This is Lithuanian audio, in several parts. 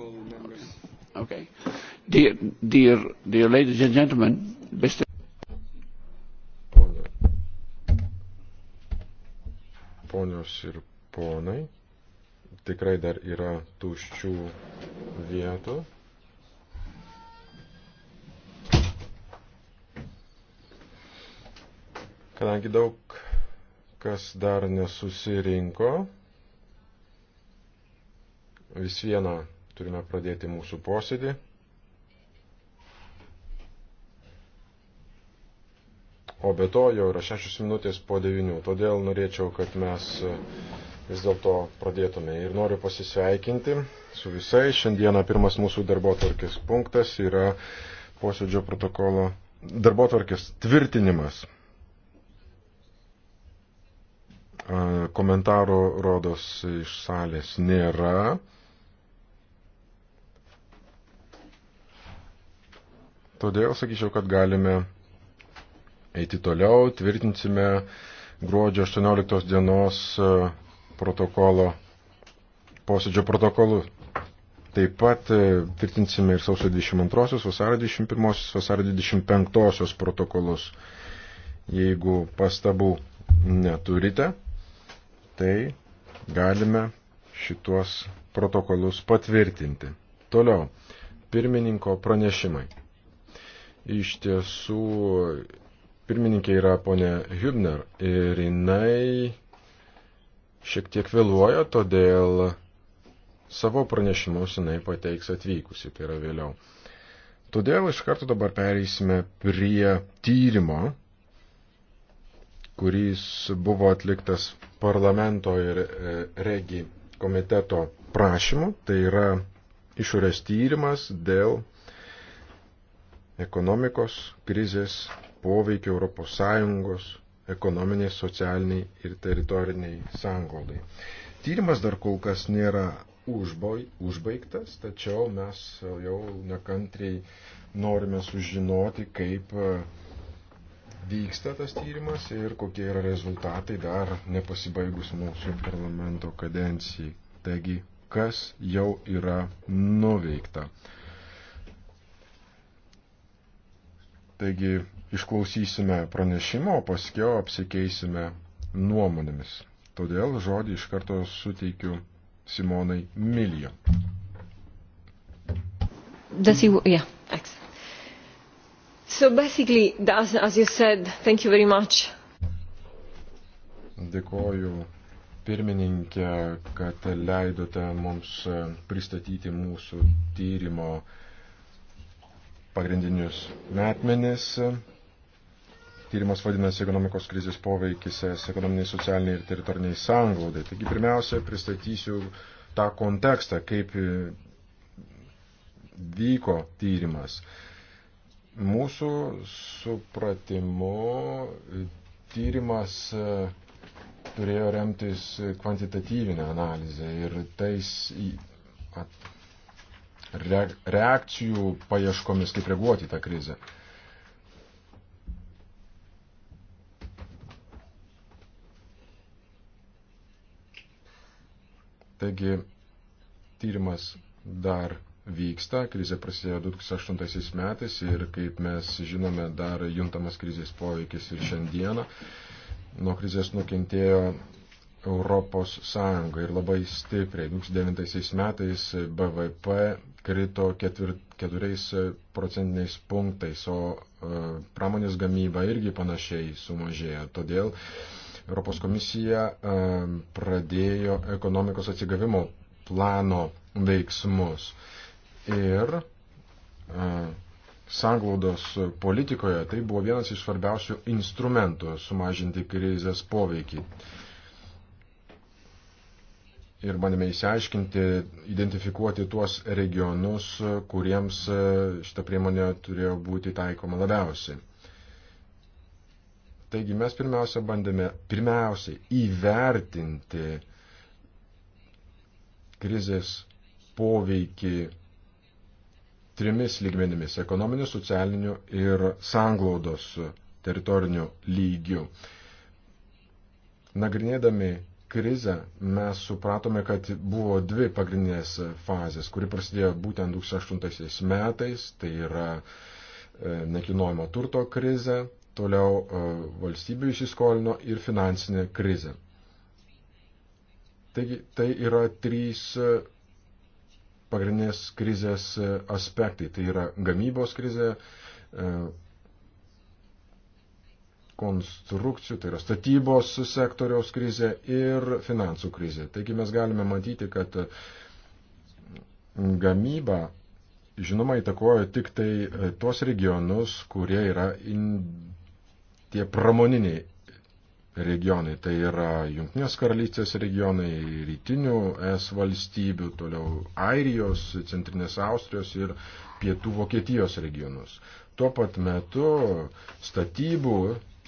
honorable members. Okay. Dear, dear, dear ladies and gentlemen, beste. Ponios ir ponai, tikrai dar yra tuščių vietų. Kadangi daug kas dar nesusirinko, vis viena Turime pradėti mūsų posėdį. O be to jau yra šešios minutės po devinių. Todėl norėčiau, kad mes e, vis dėlto pradėtume. Ir noriu pasisveikinti su visais. Šiandieną pirmas mūsų darbo tvarkės punktas yra posėdžio protokolo darbo tvarkės tvirtinimas. Komentarų rodos iš salės nėra. Todėl sakyčiau, kad galime eiti toliau, tvirtinsime gruodžio 18 dienos e, protokolo, posėdžio protokolus. Taip pat e, tvirtinsime ir sausio 22, vasario 21, vasario 25 protokolus. Jeigu pastabų neturite, tai galime šituos protokolus patvirtinti. Toliau, pirmininko pranešimai. Iš tiesų, pirmininkė yra ponė Hübner ir jinai šiek tiek vėluoja, todėl savo pranešimus jinai pateiks atvykusi, tai yra vėliau. Todėl iš karto dabar pereisime prie tyrimo, kuris buvo atliktas parlamento ir e, regi komiteto prašymu, tai yra išorės tyrimas dėl ekonomikos krizės poveikio ES ekonominiai, socialiniai ir teritoriniai sangoldai. Tyrimas dar kol kas nėra užbaigtas, tačiau mes jau nekantriai norime sužinoti, kaip e, vyksta tas tyrimas ir kokie yra rezultatai dar nepasibaigus mūsų parlamento kadencijai. Taigi, kas jau yra nuveikta. Taigi išklausysime pranešimą, o paskiau apsikeisime nuomonėmis. Todėl žodį iš karto suteikiu Simonai Milijo. Does he, yeah, excellent. So basically, as, as you said, thank you very much. Dėkoju pirmininkė, kad leidote mums eh, pristatyti mūsų tyrimo uh, pagrindinius metmenis. Tyrimas vadinasi ekonomikos krizės poveikis ekonominiai, socialiniai ir teritoriniai sanglaudai. Taigi pirmiausia, pristatysiu tą kontekstą, kaip vyko tyrimas. Mūsų supratimu tyrimas turėjo remtis kvantitatyvinę analizę ir tais reakcijų paieškomis, kaip reaguoti į tą krizę. Taigi, tyrimas dar vyksta, krizė prasidėjo 2008 metais ir kaip mes žinome, dar juntamas krizės poveikis ir šiandieną. Nuo krizės nukentėjo Europos Sąjungai ir labai stipriai. 2009 metais BVP krito 4 procentiniais punktais, o e, pramonės gamyba irgi panašiai sumažėjo. Todėl Europos komisija e, pradėjo ekonomikos atsigavimo plano veiksmus. Ir e, sanglaudos politikoje tai buvo vienas iš svarbiausių instrumentų sumažinti krizės poveikį ir bandėme įsiaiškinti, identifikuoti tuos regionus, kuriems e, šita priemonė turėjo būti taikoma labiausiai. Taigi mes pirmiausia bandėme pirmiausiai įvertinti krizės poveikį trimis lygmenimis - ekonominiu, socialiniu ir sanglaudos teritoriniu lygiu. Nagrinėdami krizę mes supratome, kad buvo dvi pagrindinės fazės, kuri prasidėjo būtent 2008 metais, tai yra e, nekinojimo turto krizė, toliau e, valstybių įsiskolino ir finansinė krizė. Taigi tai yra trys e, pagrindinės krizės aspektai. Tai yra gamybos krizė, konstrukcijų, tai yra statybos sektoriaus krizė ir finansų krizė. Taigi mes galime matyti, kad gamyba, žinoma, įtakojo tik tai tuos regionus, kurie yra in, tie pramoniniai regionai. Tai yra Junktinės karalystės regionai, rytinių es valstybių, toliau Airijos, Centrinės Austrijos ir Pietų Vokietijos regionus. Tuo pat metu statybų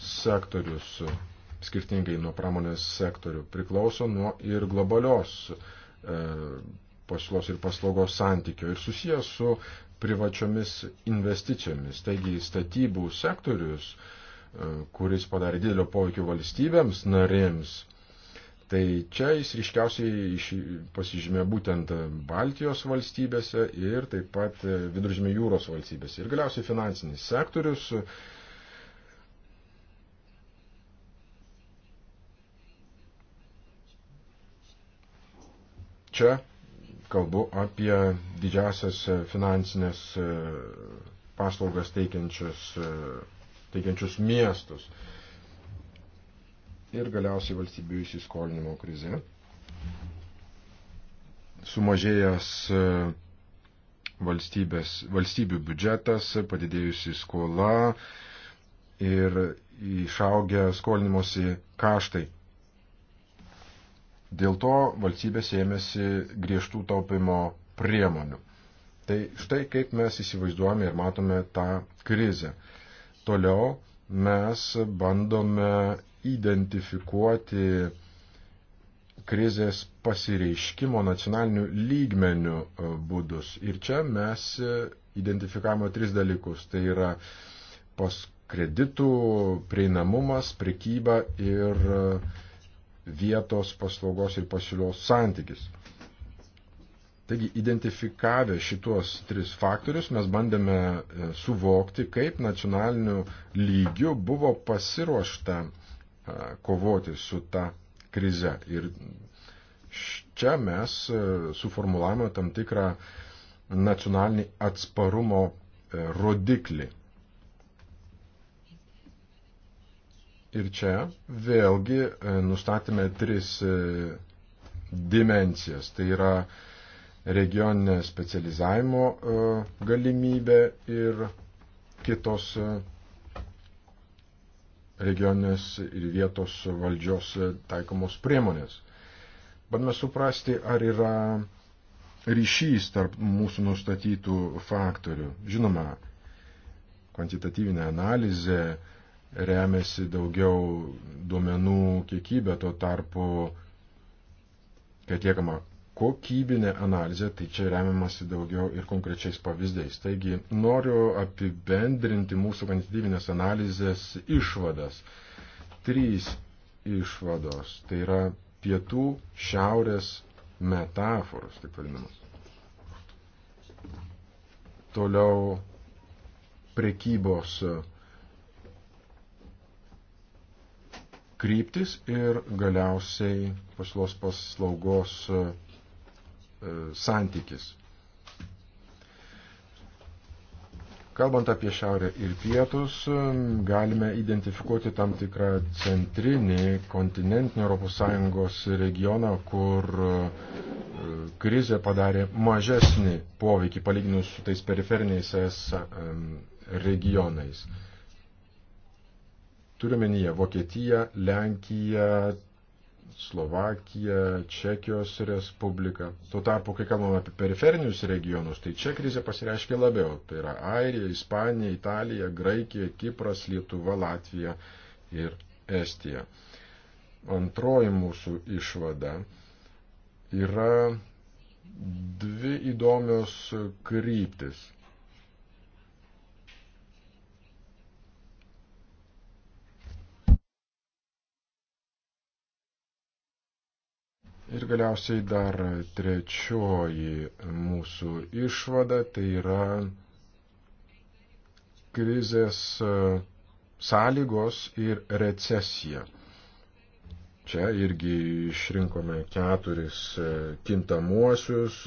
sektorius, skirtingai nuo pramonės sektorių, priklauso nuo ir globalios e, pasiūlos ir paslaugos santykio ir susijęs su privačiomis investicijomis. Taigi statybų sektorius, e, kuris padarė didelio poveikio valstybėms narėms, tai čia jis ryškiausiai pasižymė būtent Baltijos valstybėse ir taip pat e, Viduržmė jūros valstybėse. Ir galiausiai finansinis sektorius, e, Čia kalbu apie didžiasias e, finansinės e, paslaugas teikiančius, e, teikiančius miestus. Ir galiausiai valstybių įsiskolinimo krize. Sumažėjęs valstybės, valstybių biudžetas, padidėjusi skola ir išaugę skolinimuose kaštai Dėl to valstybės ėmėsi griežtų taupimo priemonių. Tai štai kaip mes įsivaizduojame ir matome tą krizę. Toliau mes bandome identifikuoti krizės pasireiškimo nacionalinių lygmenių e, būdus. Ir čia mes e, identifikavome tris dalykus. Tai yra pas kreditų prieinamumas, prekyba ir uh, vietos paslaugos ir pasiūlos santykis. Taigi, identifikavę šitos tris faktorius, mes bandėme e, suvokti, kaip nacionaliniu lygiu buvo pasiruošta e, kovoti su ta krize. Ir čia mes e, suformulavome tam tikrą nacionalinį atsparumo rodiklį Ir čia vėlgi e, nustatėme tris e, dimensijas. Tai yra regioninė specializavimo e, galimybė ir kitos regioninės ir vietos valdžios taikomos priemonės. Bandome suprasti, ar yra ryšys tarp mūsų nustatytų faktorių. Žinoma, kvantitatyvinė analizė, remiasi daugiau duomenų kiekybė, tuo tarpu, kai atliekama kokybinė analizė, tai čia remiamasi daugiau ir konkrečiais pavyzdžiais. Taigi noriu apibendrinti mūsų kvantitatyvinės analizės išvadas. Trys išvados. Tai yra pietų šiaurės metaforos, taip vadinamas. Toliau prekybos kryptis ir galiausiai pasiūlos paslaugos e, santykis. Kalbant apie šiaurę ir pietus, e, galime identifikuoti tam tikrą centrinį kontinentinį ES regioną, kur e, krizė padarė mažesnį poveikį palyginus su tais periferiniais ES regionais. Turiuomenyje Vokietiją, Lenkiją, Slovakiją, Čekijos Respubliką. Tuo tarpu, kai kalbame apie periferinius regionus, tai čia krizė pasireiškia labiau. Tai yra Airija, Ispanija, Italija, Graikija, Kipras, Lietuva, Latvija ir Estija. Antroji mūsų išvada yra dvi įdomios kryptis. Ir galiausiai dar trečioji mūsų išvada, tai yra krizės e, sąlygos ir recesija. Čia irgi išrinkome keturis e, kintamuosius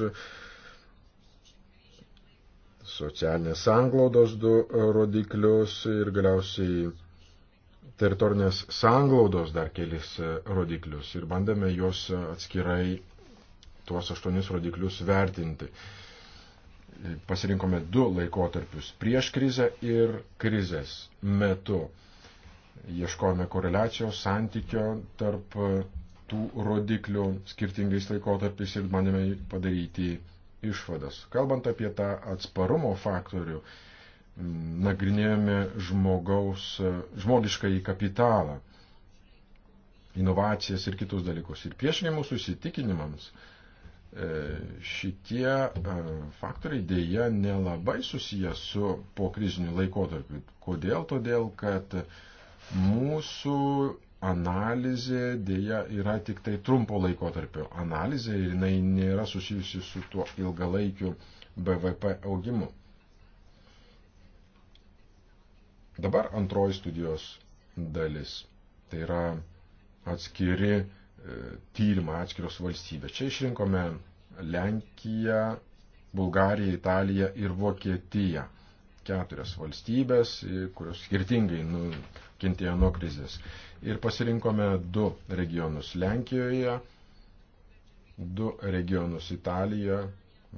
socialinės sanglaudos du rodiklius ir galiausiai teritorinės sanglaudos dar kelis e, rodiklius ir bandėme juos e, atskirai tuos aštuonis rodiklius vertinti. E, pasirinkome du laikotarpius - prieš krizę ir krizės metu. Ieškojame koreliacijos santykio tarp tų rodiklių skirtingais laikotarpiais ir bandėme padaryti išvadas. Kalbant apie tą atsparumo faktorių, nagrinėjome žmogaus, e, žmogiškąjį kapitalą, inovacijas ir kitus dalykus. Ir priešingai mūsų įsitikinimams e, šitie e, faktoriai dėja nelabai susiję su pokriziniu laikotarpiu. Kodėl? Todėl, kad mūsų analizė dėja yra tik tai trumpo laikotarpio analizė ir jinai nėra susijusi su tuo ilgalaikiu BVP augimu. Dabar antroji studijos dalis. Tai yra atskiri e, tyrimą atskiros valstybės. Čia išrinkome Lenkiją, Bulgariją, Italiją ir Vokietiją. Keturias valstybės, e, kurios skirtingai nukentėjo nuo krizės. Ir pasirinkome du regionus Lenkijoje, du regionus Italijoje,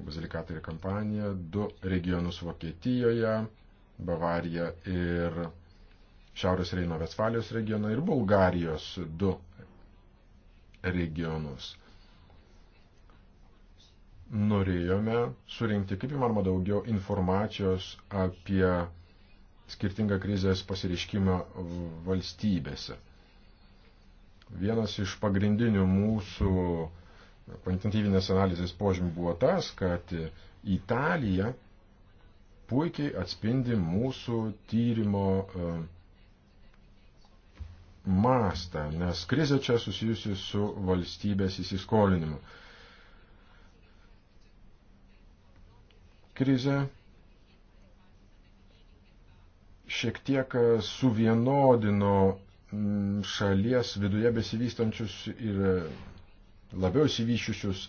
Bazilikatai ir Kampanija, du regionus Vokietijoje, Bavarija ir Šiaurės Reino Vestfalijos regioną ir Bulgarijos du regionus. Norėjome surinkti kaip įmanoma daugiau informacijos apie skirtingą krizės pasireiškimą valstybėse. Vienas iš pagrindinių mūsų kvantitatyvinės analizės požymių buvo tas, kad Italija puikiai atspindi mūsų tyrimo e, mastą, nes krizė čia susijusi su valstybės įsiskolinimu. Krize šiek tiek suvienodino šalies viduje besivystančius ir labiau įsivyščiusius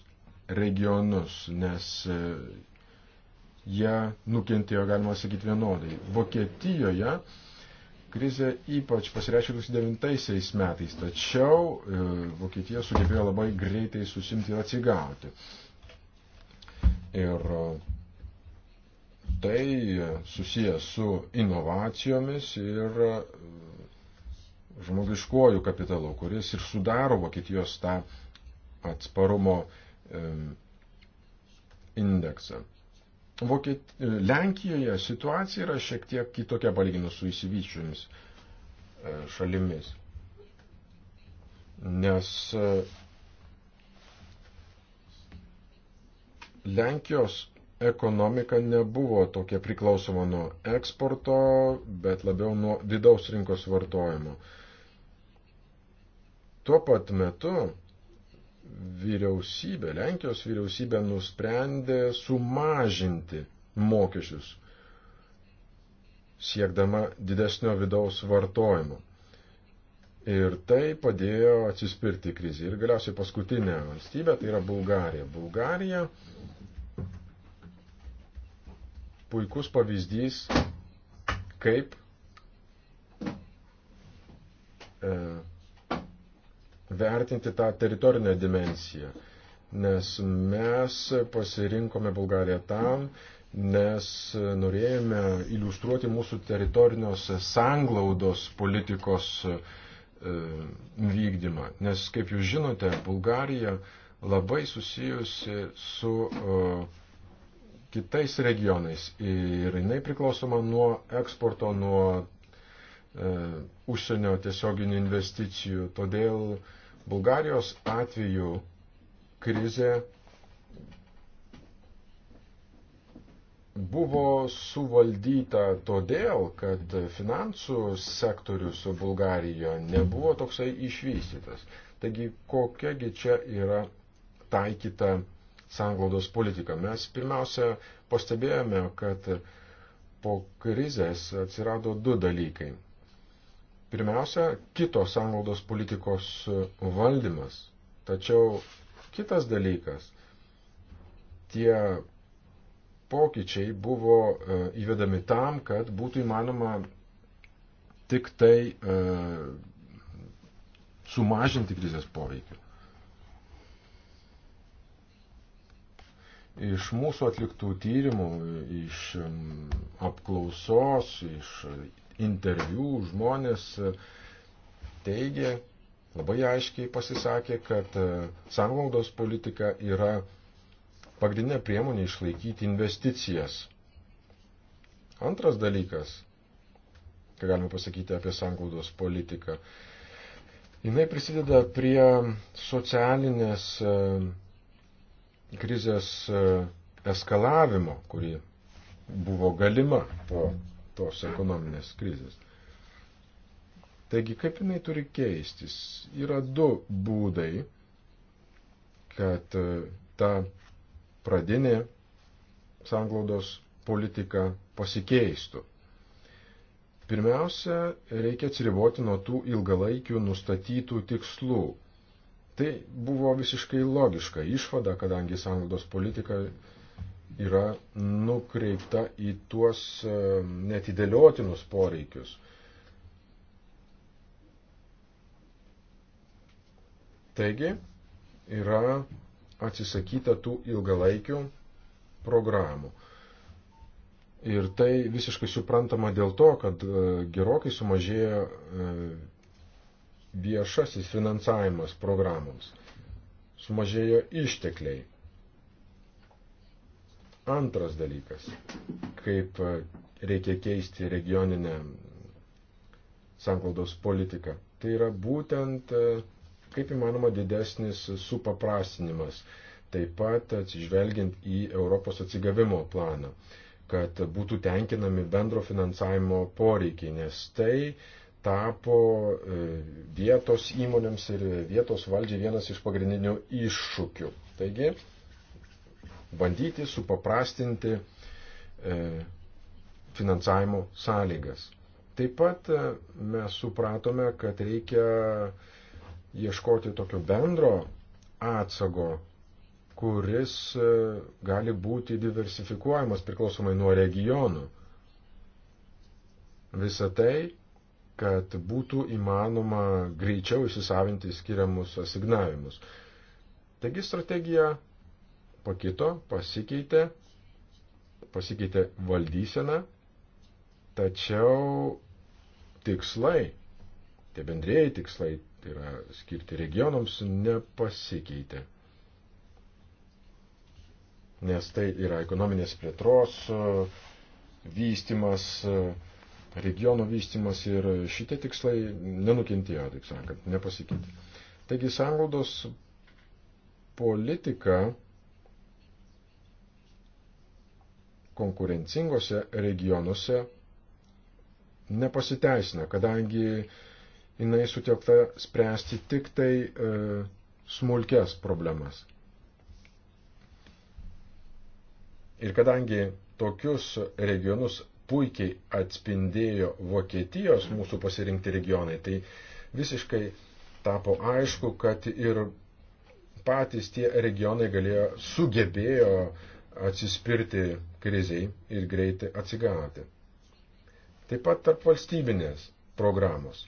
regionus, nes e, jie nukentėjo, galima sakyti, vienodai. Vokietijoje krizė ypač pasireiškė 2009 metais, tačiau e, Vokietija sugebėjo labai greitai susimti ir atsigauti. Ir e, tai susijęs su inovacijomis ir e, žmogiškuoju kapitalu, kuris ir sudaro Vokietijos tą atsparumo e, indeksą. Vokiet... Lenkijoje situacija yra šiek tiek kitokia palyginus su įsivyčiomis e, šalimis. Nes e, Lenkijos ekonomika nebuvo tokia priklausoma nuo eksporto, bet labiau nuo vidaus rinkos vartojimo. Tuo pat metu vyriausybė, Lenkijos vyriausybė nusprendė sumažinti mokesčius, siekdama didesnio vidaus vartojimo. Ir tai padėjo atsispirti krizį. Ir galiausiai paskutinė valstybė, tai yra Bulgarija. Bulgarija puikus pavyzdys, kaip e, vertinti tą teritorinę dimensiją, nes mes pasirinkome Bulgariją tam, nes norėjome iliustruoti mūsų teritorinios sanglaudos politikos e, vykdymą. Nes, kaip jūs žinote, Bulgarija labai susijusi su e, kitais regionais ir jinai priklausoma nuo eksporto, nuo e, užsienio tiesioginių investicijų. Todėl Bulgarijos atveju krizė buvo suvaldyta todėl, kad finansų sektorius Bulgarijoje nebuvo toksai išvystytas. Taigi, kokiagi čia yra taikyta sanglaudos politika? Mes pirmiausia pastebėjome, kad po krizės atsirado du dalykai. Pirmiausia, kitos sanglaudos politikos valdymas. Tačiau kitas dalykas, tie pokyčiai buvo e, įvedami tam, kad būtų įmanoma tik tai e, sumažinti krizės poveikį. Iš mūsų atliktų tyrimų, iš apklausos, iš interviu žmonės e, teigė, labai aiškiai pasisakė, kad e, sanglaudos politika yra pagrindinė priemonė išlaikyti investicijas. Antras dalykas, ką galime pasakyti apie sanglaudos politiką, jinai prisideda prie socialinės e, krizės eskalavimo, kuri buvo galima po tos ekonominės krizės. Taigi, kaip jinai turi keistis? Yra du būdai, kad e, ta pradinė sanglaudos politika pasikeistų. Pirmiausia, reikia atsiriboti nuo tų ilgalaikių nustatytų tikslų. Tai buvo visiškai logiška išvada, kadangi sanglaudos politika yra nukreipta į tuos e, netidėliotinus poreikius. Taigi yra atsisakyta tų ilgalaikių programų. Ir tai visiškai suprantama dėl to, kad e, gerokai sumažėjo e, viešasis finansavimas programoms, sumažėjo ištekliai Antras dalykas, kaip e, reikia keisti regioninę sanklaudos politiką. Tai yra būtent e, kaip įmanoma didesnis supaprastinimas, taip pat atsižvelgiant į Europos atsigavimo planą, kad būtų tenkinami bendro finansavimo poreikiai, nes tai tapo e, vietos įmonėms ir vietos valdžiai vienas iš pagrindinių iššūkių. Taigi, bandyti supaprastinti e, finansavimo sąlygas. Taip pat e, mes supratome, kad reikia ieškoti tokio bendro atsago, kuris e, gali būti diversifikuojamas priklausomai nuo regionų. Visą tai, kad būtų įmanoma greičiau įsisavinti skiriamus asignavimus. Taigi strategija pakito, pasikeitė, pasikeitė valdysena, tačiau tikslai, tie bendrėjai tikslai, tai yra skirti regionams, nepasikeitė. Nes tai yra ekonominės plėtros vystimas, regionų vystimas ir šitie tikslai nenukentėjo, taip sakant, nepasikeitė. Taigi sąnaudos politika konkurencingose regionuose nepasiteisina, kadangi jinai sutiekta spręsti tik tai e, smulkės problemas. Ir kadangi tokius regionus puikiai atspindėjo Vokietijos mūsų pasirinkti regionai, tai visiškai tapo aišku, kad ir patys tie regionai galėjo, sugebėjo atsispirti kriziai ir greitai atsigauti. Taip pat tarp valstybinės programos.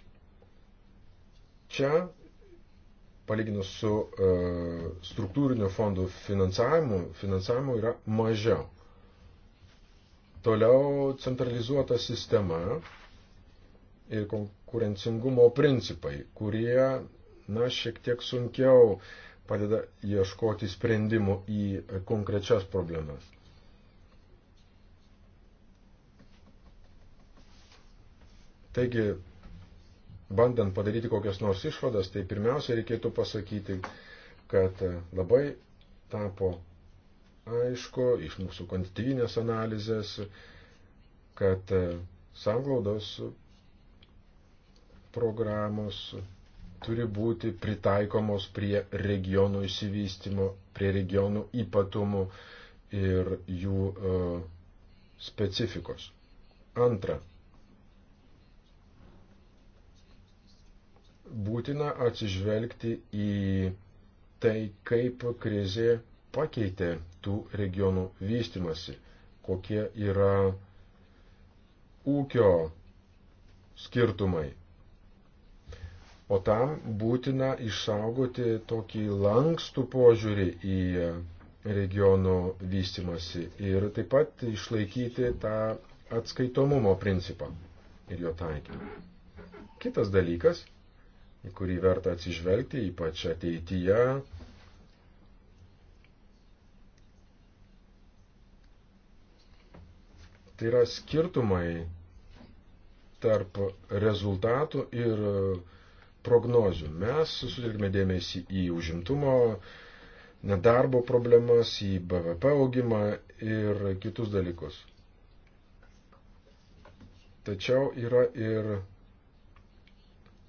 Čia, palyginus su e, struktūrinio fondų finansavimu, finansavimu yra mažiau. Toliau centralizuota sistema ir konkurencingumo principai, kurie, na, šiek tiek sunkiau e, padeda ieškoti sprendimų į konkrečias problemas. Taigi, bandant padaryti kokias nors išvadas, tai pirmiausia reikėtų pasakyti, kad labai tapo aišku iš mūsų kvantitatyvinės analizės, kad sanglaudos programos turi būti pritaikomos prie regionų išsivystimo, prie regionų ypatumų ir jų e, specifikos. Antra. Būtina atsižvelgti į tai, kaip krizė pakeitė tų regionų vystimasi, kokie yra ūkio skirtumai, O tam būtina išsaugoti tokį lankstų požiūrį į regionų vystimasi ir taip pat išlaikyti tą atskaitomumo principą ir jo taikymą. Kitas dalykas, į kurį verta atsižvelgti, ypač ateityje, tai yra skirtumai tarp rezultatų ir uh, prognozių. Mes susidirime dėmesį į užimtumo, nedarbo problemas, į BVP augimą ir kitus dalykus. Tačiau yra ir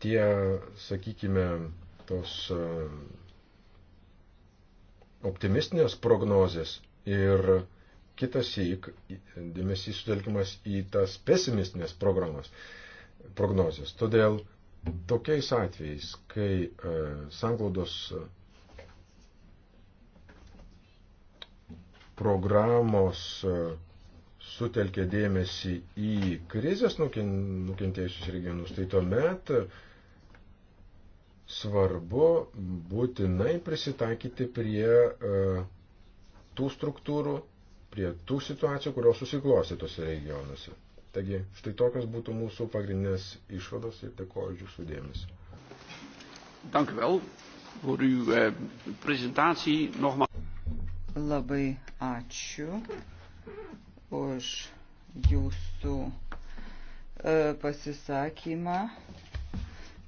tie, sakykime, tos e, optimistinės prognozės ir kitas įk dėmesys sutelkimas į tas pesimistinės programas, prognozės. Todėl tokiais atvejais, kai e, sanglaudos programos e, sutelkė dėmesį į krizės nukentėjusius regionus, tai tuomet svarbu būtinai prisitaikyti prie e, tų struktūrų, prie tų situacijų, kurios susiklosti tose regionuose. Taigi, štai tokios būtų mūsų pagrindinės išvados ir dėkoju jūsų dėmesį. Dank u wel voor uw eh, presentatie. Nogmaals. Labai ačiū už jūsų eh, pasisakymą.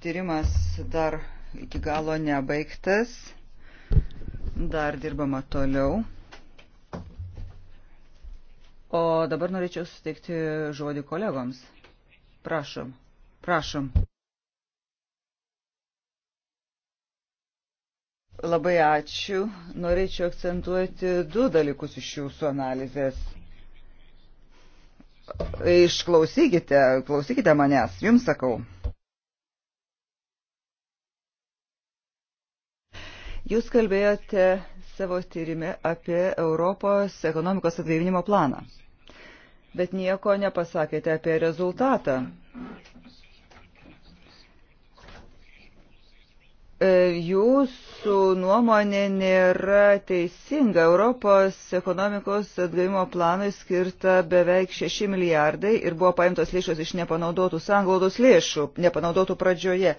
Tyrimas dar iki galo nebaigtas. Dar dirbama toliau. O dabar norėčiau suteikti žodį kolegoms. Prašom, prašom. Labai ačiū. Norėčiau akcentuoti du dalykus iš jūsų analizės. Išklausykite, klausykite manęs, jums sakau. Jūs kalbėjote savo tyrime apie Europos ekonomikos atgaivinimo planą bet nieko nepasakėte apie rezultatą. E, jūsų nuomonė nėra teisinga. Europos ekonomikos atgavimo planui skirta beveik 6 milijardai ir buvo paimtos lėšos iš nepanaudotų sanglaudos lėšų, nepanaudotų pradžioje.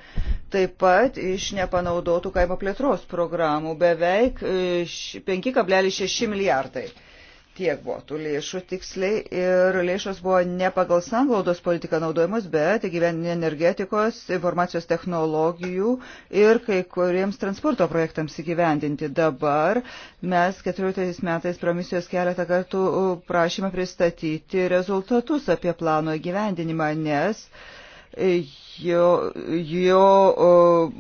Taip pat iš nepanaudotų kaimo plėtros programų beveik 5,6 e, milijardai tiek buvo tų lėšų tiksliai ir lėšos buvo ne pagal sanglaudos politiką naudojamos, bet įgyveninė energetikos, informacijos technologijų ir kai kuriems transporto projektams įgyvendinti. Dabar mes 14 metais komisijos keletą kartų prašymą pristatyti rezultatus apie plano įgyvendinimą, nes uh, jo, jo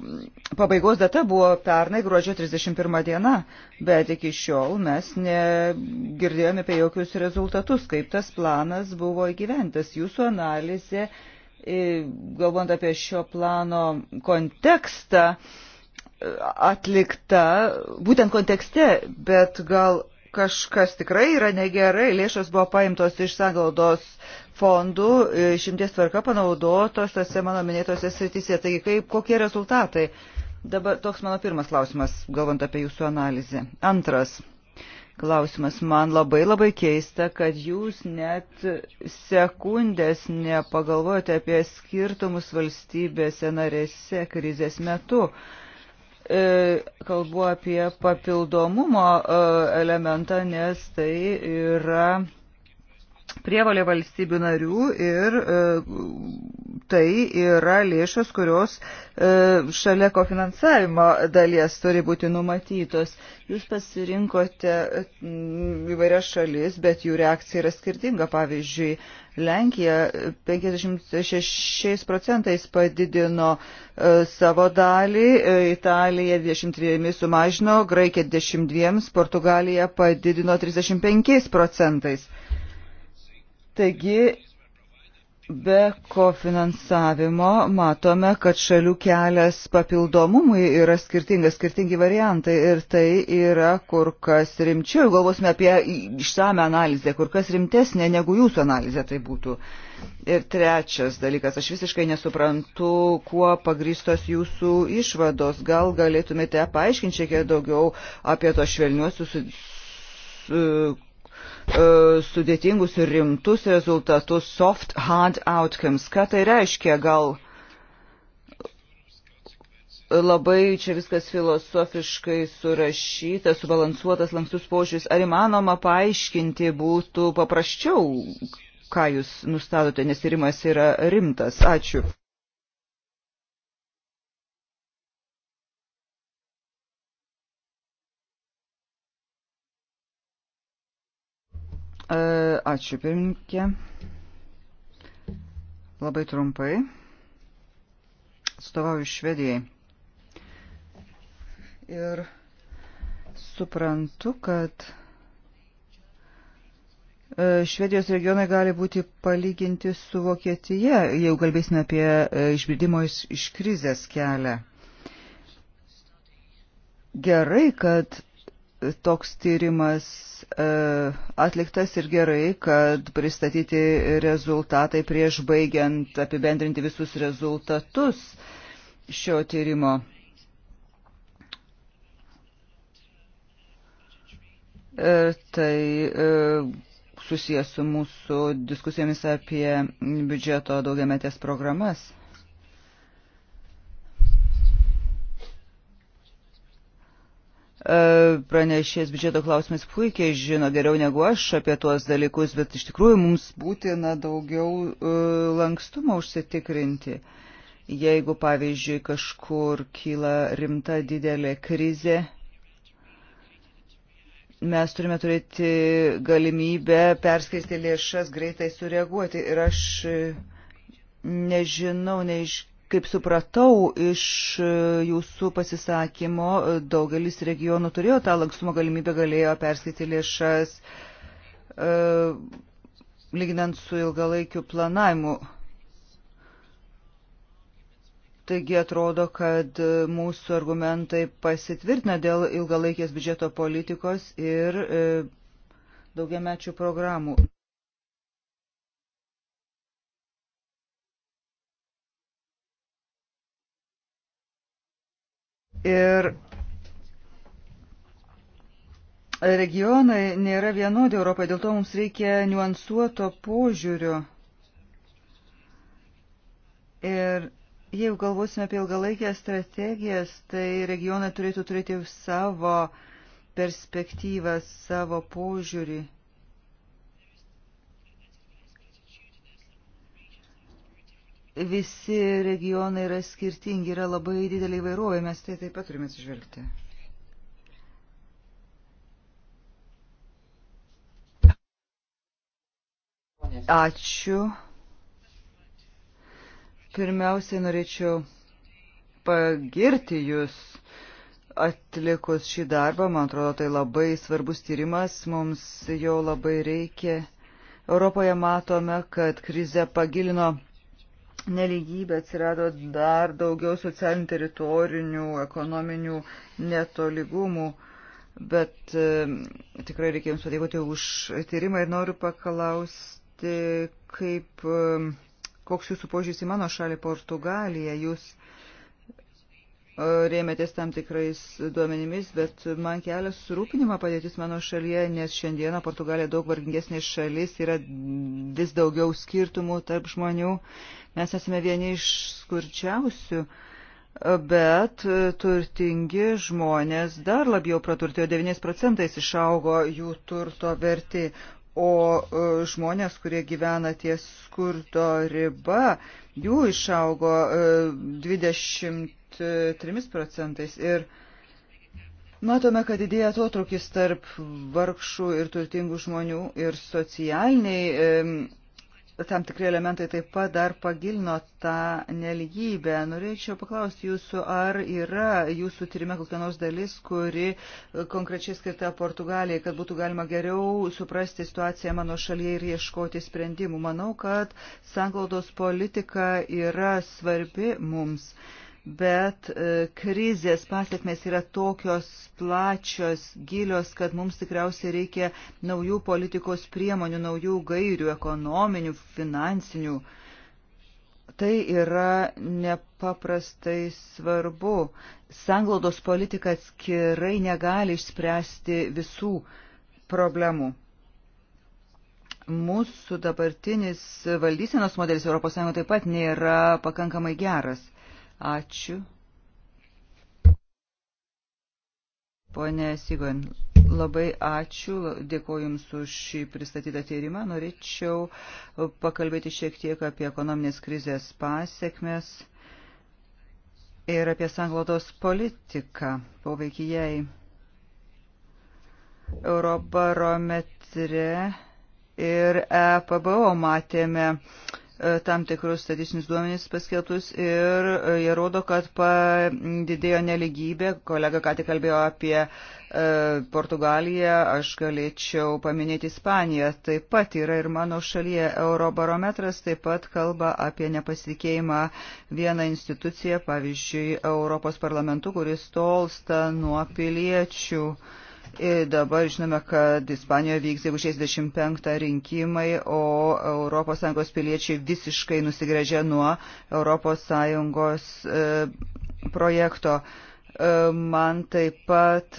pabaigos data buvo pernai gruodžio 31 diena, bet iki šiol mes negirdėjome apie jokius rezultatus, kaip tas planas buvo įgyventas. Jūsų analizė, galvant apie šio plano kontekstą, atlikta būtent kontekste, bet gal kažkas tikrai yra negerai, lėšos buvo paimtos iš sanglaudos fondų e, šimties tvarka panaudotos tose mano minėtose srityse. Taigi, kaip, kokie rezultatai? Dabar toks mano pirmas klausimas, galvant apie jūsų analizę. Antras klausimas. Man labai labai keista, kad jūs net sekundės nepagalvojate apie skirtumus valstybėse narėse krizės metu e, kalbu apie papildomumo e, elementą, nes tai yra prievalė valstybių narių ir e, tai yra lėšos, kurios e, šalia kofinansavimo dalies turi būti numatytos. Jūs pasirinkote mm, įvairias šalis, bet jų reakcija yra skirtinga. Pavyzdžiui, Lenkija 56 procentais padidino e, savo dalį, e, Italija 23 sumažino, Graikija 22, Portugalija padidino 35 procentais. Taigi, be kofinansavimo matome, kad šalių kelias papildomumui yra skirtingas, skirtingi variantai ir tai yra kur kas rimčiau. Galvosime apie išsame analizę, kur kas rimtesnė negu jūsų analizė tai būtų. Ir trečias dalykas, aš visiškai nesuprantu, kuo pagristos jūsų išvados. Gal galėtumėte paaiškinti šiek tiek daugiau apie tos švelniuosius E, sudėtingus ir rimtus rezultatus, soft hard outcomes. Ką tai reiškia? Gal labai čia viskas filosofiškai surašyta, subalansuotas, lankstus požiūris. Ar įmanoma paaiškinti būtų paprasčiau, ką jūs nustatote, nes tyrimas yra rimtas? Ačiū. E, ačiū, pirmininkė. Labai trumpai. Stovauju Švedijai. Ir suprantu, kad e, Švedijos regionai gali būti palyginti su Vokietija, jeigu kalbėsime apie e, išbridimo iš krizės kelią. Gerai, kad toks tyrimas e, atliktas ir gerai, kad pristatyti rezultatai prieš baigiant apibendrinti visus rezultatus šio tyrimo. Ir e, tai e, susijęs su mūsų diskusijomis apie biudžeto daugiametės programas. E, pranešės biudžeto klausimais puikiai žino geriau negu aš apie tuos dalykus, bet iš tikrųjų mums būtina daugiau e, lankstumo užsitikrinti. Jeigu, pavyzdžiui, kažkur kyla rimta didelė krizė, mes turime turėti galimybę perskaisti lėšas greitai sureaguoti. Ir aš e, nežinau, neiš Kaip supratau, iš e, jūsų pasisakymo e, daugelis regionų turėjo tą lankstumo galimybę, galėjo perskaityti lėšas, e, lyginant su ilgalaikiu planavimu. Taigi atrodo, kad mūsų argumentai pasitvirtina dėl ilgalaikės biudžeto politikos ir daugiamečių programų. Ir regionai nėra vienodi Europoje, dėl to mums reikia niuansuoto požiūrio. Ir jeigu galvosime apie ilgalaikės strategijas, tai regionai turėtų turėti savo perspektyvą, savo požiūrį. visi regionai yra skirtingi, yra labai didelį įvairovę, mes tai taip pat turime atsižvelgti. Ačiū. Pirmiausiai norėčiau pagirti Jūs atlikus šį darbą. Man atrodo, tai labai svarbus tyrimas, mums jo labai reikia. Europoje matome, kad krize pagilino nelygybė atsirado dar daugiau socialinių teritorinių, ekonominių netolygumų, bet e, tikrai reikia Jums padėkoti už tyrimą ir noriu paklausti, kaip, e, koks Jūsų požiūris į mano šalį Portugaliją. Jūs E, rėmėtės tam tikrais duomenimis, bet man kelia surūpinimą padėtis mano šalyje, nes šiandieną Portugalija daug vargingesnė šalis, yra vis daugiau skirtumų tarp žmonių. Mes esame vieni iš skurčiausių, e, bet e, turtingi žmonės dar labiau praturtėjo 9 procentais išaugo jų turto vertė, o žmonės, kurie gyvena ties skurdo riba, jų išaugo 20 3 procentais. Ir matome, kad didėja atotrukis tarp vargšų ir turtingų žmonių ir socialiniai. Tam tikri elementai taip pat dar pagilino tą neligybę. Norėčiau paklausti jūsų, ar yra jūsų tyrime kokia nors dalis, kuri e, konkrečiai skirta Portugalijai, kad būtų galima geriau suprasti situaciją mano šalyje ir ieškoti sprendimų. Manau, kad sanglaudos politika yra svarbi mums. Uh, bet e, krizės pasiekmes yra tokios plačios, gilios, kad mums tikriausiai reikia naujų politikos priemonių, naujų gairių, ekonominių, finansinių. Tai yra nepaprastai svarbu. Sanglaudos politika atskirai negali išspręsti visų problemų mūsų dabartinis valdysenos modelis ES taip pat nėra pakankamai geras. Ačiū. Pone Sigon, labai ačiū, dėkoju Jums už šį pristatytą tyrimą. Norėčiau pakalbėti šiek tiek apie ekonominės krizės pasiekmes ir apie sanglodos politiką poveikį jai. Eurobarometre ir EPBO matėme uh, E, tam tikrus statistinius duomenys paskeltus ir e, jie rodo, kad padidėjo neligybė. Kolega ką tik kalbėjo apie e, Portugaliją, aš galėčiau paminėti Ispaniją. Taip pat yra ir mano šalyje Eurobarometras, taip pat kalba apie nepasitikėjimą vieną instituciją, pavyzdžiui, Europos parlamentu, kuris tolsta nuo piliečių. Uh, Ir e, dabar žinome, kad Ispanijoje vyks jeigu 65 rinkimai, o ES piliečiai visiškai nusigrėžė nuo ES e, projekto. E, man taip pat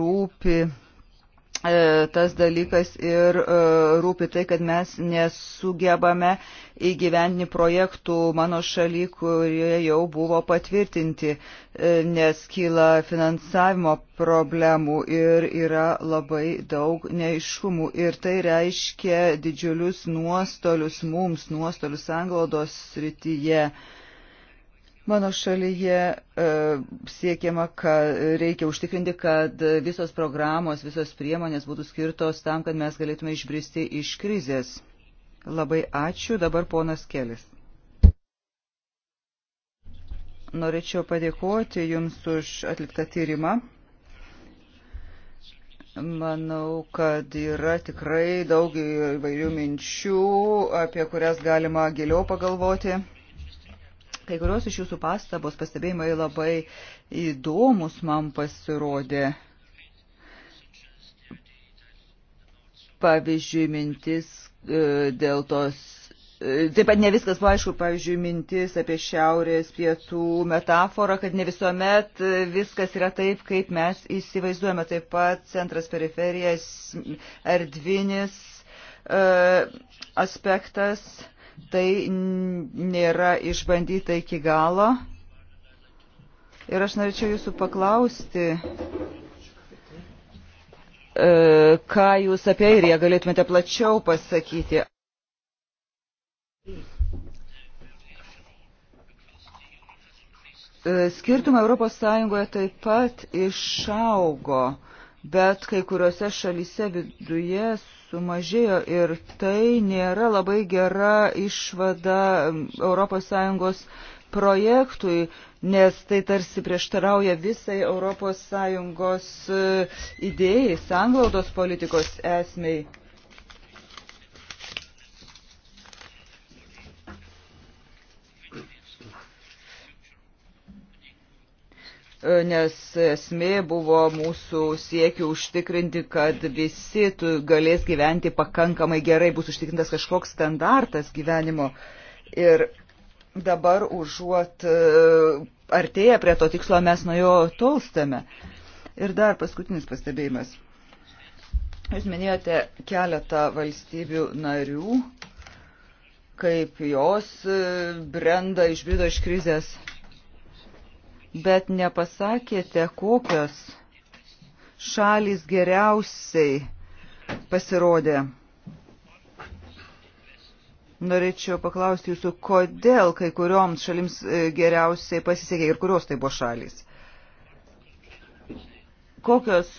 rūpi E, tas dalykas ir e, rūpi tai, kad mes nesugebame įgyvendinti projektų mano šaly, kurie jau buvo patvirtinti, e, nes kyla finansavimo problemų ir yra labai daug neiškumų. Ir tai reiškia didžiulius nuostolius mums, nuostolius anglodos srityje. Mano šalyje e, siekiama, kad reikia užtikrinti, kad visos programos, visos priemonės būtų skirtos tam, kad mes galėtume išbristi iš krizės. Labai ačiū. Dabar ponas Kelis. Norėčiau padėkoti Jums už atliktą tyrimą. Manau, kad yra tikrai daug įvairių minčių, apie kurias galima giliau pagalvoti Kai kurios iš jūsų pastabos pastebėjimai labai įdomus man pasirodė. Pavyzdžiui, mintis e, dėl tos. E, taip pat ne viskas buvo aišku, pavyzdžiui, mintis apie šiaurės pietų metaforą, kad ne visuomet e, viskas yra taip, kaip mes įsivaizduojame. Taip pat centras periferijas, erdvinis aspektas Tai nėra išbandyta iki galo. Ir aš norėčiau jūsų paklausti, e, ką jūs apie Airiją galėtumėte plačiau pasakyti. E, skirtumai Europos Sąjungoje taip pat išaugo bet kai kuriuose šalyse viduje sumažėjo ir tai nėra labai gera išvada ES projektui, nes tai tarsi prieštarauja visai ES e, idėjai, sanglaudos politikos esmei. nes esmė buvo mūsų siekių užtikrinti, kad visi galės gyventi pakankamai gerai, bus užtikrintas kažkoks standartas gyvenimo. Ir dabar užuot e, artėję prie to tikslo, mes nuo jo tolstame. Ir dar paskutinis pastebėjimas. Jūs minėjote keletą valstybių narių, kaip jos e, brenda išbrido iš krizės bet nepasakėte, kokios šalis geriausiai pasirodė. Norėčiau paklausti jūsų, kodėl kai kurioms šalims e, geriausiai pasisekė ir kurios tai buvo šalis. Kokios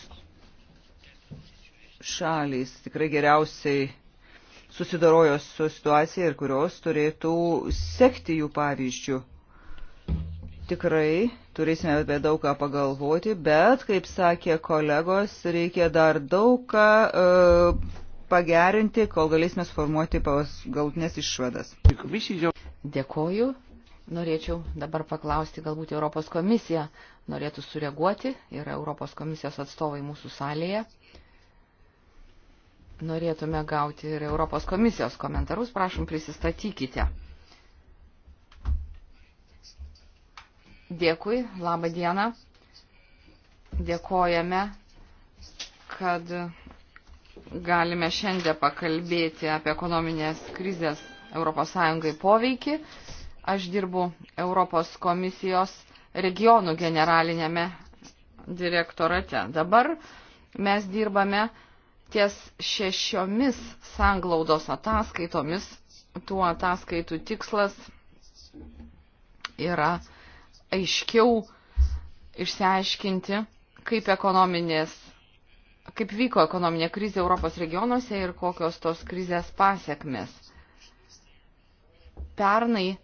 šalis tikrai geriausiai susidarojo su situacija ir kurios turėtų sekti jų pavyzdžių tikrai turėsime apie daug ką pagalvoti, bet, kaip sakė kolegos, reikia dar daug ką e, pagerinti, kol galėsime sformuoti galutinės išvadas. Dėkoju. Norėčiau dabar paklausti, galbūt Europos komisija norėtų sureaguoti. Yra Europos komisijos atstovai mūsų salėje. Norėtume gauti ir Europos komisijos komentarus. Prašom, prisistatykite. Dėkui, laba diena. Dėkojame, kad galime šiandien pakalbėti apie ekonominės krizės ES poveikį. Aš dirbu Europos komisijos regionų generalinėme direktorate. Dabar mes dirbame ties šešiomis sanglaudos ataskaitomis. Tuo ataskaitų tikslas yra aiškiau išsiaiškinti, kaip ekonominės, kaip vyko ekonominė krizė Europos regionuose ir kokios tos krizės pasiekmes. Pernai,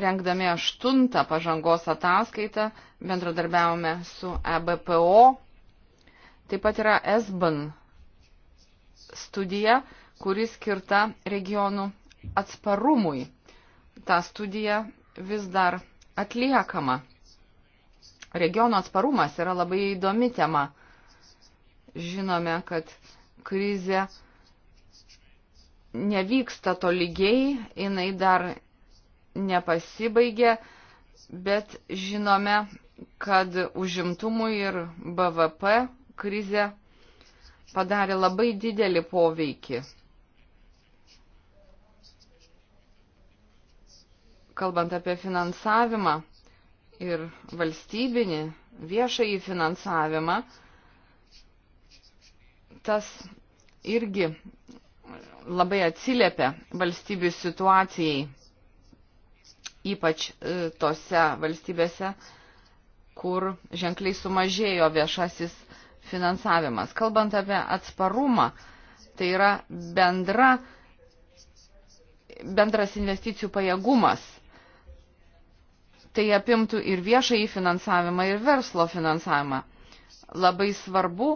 rengdami aštuntą pažangos ataskaitą, bendradarbiavome su EBPO, taip pat yra ESBAN studija, kuri skirta regionų atsparumui. Ta studija vis dar atliekama. Regiono atsparumas yra labai įdomi tema. Žinome, kad krizė nevyksta tolygiai, jinai dar nepasibaigė, bet žinome, kad užimtumui ir BVP krizė padarė labai didelį poveikį. kalbant apie finansavimą ir valstybinį viešąjį finansavimą, tas irgi labai atsiliepia valstybių situacijai, ypač e, tose valstybėse, kur ženkliai sumažėjo viešasis finansavimas. Kalbant apie atsparumą, tai yra bendra, bendras investicijų pajėgumas – tai apimtų ir viešąjį finansavimą, ir verslo finansavimą. Labai svarbu,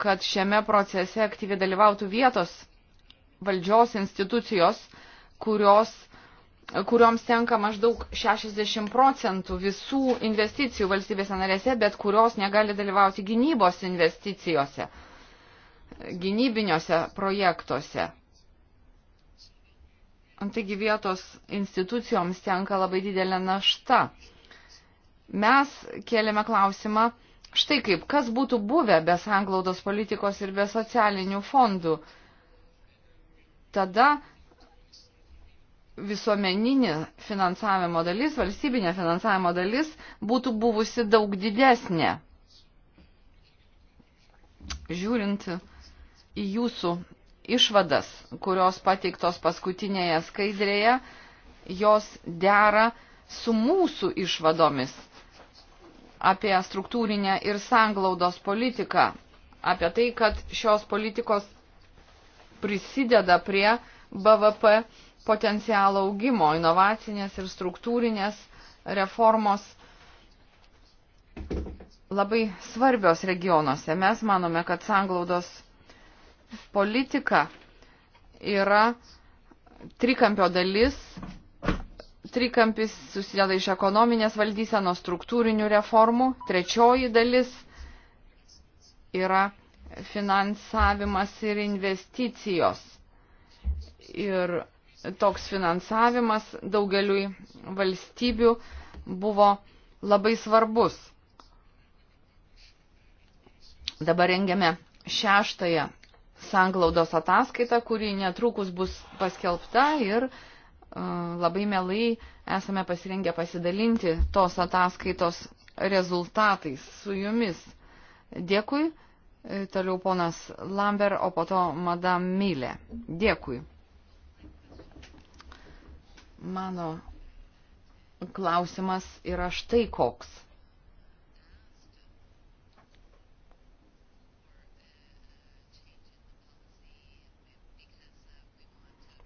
kad šiame procese aktyviai dalyvautų vietos valdžios institucijos, kurios, kurioms tenka maždaug 60 procentų visų investicijų valstybėse narėse, bet kurios negali dalyvauti gynybos investicijose, gynybiniuose projektuose. Taigi vietos institucijoms tenka labai didelė našta. Mes kėlėme klausimą, štai kaip, kas būtų buvę be sanglaudos politikos ir be socialinių fondų. Tada visuomeninė finansavimo dalis, valstybinė finansavimo dalis būtų buvusi daug didesnė. Žiūrint į jūsų išvadas, kurios pateiktos paskutinėje skaidrėje, jos dera su mūsų išvadomis apie struktūrinę ir sanglaudos politiką, apie tai, kad šios politikos prisideda prie BVP potencialo augimo, inovacinės ir struktūrinės reformos labai svarbios regionuose. Mes manome, kad sanglaudos politika yra trikampio dalis. Trikampis susideda iš ekonominės valdysenos struktūrinių reformų. Trečioji dalis yra finansavimas ir investicijos. Ir toks finansavimas daugeliui valstybių buvo labai svarbus. Dabar rengiame šeštąją sanglaudos ataskaitą, kuri netrukus bus paskelbta ir e, labai mielai esame pasirengę pasidalinti tos ataskaitos rezultatais su jumis. Dėkui. E, toliau ponas Lambert, o po to madam Milė. Dėkui. Mano klausimas yra štai koks.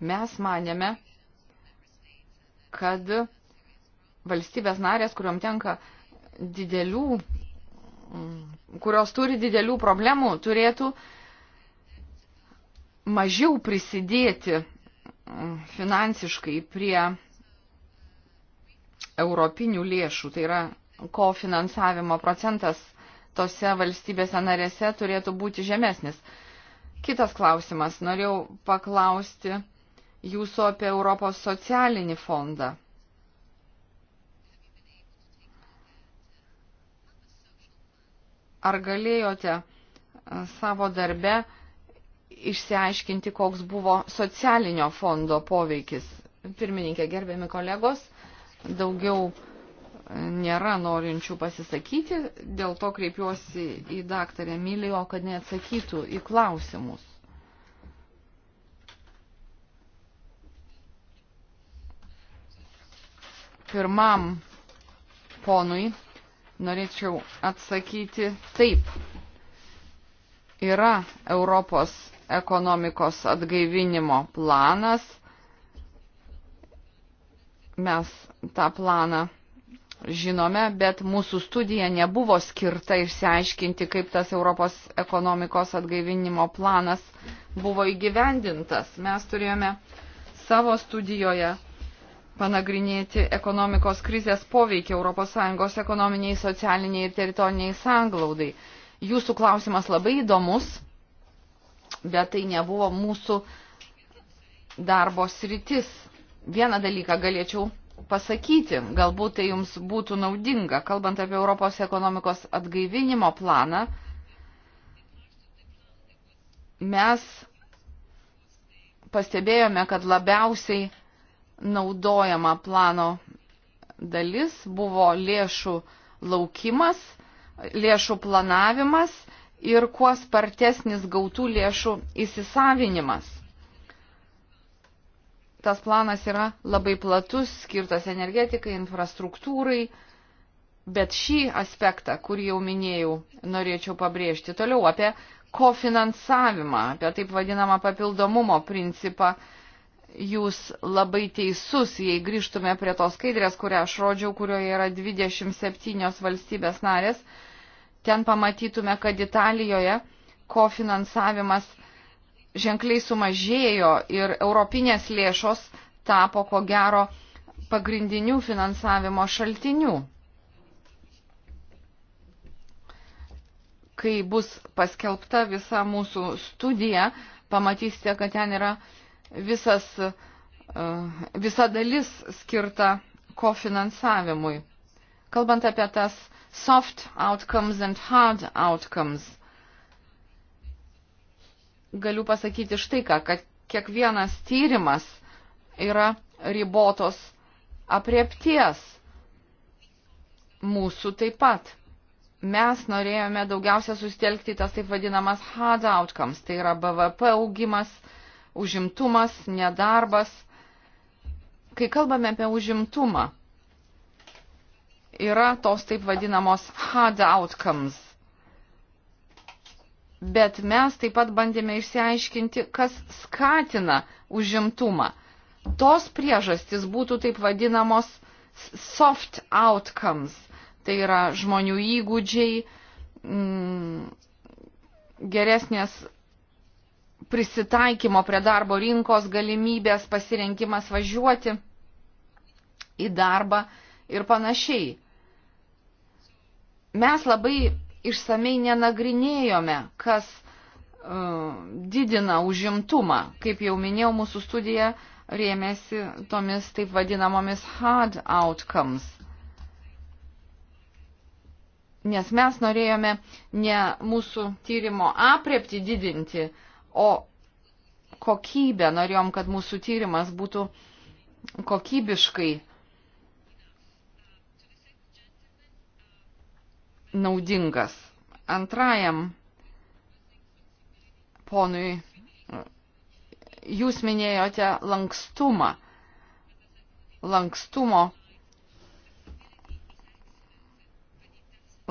Mes manėme, kad valstybės narės, kuriuom tenka didelių, mm, kurios turi didelių problemų, turėtų mažiau prisidėti mm, finansiškai prie europinių lėšų. Tai yra kofinansavimo procentas tose valstybėse narėse turėtų būti žemesnis. Kitas klausimas. Norėjau paklausti jūsų apie Europos socialinį fondą. Ar galėjote e, savo darbe išsiaiškinti, koks buvo socialinio fondo poveikis? Pirmininkė, gerbiami kolegos, daugiau e, nėra norinčių pasisakyti, dėl to kreipiuosi į daktarę Milijo, kad neatsakytų į klausimus. pirmam ponui norėčiau atsakyti taip. Yra Europos ekonomikos atgaivinimo planas. Mes tą planą žinome, bet mūsų studija nebuvo skirta išsiaiškinti, kaip tas Europos ekonomikos atgaivinimo planas buvo įgyvendintas. Mes turėjome savo studijoje panagrinėti ekonomikos krizės poveikį ES ekonominiai, socialiniai ir teritoriniai sanglaudai. Jūsų klausimas labai įdomus, bet tai nebuvo mūsų darbo sritis. Vieną dalyką galėčiau pasakyti, galbūt tai jums būtų naudinga, kalbant apie Europos ekonomikos atgaivinimo planą. Mes pastebėjome, kad labiausiai naudojama plano dalis buvo lėšų laukimas, lėšų planavimas ir kuo spartesnis gautų lėšų įsisavinimas. Tas planas yra labai platus, skirtas energetikai, infrastruktūrai, bet šį aspektą, kurį jau minėjau, norėčiau pabrėžti toliau apie kofinansavimą, apie taip vadinamą papildomumo principą jūs labai teisus, jei grįžtume prie tos skaidrės, kurią aš rodžiau, kurioje yra 27 valstybės narės, ten pamatytume, kad Italijoje kofinansavimas ženkliai sumažėjo ir europinės lėšos tapo ko gero pagrindinių finansavimo šaltinių. Kai bus paskelbta visa mūsų studija, pamatysite, kad ten yra uh, visas, e, visa dalis skirta kofinansavimui. Kalbant apie tas soft outcomes and hard outcomes, galiu pasakyti štai ką, kad kiekvienas tyrimas yra ribotos apriepties. Mūsų taip pat. Mes norėjome daugiausia sustelkti tas taip vadinamas hard outcomes, tai yra BVP augimas, užimtumas, nedarbas. Kai kalbame apie užimtumą, yra tos taip vadinamos hard outcomes. Bet mes taip pat bandėme išsiaiškinti, kas skatina užimtumą. Tos priežastis būtų taip vadinamos soft outcomes. Tai yra žmonių įgūdžiai, mm, geresnės prisitaikymo prie darbo rinkos galimybės, pasirinkimas važiuoti į darbą ir panašiai. Mes labai išsamei nenagrinėjome, kas uh, didina užimtumą. Kaip jau minėjau, mūsų studija rėmėsi tomis taip vadinamomis hard outcomes. Nes mes norėjome ne mūsų tyrimo apriepti didinti, uh, o kokybę, norėjom, kad mūsų tyrimas būtų kokybiškai naudingas. Antrajam ponui, jūs minėjote lankstumą, lankstumo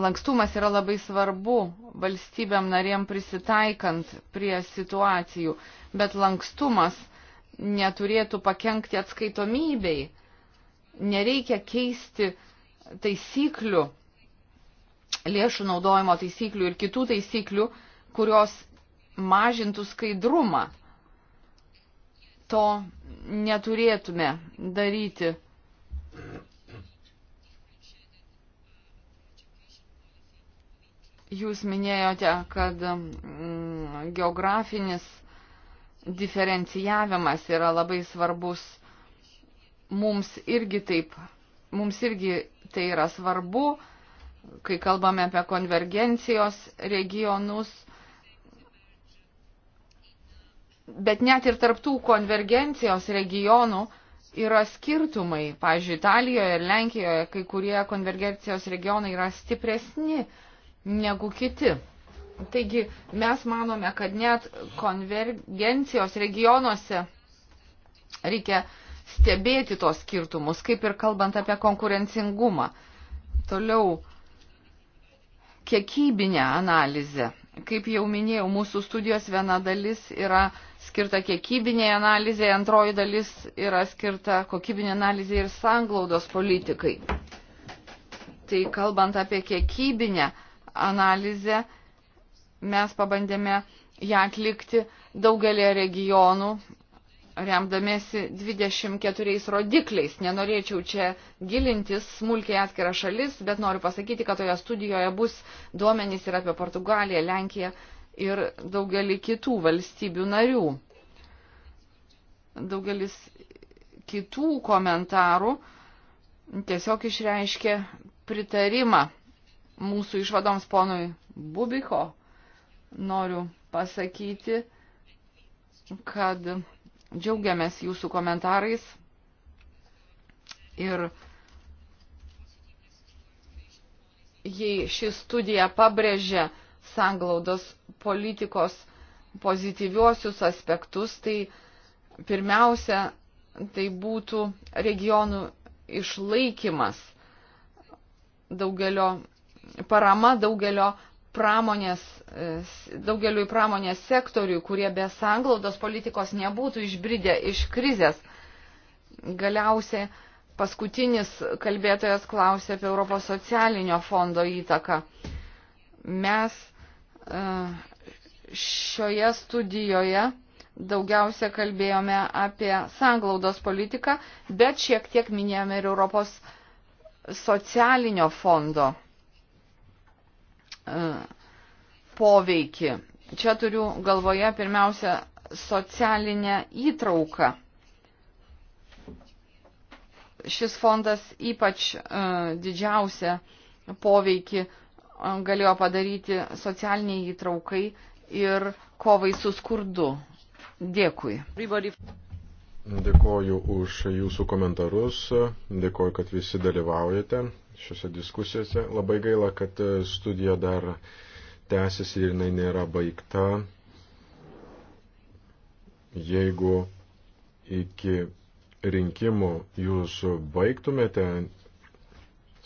Lankstumas yra labai svarbu valstybėm narėm prisitaikant prie situacijų, bet lankstumas neturėtų pakengti atskaitomybei. Nereikia keisti taisyklių, lėšų naudojimo taisyklių ir kitų taisyklių, kurios mažintų skaidrumą. To neturėtume daryti Jūs minėjote, kad mm, geografinis diferencijavimas yra labai svarbus. Mums irgi taip, mums irgi tai yra svarbu, kai kalbame apie konvergencijos regionus. Bet net ir tarptų konvergencijos regionų yra skirtumai. Pavyzdžiui, Italijoje ir Lenkijoje kai kurie konvergencijos regionai yra stipresni negu kiti. Taigi mes manome, kad net konvergencijos regionuose reikia stebėti tos skirtumus, kaip ir kalbant apie konkurencingumą. Toliau kiekybinę analizę. Kaip jau minėjau, mūsų studijos viena dalis yra skirta kiekybiniai analizai, antroji dalis yra skirta kokybinė analizai ir sanglaudos politikai. Tai kalbant apie kiekybinę analizę, analizę. Mes pabandėme ją atlikti daugelį regionų, remdamėsi 24 rodikliais. Nenorėčiau čia gilintis smulkiai atskirą šalis, bet noriu pasakyti, kad toje studijoje bus duomenys ir apie Portugaliją, Lenkiją ir daugelį kitų valstybių narių. Daugelis kitų komentarų tiesiog išreiškė pritarimą mūsų išvadoms ponui Bubiko noriu pasakyti, kad džiaugiamės jūsų komentarais ir jei ši studija pabrėžia sanglaudos politikos pozityviuosius aspektus, tai pirmiausia, tai būtų regionų išlaikimas daugelio parama daugelio pramonės, e, daugeliu pramonės sektorių, kurie be sanglaudos politikos nebūtų išbridę iš krizės. Galiausiai paskutinis kalbėtojas klausė apie Europos socialinio fondo įtaką. Mes e, šioje studijoje daugiausia kalbėjome apie sanglaudos politiką, bet šiek tiek minėjome ir Europos socialinio fondo E, poveikį. Čia turiu galvoje pirmiausia socialinę įtrauką. Šis fondas ypač e, didžiausia poveikį e, galėjo padaryti socialiniai įtraukai ir kovai su skurdu. Dėkui. Dėkoju už jūsų komentarus, dėkoju, kad visi dalyvaujate šiuose diskusijose. Labai gaila, kad e, studija dar tęsiasi ir jinai nėra baigta. Jeigu iki rinkimų jūs baigtumėte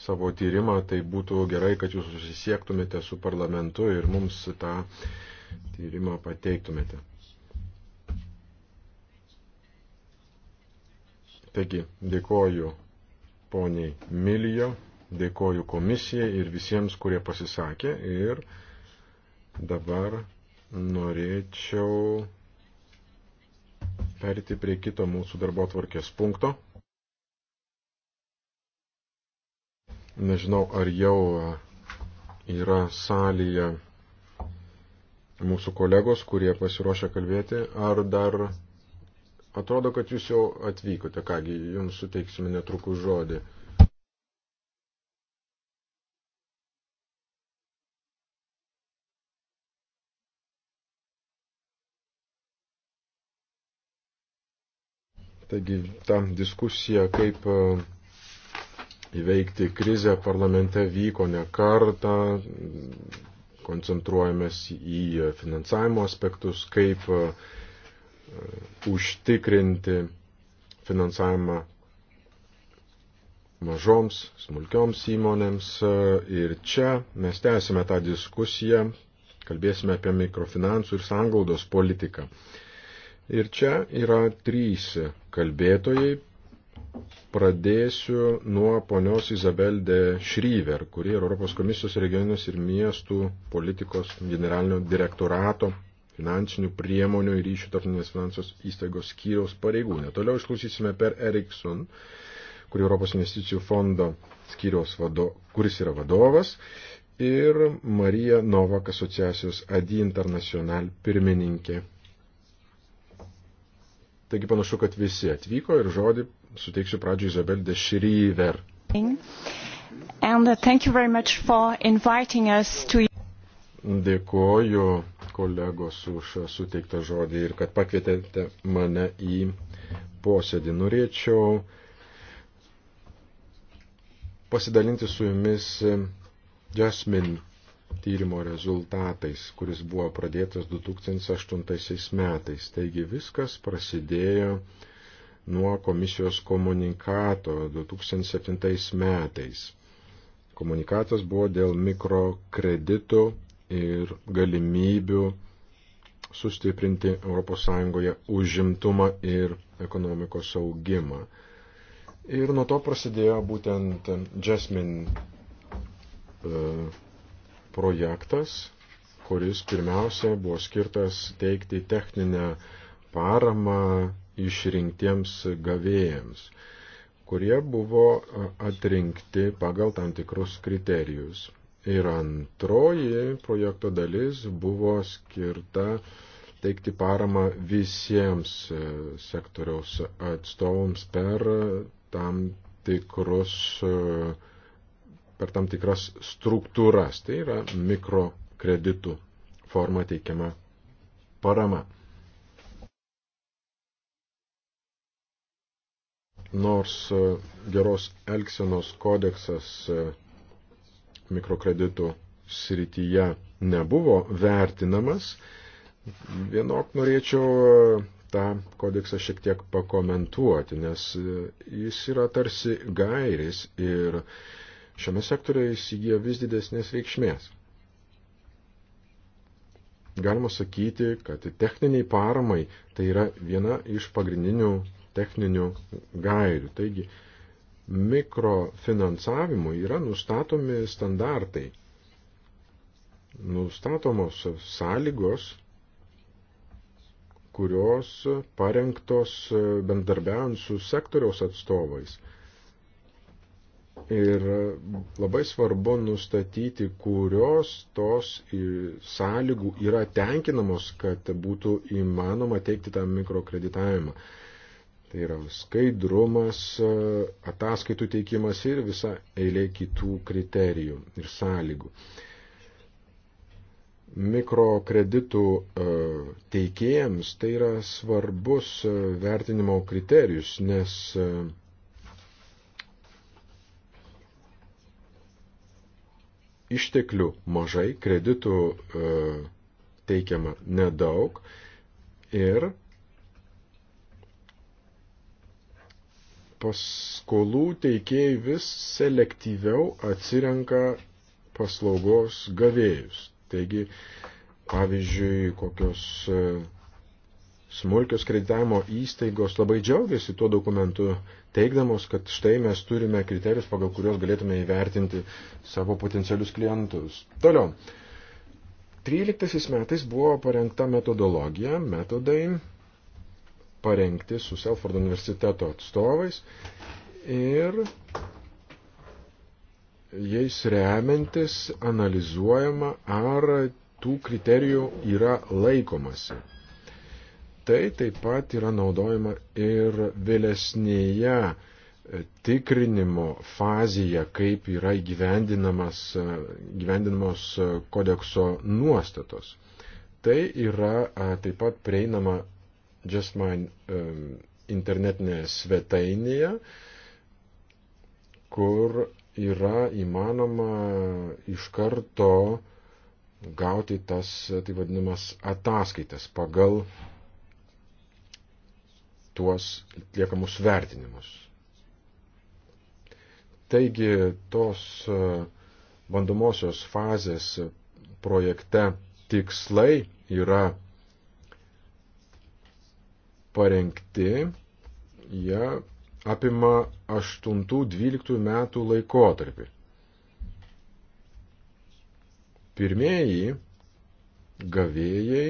savo tyrimą, tai būtų gerai, kad jūs susisiektumėte su parlamentu ir mums tą tyrimą pateiktumėte. Taigi, dėkoju poniai Milijo. Dėkoju komisijai ir visiems, kurie pasisakė. Ir dabar norėčiau perėti prie kito mūsų darbo tvarkės punkto. Nežinau, ar jau yra salėje mūsų kolegos, kurie pasiruošę kalbėti, ar dar atrodo, kad jūs jau atvykote, kągi jums suteiksime netrukus žodį. Taigi ta diskusija, kaip e, įveikti krizę parlamente vyko ne kartą, koncentruojamės į finansavimo aspektus, kaip e, užtikrinti finansavimą mažoms, smulkioms įmonėms. E, ir čia mes tęsime tą diskusiją, kalbėsime apie mikrofinansų ir sanglaudos politiką. Ir čia yra trys kalbėtojai. Pradėsiu nuo ponios Izabeldė Šryver, kuri yra Europos komisijos regioninės ir miestų politikos generalinio direktorato finansinių priemonių ir ryšių tarptautinės finansos įstaigos skyriaus pareigūnė. Toliau išklausysime per Ericsson, kuri Europos investicijų fondo skyriaus vado, kuris yra vadovas, ir Marija Novak asociacijos AD International pirmininkė Taigi panašu, kad visi atvyko ir žodį suteiksiu pradžiui Izabel de Šryver. Uh, to... Dėkoju kolegos už suteiktą žodį ir kad pakvietėte mane į posėdį. Norėčiau pasidalinti su jumis Jasmin tyrimo rezultatais, kuris buvo pradėtas 2008 metais. Taigi viskas prasidėjo nuo komisijos komunikato 2007 metais. Komunikatas buvo dėl mikrokreditų ir galimybių sustiprinti ES užimtumą ir ekonomikos augimą. Ir nuo to prasidėjo būtent Jasmine uh, projektas, kuris pirmiausia buvo skirtas teikti techninę paramą išrinktiems gavėjams, kurie buvo atrinkti pagal tam tikrus kriterijus. Ir antroji projekto dalis buvo skirta teikti paramą visiems e, sektoriaus atstovams per tam tikrus uh, per tam tikras struktūras. Tai yra mikrokreditų forma teikiama parama. Nors e, geros elgsenos kodeksas e, mikrokreditų srityje nebuvo vertinamas, vienok norėčiau e, tą kodeksą šiek tiek pakomentuoti, nes jis yra tarsi gairis ir šiame sektorėje įsigijo vis didesnės reikšmės. Galima sakyti, kad techniniai paramai tai yra viena iš pagrindinių techninių gairių. Taigi, mikrofinansavimui yra nustatomi standartai, nustatomos sąlygos, kurios parengtos bendarbiaujant su sektoriaus atstovais ir labai svarbu nustatyti, kurios tos sąlygų yra tenkinamos, kad būtų įmanoma teikti tą mikrokreditavimą. Tai yra skaidrumas, ataskaitų teikimas ir visa eilė kitų kriterijų ir sąlygų. Mikrokreditų e, teikėjams tai yra svarbus e, vertinimo kriterijus, nes e, išteklių mažai, kreditų e, teikiama nedaug ir paskolų teikėjai vis selektyviau atsirenka paslaugos gavėjus. Taigi, pavyzdžiui, kokios e, smulkios kreditavimo įstaigos labai džiaugiasi tuo dokumentu, teikdamos, kad štai mes turime kriterijus, pagal kuriuos galėtume įvertinti savo potencialius klientus. Toliau. 13 metais buvo parengta metodologija, metodai parengti su Selfordo universiteto atstovais ir jais remiantis analizuojama, ar tų kriterijų yra laikomasi tai taip pat yra naudojama ir vėlesnėje e, tikrinimo fazėje, kaip yra e, įgyvendinamos e, kodekso nuostatos. Tai yra a, taip pat prieinama JustMine internetinėje svetainėje, kur yra įmanoma iš karto gauti tas, tai vadinamas, ataskaitas pagal tuos liekamus vertinimus. Taigi tos e, bandomosios fazės projekte tikslai yra parengti, jie apima 8-12 metų laikotarpį. Pirmieji gavėjai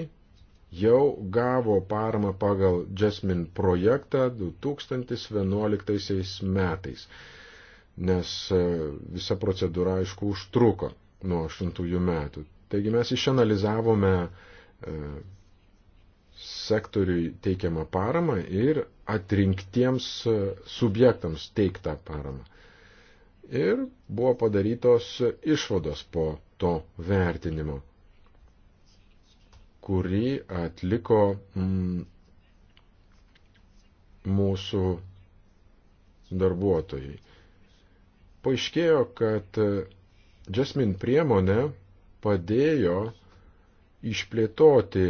jau gavo paramą pagal Jasmine projektą 2011 metais, nes e, visa procedūra aišku užtruko nuo 8 metų. Taigi mes išanalizavome e, sektoriui teikiamą paramą ir atrinktiems e, subjektams teiktą paramą. Ir buvo padarytos išvados po to vertinimo kurį atliko mm, mūsų darbuotojai. Paaiškėjo, kad Jasmine priemonė padėjo išplėtoti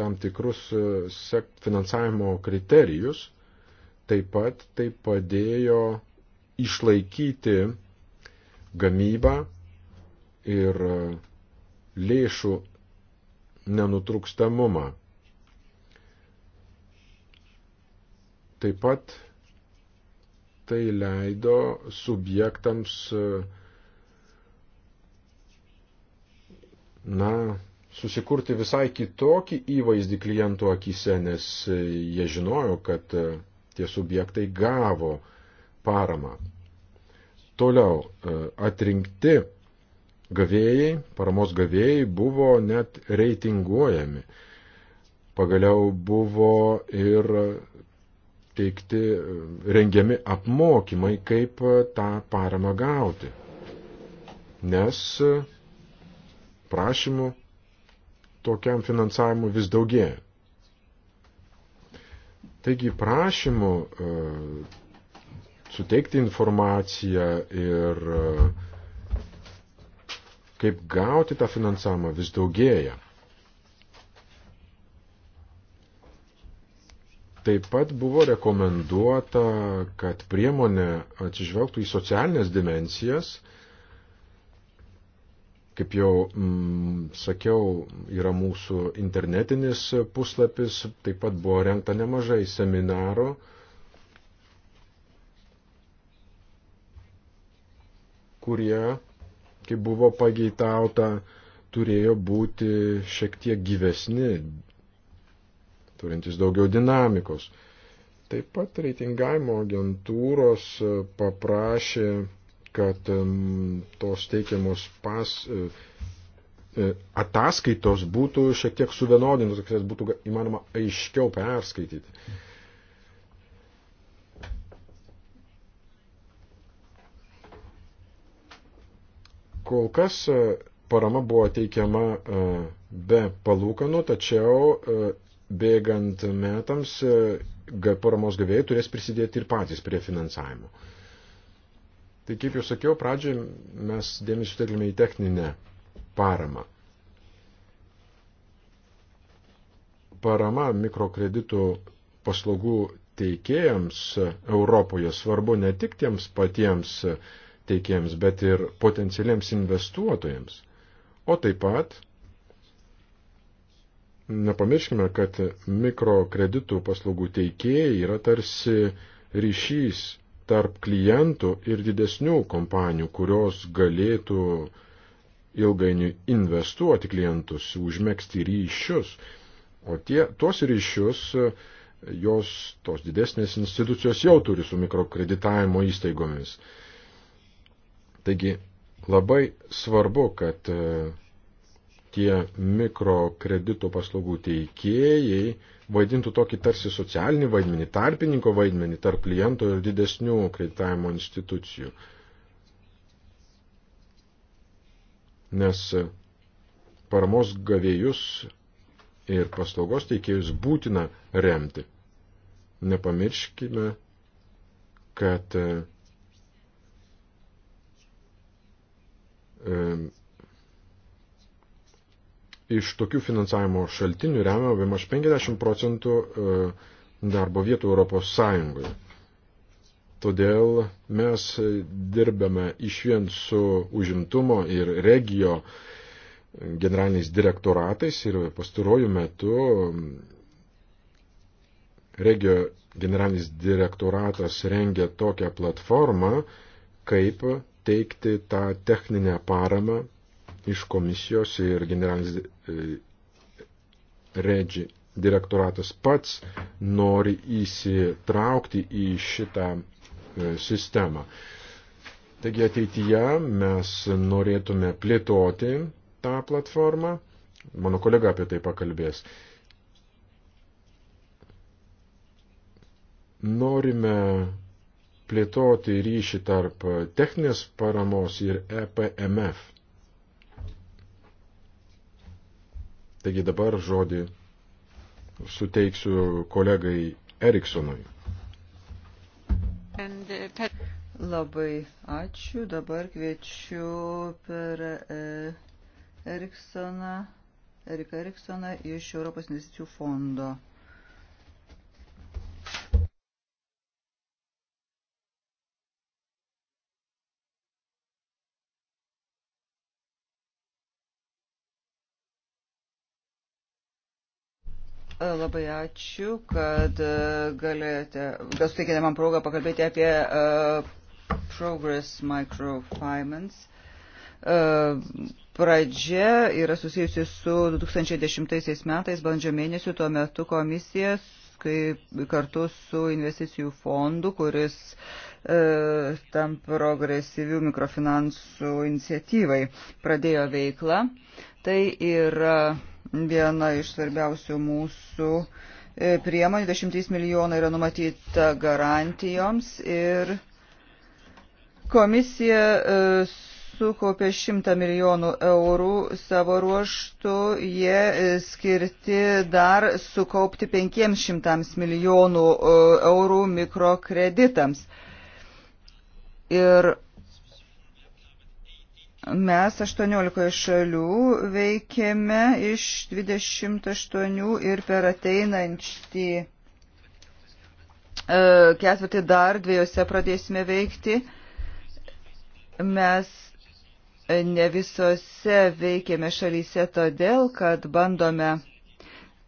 tam tikrus e, finansavimo kriterijus, taip pat tai padėjo išlaikyti gamybą ir e, lėšų nenutrūkstamumą. Taip pat tai leido subjektams na, susikurti visai kitokį įvaizdį klientų akise, nes jie žinojo, kad tie subjektai gavo paramą. Toliau atrinkti gavėjai, paramos gavėjai buvo net reitinguojami. Pagaliau buvo ir teikti, rengiami apmokymai, kaip tą paramą gauti. Nes prašymų tokiam finansavimui vis daugėja. Taigi prašymų e, suteikti informaciją ir e, kaip gauti tą finansavimą vis daugėja. Taip pat buvo rekomenduota, kad priemonė atsižvelgtų į socialinės dimensijas. Kaip jau mm, sakiau, yra mūsų internetinis puslapis, taip pat buvo renkta nemažai seminarų. kurie kaip buvo pageitauta, turėjo būti šiek tiek gyvesni, turintys daugiau dinamikos. Taip pat reitingavimo agentūros e, paprašė, kad tos teikiamos pas, e, e, ataskaitos būtų šiek tiek suvienodintos, kad jas būtų įmanoma aiškiau perskaityti. Kol kas e, parama buvo teikiama e, be palūkanų, tačiau e, bėgant metams paramos gavėjai turės prisidėti ir patys prie finansavimo. Tai kaip jau sakiau, pradžioje mes dėmesį sutelkime į techninę paramą. Parama mikrokreditų paslaugų teikėjams Europoje svarbu ne tik tiems patiems uh, teikėjams, bet ir potencialiems investuotojams. O taip pat nepamirškime, kad mikrokreditų paslaugų teikėjai yra tarsi ryšys tarp klientų ir didesnių kompanijų, kurios galėtų ilgainiui investuoti klientus, užmėgsti ryšius. O tie, tuos ryšius jos, tos didesnės institucijos jau turi su mikrokreditavimo įstaigomis. Taigi labai svarbu, kad e, tie mikrokreditų paslaugų teikėjai vaidintų tokį tarsi socialinį vaidmenį, tarpininko vaidmenį tarp klientų ir didesnių kreditavimo institucijų. Nes e, paramos gavėjus ir paslaugos teikėjus būtina remti. Nepamirškime, kad e, E, iš tokių finansavimo šaltinių remia vimaž 50 procentų e, darbo vietų Europos Sąjungoje. Todėl mes dirbame iš vien su užimtumo ir regio e, generaliniais direktoratais ir pastaruoju metu mm, regio generalinis direktoratas rengia tokią platformą, kaip teikti tą techninę paramą iš komisijos ir generalinis e, regi direktoratas pats nori įsitraukti į šitą e, sistemą. Taigi ateityje mes norėtume plėtoti tą platformą. Mano kolega apie tai pakalbės. Norime plėtoti ryšį tarp techninės paramos ir EPMF. Taigi dabar žodį suteiksiu kolegai Eriksonui. Uh, Labai ačiū. Dabar kviečiu per e, Eriksoną, Erika Eriksoną iš Europos investicijų fondo. E, labai ačiū, kad e, galėjote, kad suteikėte man progą pakalbėti apie uh, Progress Microfinance. Uh, pradžia yra susijusi su 2010 metais, bandžio mėnesių, tuo metu komisija kaip, kartu su investicijų fondu, kuris uh, tam progresyvių mikrofinansų iniciatyvai pradėjo veiklą. Tai yra uh, viena iš svarbiausių mūsų e, priemonių. 23 milijonai yra numatyta garantijoms ir komisija e, sukaupė 100 milijonų eurų savo ruoštų, jie e, skirti dar sukaupti 500 milijonų eurų mikrokreditams. Ir Mes 18 šalių veikėme iš 28 ir per ateinantį e, ketvirtį dar dviejose pradėsime veikti. Mes ne visose veikėme šalyse todėl, kad bandome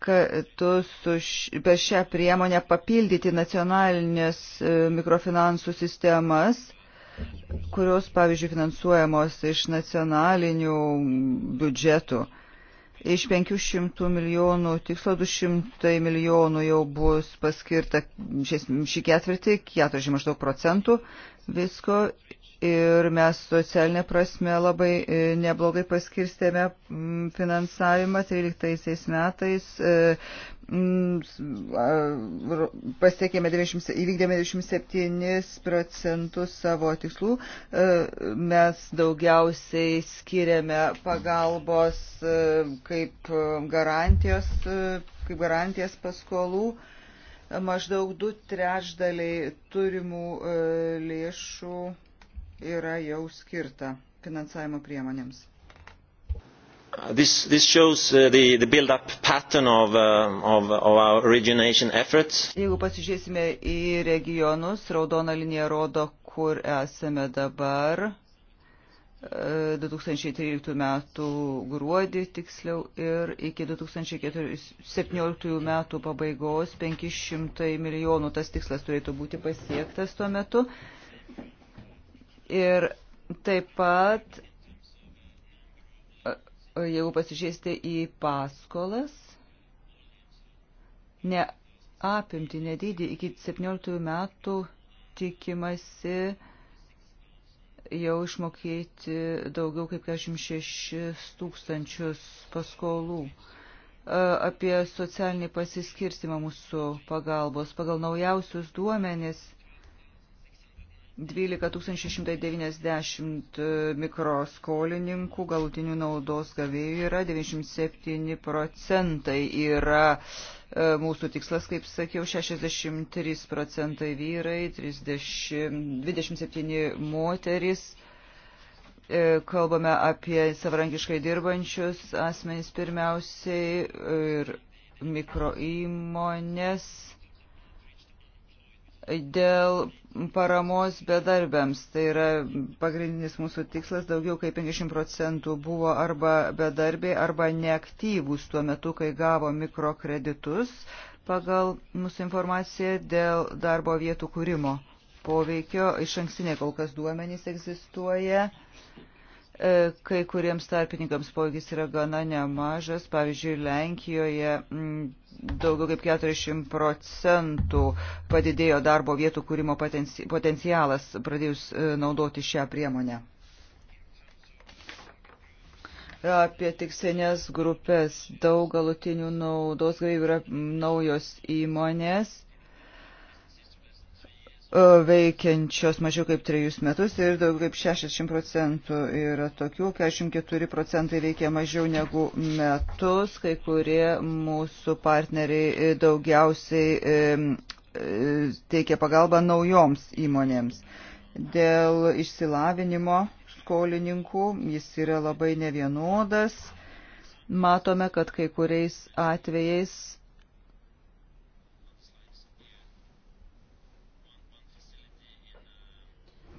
kartu su š, per šią priemonę papildyti nacionalinės e, mikrofinansų sistemas – kurios, pavyzdžiui, finansuojamos iš nacionalinių biudžetų. Iš 500 milijonų, tikslo 200 milijonų jau bus paskirta šį ketvirtį, 40 maždaug procentų visko ir mes socialinė prasme labai e, neblogai paskirstėme finansavimą 13 metais. E, pasiekėme 90, įvykdėme 97 procentus savo tikslų. E, mes daugiausiai skiriame pagalbos kaip garantijos, kaip garantijas paskolų maždaug du trešdaliai turimų lėšų yra jau skirta finansavimo priemonėms. This, this shows uh, the, the build-up pattern of, uh, of, of our origination efforts. Jeigu pasižiūrėsime į regionus, raudona linija rodo, kur esame dabar. 2013 uh, metų gruodį tiksliau ir iki 2017 metų pabaigos 500 milijonų tas tikslas turėtų būti pasiektas tuo metu. Ir taip pat, e, jeigu pasižiūrėsite į paskolas, ne apimti, nedydį iki 17 metų tikimasi jau išmokėti daugiau kaip 46 tūkstančius paskolų. E, apie socialinį pasiskirstimą mūsų pagalbos pagal naujausius duomenis – 12690 mikroskolininkų galutinių naudos gavėjų yra, 97 procentai yra e, mūsų tikslas, kaip sakiau, 63 procentai vyrai, 30, 27 moteris. Kalbame apie savarankiškai dirbančius asmenys pirmiausiai ir mikroįmonės dėl paramos bedarbiams. Tai yra pagrindinis mūsų tikslas, daugiau kaip 50 procentų buvo arba bedarbiai, arba neaktyvūs tuo metu, kai gavo mikrokreditus pagal mūsų informaciją dėl darbo vietų kūrimo poveikio. Iš ankstinė kol kas duomenys egzistuoja. E, kai kuriems tarpininkams poveikis yra gana nemažas. Pavyzdžiui, Lenkijoje mm, daugiau kaip 40 procentų padidėjo darbo vietų kūrimo potencialas pradėjus e, naudoti šią priemonę. Apie tiksinės grupės daug galutinių naudos gavėjų yra mm, naujos įmonės E, veikiančios mažiau kaip trejus metus ir daugiau kaip 60 procentų yra tokių, 44 procentai veikia mažiau negu metus, kai kurie mūsų partneriai e, daugiausiai e, teikia pagalbą naujoms įmonėms. Dėl išsilavinimo skolininkų jis yra labai nevienodas. Matome, kad kai kuriais atvejais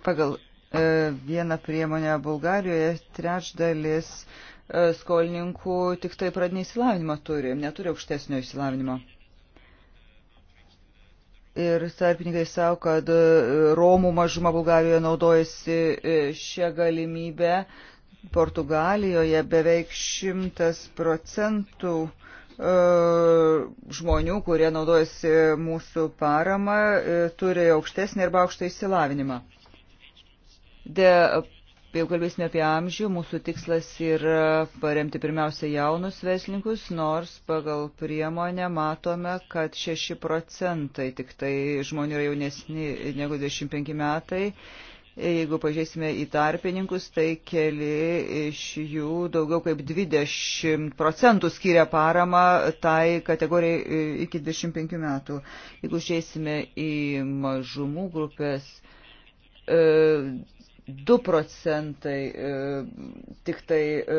pagal e, vieną priemonę Bulgarijoje trečdalis e, skolininkų tik tai pradinį įsilavinimą turi, neturi aukštesnio įsilavinimo. Ir tarpininkai savo, kad e, Romų mažuma Bulgarijoje naudojasi šią galimybę, Portugalijoje beveik šimtas procentų žmonių, kurie naudojasi mūsų parama, turi aukštesnį arba aukštą įsilavinimą. De, Jau kalbėsime apie amžių, mūsų tikslas yra paremti pirmiausia jaunus verslininkus, nors pagal priemonę matome, kad 6 procentai tik tai žmonių yra jaunesni negu 25 metai. Jeigu pažiūrėsime į tarpininkus, tai keli iš jų daugiau kaip 20 procentų skiria paramą tai kategorijai iki 25 metų. Jeigu žiūrėsime į mažumų grupės, e, 2 procentai e, tik tai e,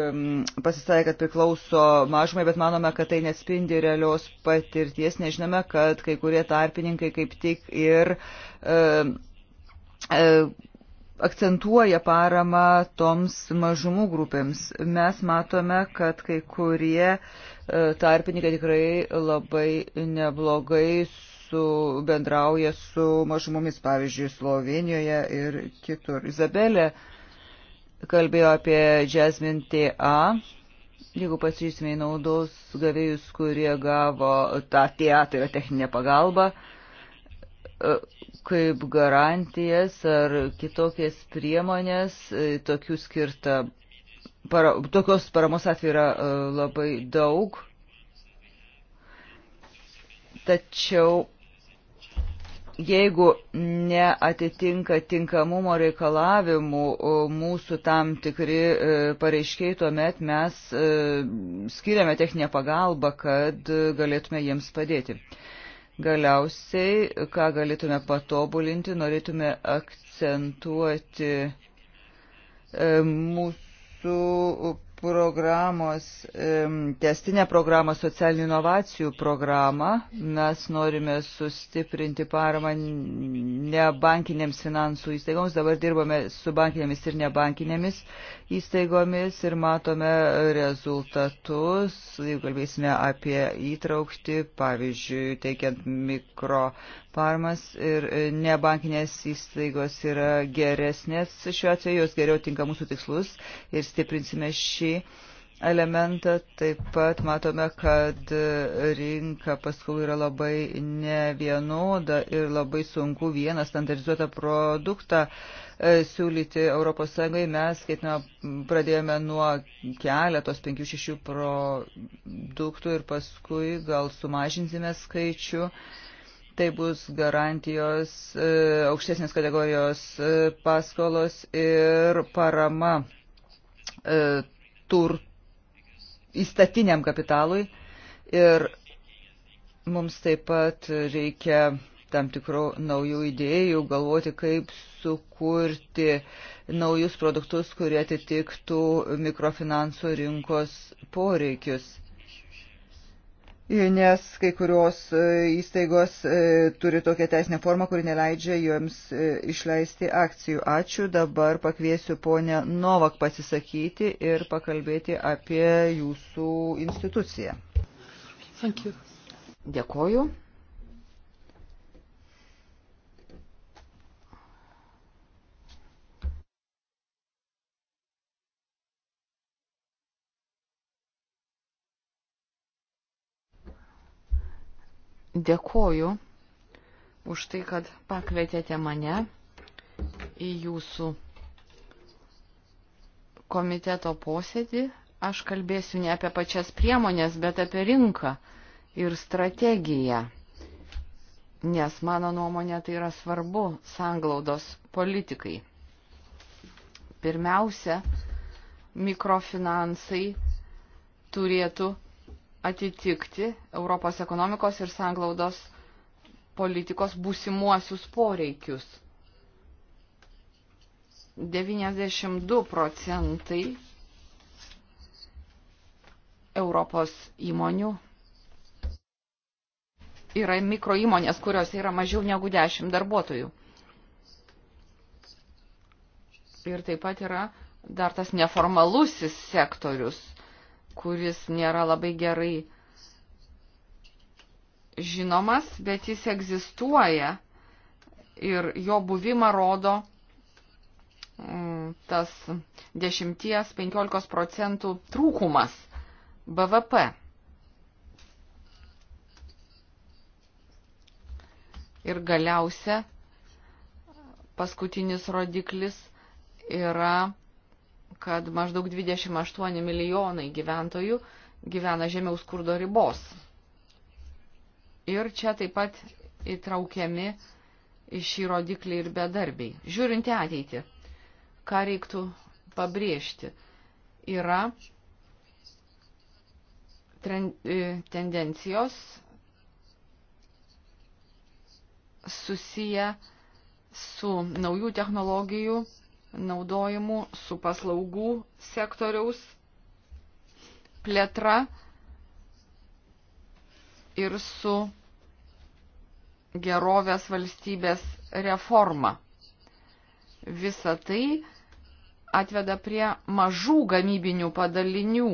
pasisakė, kad priklauso mažumai, bet manome, kad tai nespindi realios patirties. Nežinome, kad kai kurie tarpininkai kaip tik ir e, e, akcentuoja paramą toms mažumų grupėms. Mes matome, kad kai kurie e, tarpininkai tikrai labai neblogai su, bendrauja su mažumomis, pavyzdžiui, Slovenijoje ir kitur. Izabelė kalbėjo apie Jasmine TA. Jeigu pasižiūrėsime į naudos gavėjus, kurie gavo tą TA, tai yra techninė pagalba, e, kaip garantijas ar kitokias priemonės, e, tokių skirta, para, tokios paramos atveju yra e, labai daug. Tačiau jeigu neatitinka tinkamumo reikalavimų mūsų tam tikri e, pareiškiai, tuomet mes e, skiriame techninę pagalbą, kad e, galėtume jiems padėti. Galiausiai, ką galėtume patobulinti, norėtume akcentuoti mūsų programos, testinę programą, socialinių inovacijų programą. Mes norime sustiprinti paramą nebankinėms finansų įstaigoms. Dabar dirbame su bankinėmis ir nebankinėmis įstaigomis ir matome rezultatus, jeigu kalbėsime apie įtraukti, pavyzdžiui, teikiant mikro parmas ir e, nebankinės įstaigos yra geresnės šiuo atveju, jos geriau tinka mūsų tikslus ir stiprinsime šį elementą. Taip pat matome, kad e, rinka paskolų yra labai nevienoda ir labai sunku vieną standardizuotą produktą e, siūlyti ES. Mes, kaip na, pradėjome nuo keletos 5-6 produktų ir paskui gal sumažinsime skaičių tai bus garantijos, e, aukštesnės kategorijos e, paskolos ir parama e, tur įstatiniam kapitalui. Ir mums taip pat reikia tam tikrų naujų idėjų, galvoti, kaip sukurti naujus produktus, kurie atitiktų mikrofinansų rinkos poreikius nes kai kurios e, įstaigos e, turi tokią teisinę formą, kuri neleidžia joms e, išleisti akcijų. Ačiū, dabar pakviesiu ponę Novak pasisakyti ir pakalbėti apie jūsų instituciją. Dėkoju. dėkoju už tai, kad pakvietėte mane į jūsų komiteto posėdį. Aš kalbėsiu ne apie pačias priemonės, bet apie rinką ir strategiją, nes mano nuomonė tai yra svarbu sanglaudos politikai. Pirmiausia, mikrofinansai turėtų atitikti Europos ekonomikos ir sanglaudos politikos būsimuosius poreikius. 92 procentai Europos įmonių yra mikroįmonės, kurios yra mažiau negu 10 darbuotojų. Ir taip pat yra dar tas neformalusis sektorius – kuris nėra labai gerai žinomas, bet jis egzistuoja ir jo buvimą rodo mm, tas 10-15 procentų trūkumas BVP. Ir galiausia, paskutinis rodiklis yra kad maždaug 28 milijonai gyventojų gyvena žemiau skurdo ribos. Ir čia taip pat įtraukiami iš šį rodiklį ir bedarbiai. Žiūrint į ateitį, ką reiktų pabrėžti, yra e, tendencijos susiję su naujų technologijų naudojimu, su paslaugų sektoriaus plėtra ir su gerovės valstybės reforma. Visa tai atveda prie mažų gamybinių padalinių,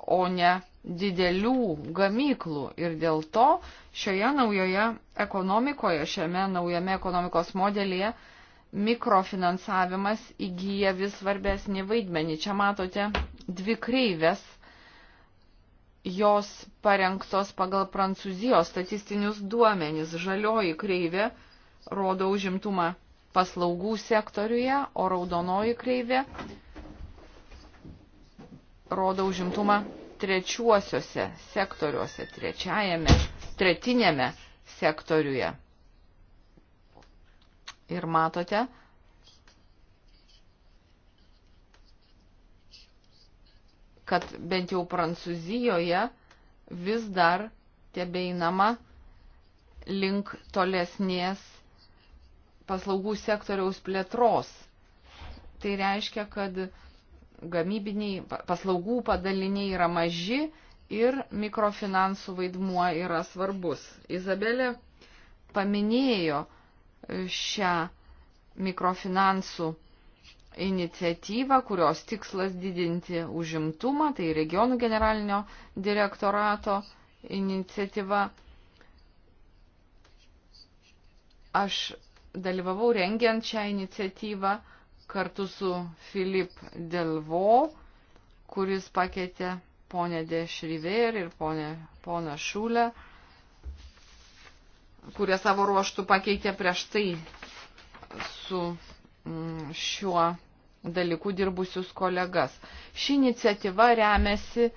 o ne didelių gamyklų. Ir dėl to šioje naujoje ekonomikoje, šiame naujame ekonomikos modelėje mikrofinansavimas įgyja vis svarbesnį vaidmenį. Čia matote dvi kreivės, jos parengtos pagal Prancūzijos statistinius duomenis. Žalioji kreivė rodo užimtumą paslaugų sektoriuje, o raudonoji kreivė rodo užimtumą trečiuosiuose sektoriuose, trečiajame, tretinėme sektoriuje ir matote, kad bent jau Prancūzijoje vis dar tebeinama link tolesnės paslaugų sektoriaus plėtros. Tai reiškia, kad gamybiniai paslaugų padaliniai yra maži ir mikrofinansų vaidmuo yra svarbus. Izabelė paminėjo, šią mikrofinansų iniciatyvą, kurios tikslas didinti užimtumą, tai regionų generalinio direktorato iniciatyva. Aš dalyvavau rengiant šią iniciatyvą kartu su Filip Delvo, kuris pakeitė ponę Dešriver ir ponę, poną Šulę kurie savo ruoštų pakeitė prieš tai su mm, šiuo dalyku dirbusius kolegas. Ši iniciatyva remiasi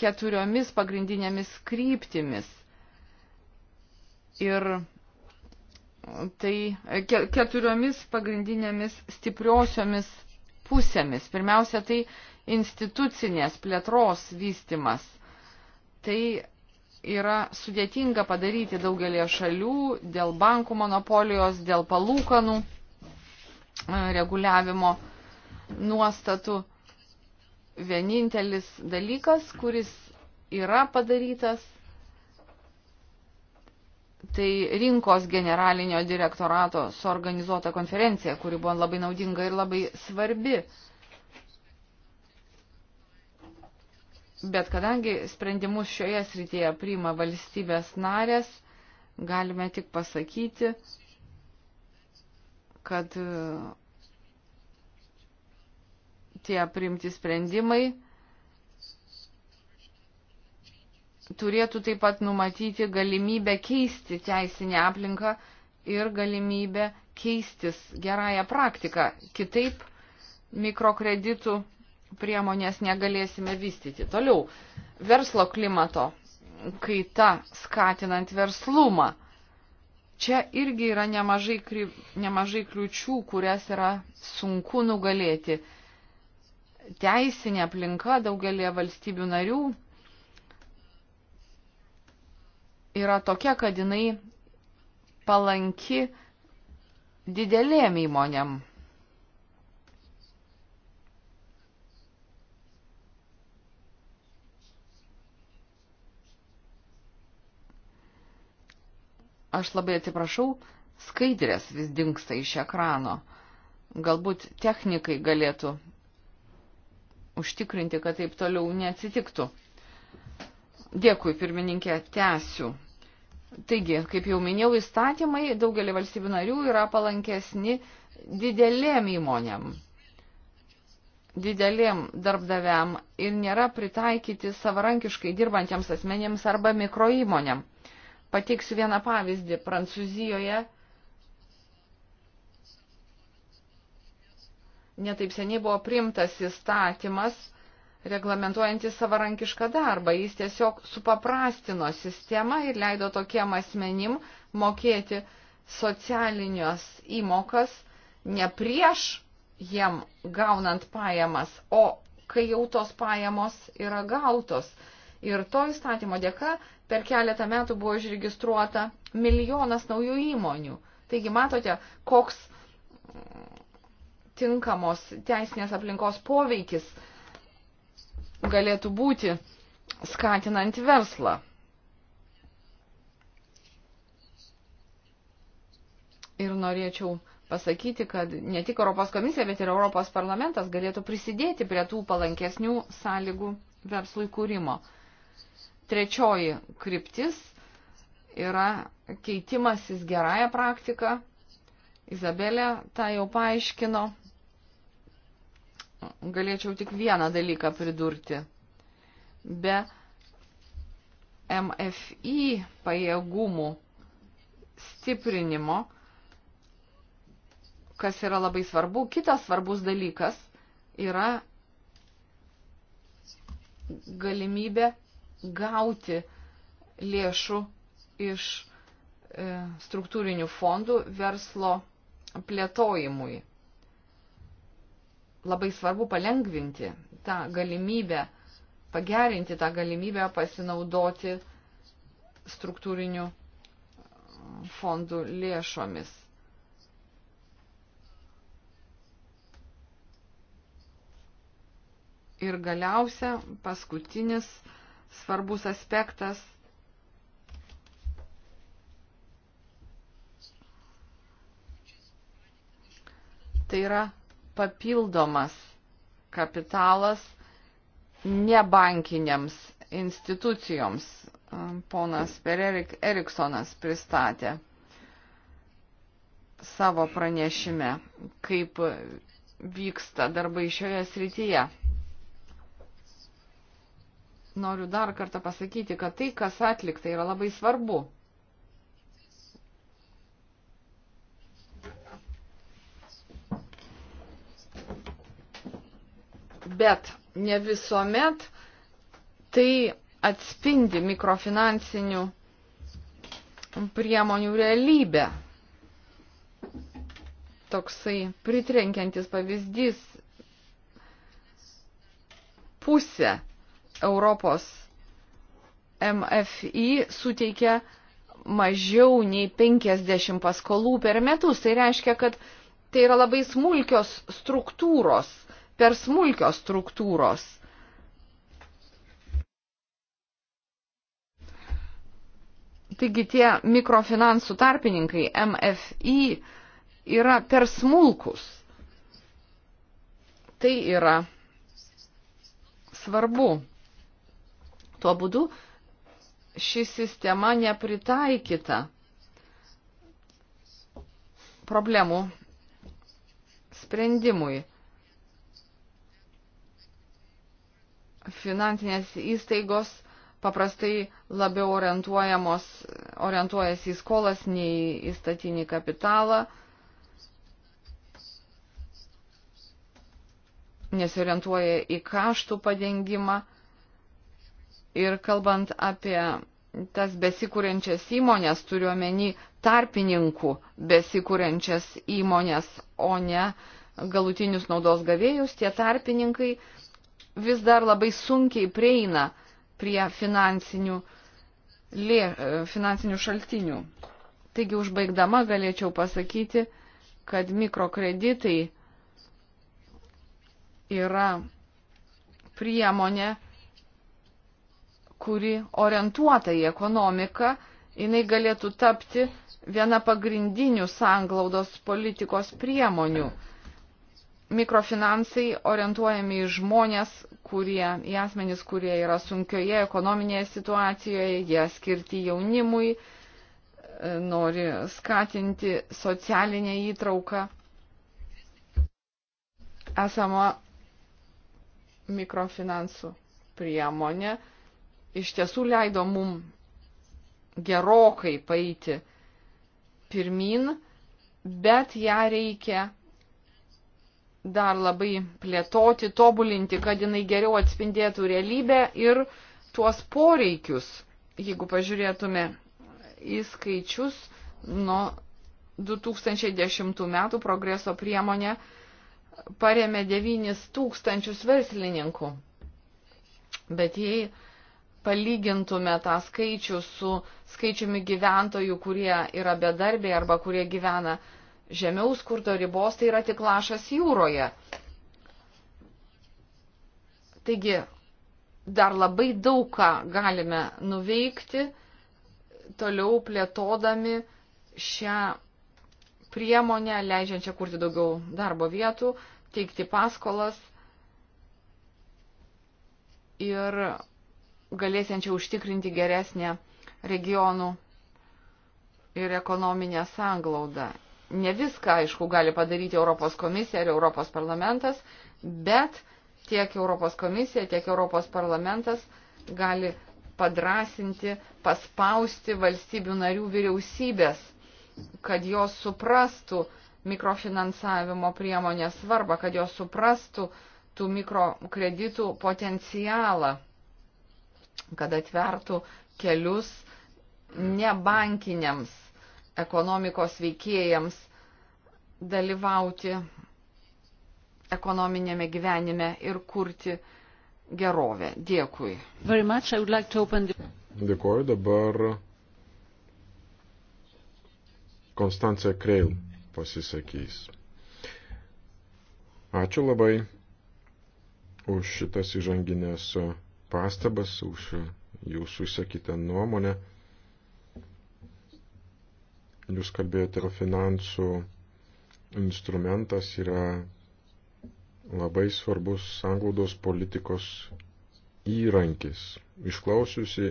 keturiomis pagrindinėmis kryptimis. Ir tai keturiomis pagrindinėmis stipriosiomis pusėmis. Pirmiausia, tai institucinės plėtros vystimas. Tai yra sudėtinga padaryti daugelie šalių dėl bankų monopolijos, dėl palūkanų e, reguliavimo nuostatų. Vienintelis dalykas, kuris yra padarytas, tai rinkos generalinio direktorato suorganizuota konferencija, kuri buvo labai naudinga ir labai svarbi. Uh, Bet kadangi sprendimus šioje srityje priima valstybės narės, galime tik pasakyti, kad e, tie priimti sprendimai turėtų taip pat numatyti galimybę keisti teisinę aplinką ir galimybę keistis gerąją praktiką. Kitaip mikrokreditų priemonės negalėsime vystyti. Toliau, verslo klimato kaita skatinant verslumą. Čia irgi yra nemažai, kri, nemažai kliučių, kurias yra sunku nugalėti. Teisinė aplinka daugelie valstybių narių yra tokia, kad jinai palanki didelėm įmonėm Aš labai atsiprašau, skaidrės vis dinksta iš ekrano. Galbūt technikai galėtų užtikrinti, kad taip toliau neatsitiktų. Dėkui, pirmininkė, tęsiu. Taigi, kaip jau minėjau, įstatymai daugelį valstybių narių yra palankesni didelėm įmonėm, didelėm darbdaviam ir nėra pritaikyti savarankiškai dirbantiems asmenėms arba mikroįmonėm. Pateiksiu vieną pavyzdį. Prancūzijoje netaip seniai buvo primtas įstatymas reglamentuojantis savarankišką darbą. Jis tiesiog supaprastino sistemą ir leido tokiem asmenim mokėti socialinios įmokas ne prieš jiem gaunant pajamas, o kai jau tos pajamos yra gautos. Ir to įstatymo dėka per keletą metų buvo išregistruota milijonas naujų įmonių. Taigi matote, koks tinkamos teisinės aplinkos poveikis galėtų būti skatinant verslą. Ir norėčiau pasakyti, kad ne tik Europos komisija, bet ir Europos parlamentas galėtų prisidėti prie tų palankesnių sąlygų verslui kūrimo. Trečioji kryptis yra keitimasis gerąją praktiką. Izabelė tą jau paaiškino. Galėčiau tik vieną dalyką pridurti. Be MFI pajėgumų stiprinimo, kas yra labai svarbu, kitas svarbus dalykas yra galimybė gauti lėšų iš e, struktūrinių fondų verslo plėtojimui. Labai svarbu palengvinti tą galimybę, pagerinti tą galimybę pasinaudoti struktūrinių e, fondų lėšomis. Ir galiausia, paskutinis svarbus aspektas. Tai yra papildomas kapitalas nebankiniams institucijoms. Ponas Per Erik Eriksonas pristatė savo pranešime, kaip vyksta darbai šioje srityje noriu dar kartą pasakyti, kad tai, kas atlikta, yra labai svarbu. Bet ne visuomet tai atspindi mikrofinansinių priemonių realybę. Toksai pritrenkiantis pavyzdys pusė Europos MFI suteikia mažiau nei 50 paskolų per metus. Tai reiškia, kad tai yra labai smulkios struktūros, per smulkios struktūros. Taigi tie mikrofinansų tarpininkai MFI yra per smulkus. Tai yra svarbu. Tuo būdu ši sistema nepritaikyta problemų sprendimui. Finansinės įstaigos paprastai labiau orientuojamos, orientuojasi į skolas nei į statinį kapitalą, nesiorientuoja į kaštų padengimą. Ir kalbant apie tas besikūrenčias įmonės, turiu omeny tarpininkų besikūrenčias įmonės, o ne galutinius naudos gavėjus, tie tarpininkai vis dar labai sunkiai prieina prie finansinių, lė, e, finansinių šaltinių. Taigi užbaigdama galėčiau pasakyti, kad mikrokreditai yra priemonė, kuri orientuota į ekonomiką, jinai galėtų tapti viena pagrindinių sanglaudos politikos priemonių. Mikrofinansai orientuojami į žmonės, kurie, į asmenys, kurie yra sunkioje ekonominėje situacijoje, jie skirti jaunimui, e, nori skatinti socialinę įtrauką. Esama mikrofinansų priemonė iš tiesų leido mum gerokai paeiti pirmin, bet ją reikia dar labai plėtoti, tobulinti, kad jinai geriau atspindėtų realybę ir tuos poreikius, jeigu pažiūrėtume į skaičius, nuo 2010 metų progreso priemonė paremė 9 tūkstančius verslininkų. Bet jei palygintume tą skaičių su skaičiumi gyventojų, kurie yra bedarbiai arba kurie gyvena žemiau skurdo ribos, tai yra tik lašas jūroje. Taigi, dar labai daug ką galime nuveikti, toliau plėtodami šią priemonę, leidžiančią kurti daugiau darbo vietų, teikti paskolas ir galėsiančią užtikrinti geresnę regionų ir ekonominę sanglaudą. Ne viską, aišku, gali padaryti Europos komisija ir Europos parlamentas, bet tiek Europos komisija, tiek Europos parlamentas gali padrasinti, paspausti valstybių narių vyriausybės, kad jos suprastų mikrofinansavimo priemonės svarbą, kad jos suprastų tų mikrokreditų potencialą kad atvertų kelius nebankiniams ekonomikos veikėjams dalyvauti ekonominėme gyvenime ir kurti gerovę. Dėkui. Like open... Dėkuoju dabar Konstancija Kreil pasisakys. Ačiū labai už šitas įžanginės pastabas, už jūsų išsakytą nuomonę. Jūs kalbėjote, kad finansų instrumentas yra labai svarbus sanglaudos politikos įrankis. Išklausiusi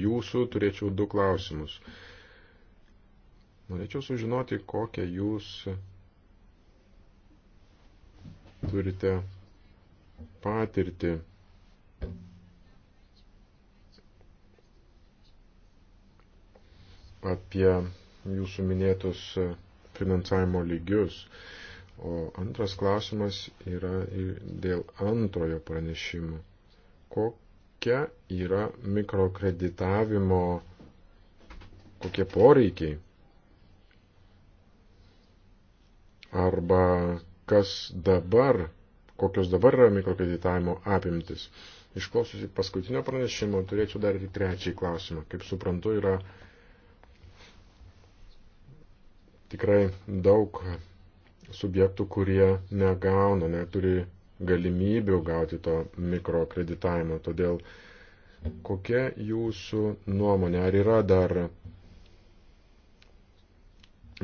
jūsų turėčiau du klausimus. Norėčiau sužinoti, kokią jūs turite patirtį apie jūsų minėtus e, finansavimo lygius. O antras klausimas yra dėl antrojo pranešimo. Kokia yra mikrokreditavimo, kokie poreikiai? Arba kas dabar, kokios dabar yra mikrokreditavimo apimtis? Išklausiusi paskutinio pranešimo, turėčiau dar ir trečiąjį klausimą. Kaip suprantu, yra tikrai daug subjektų, kurie negauna, neturi galimybių gauti to mikrokreditavimo. Todėl kokia jūsų nuomonė, ar yra dar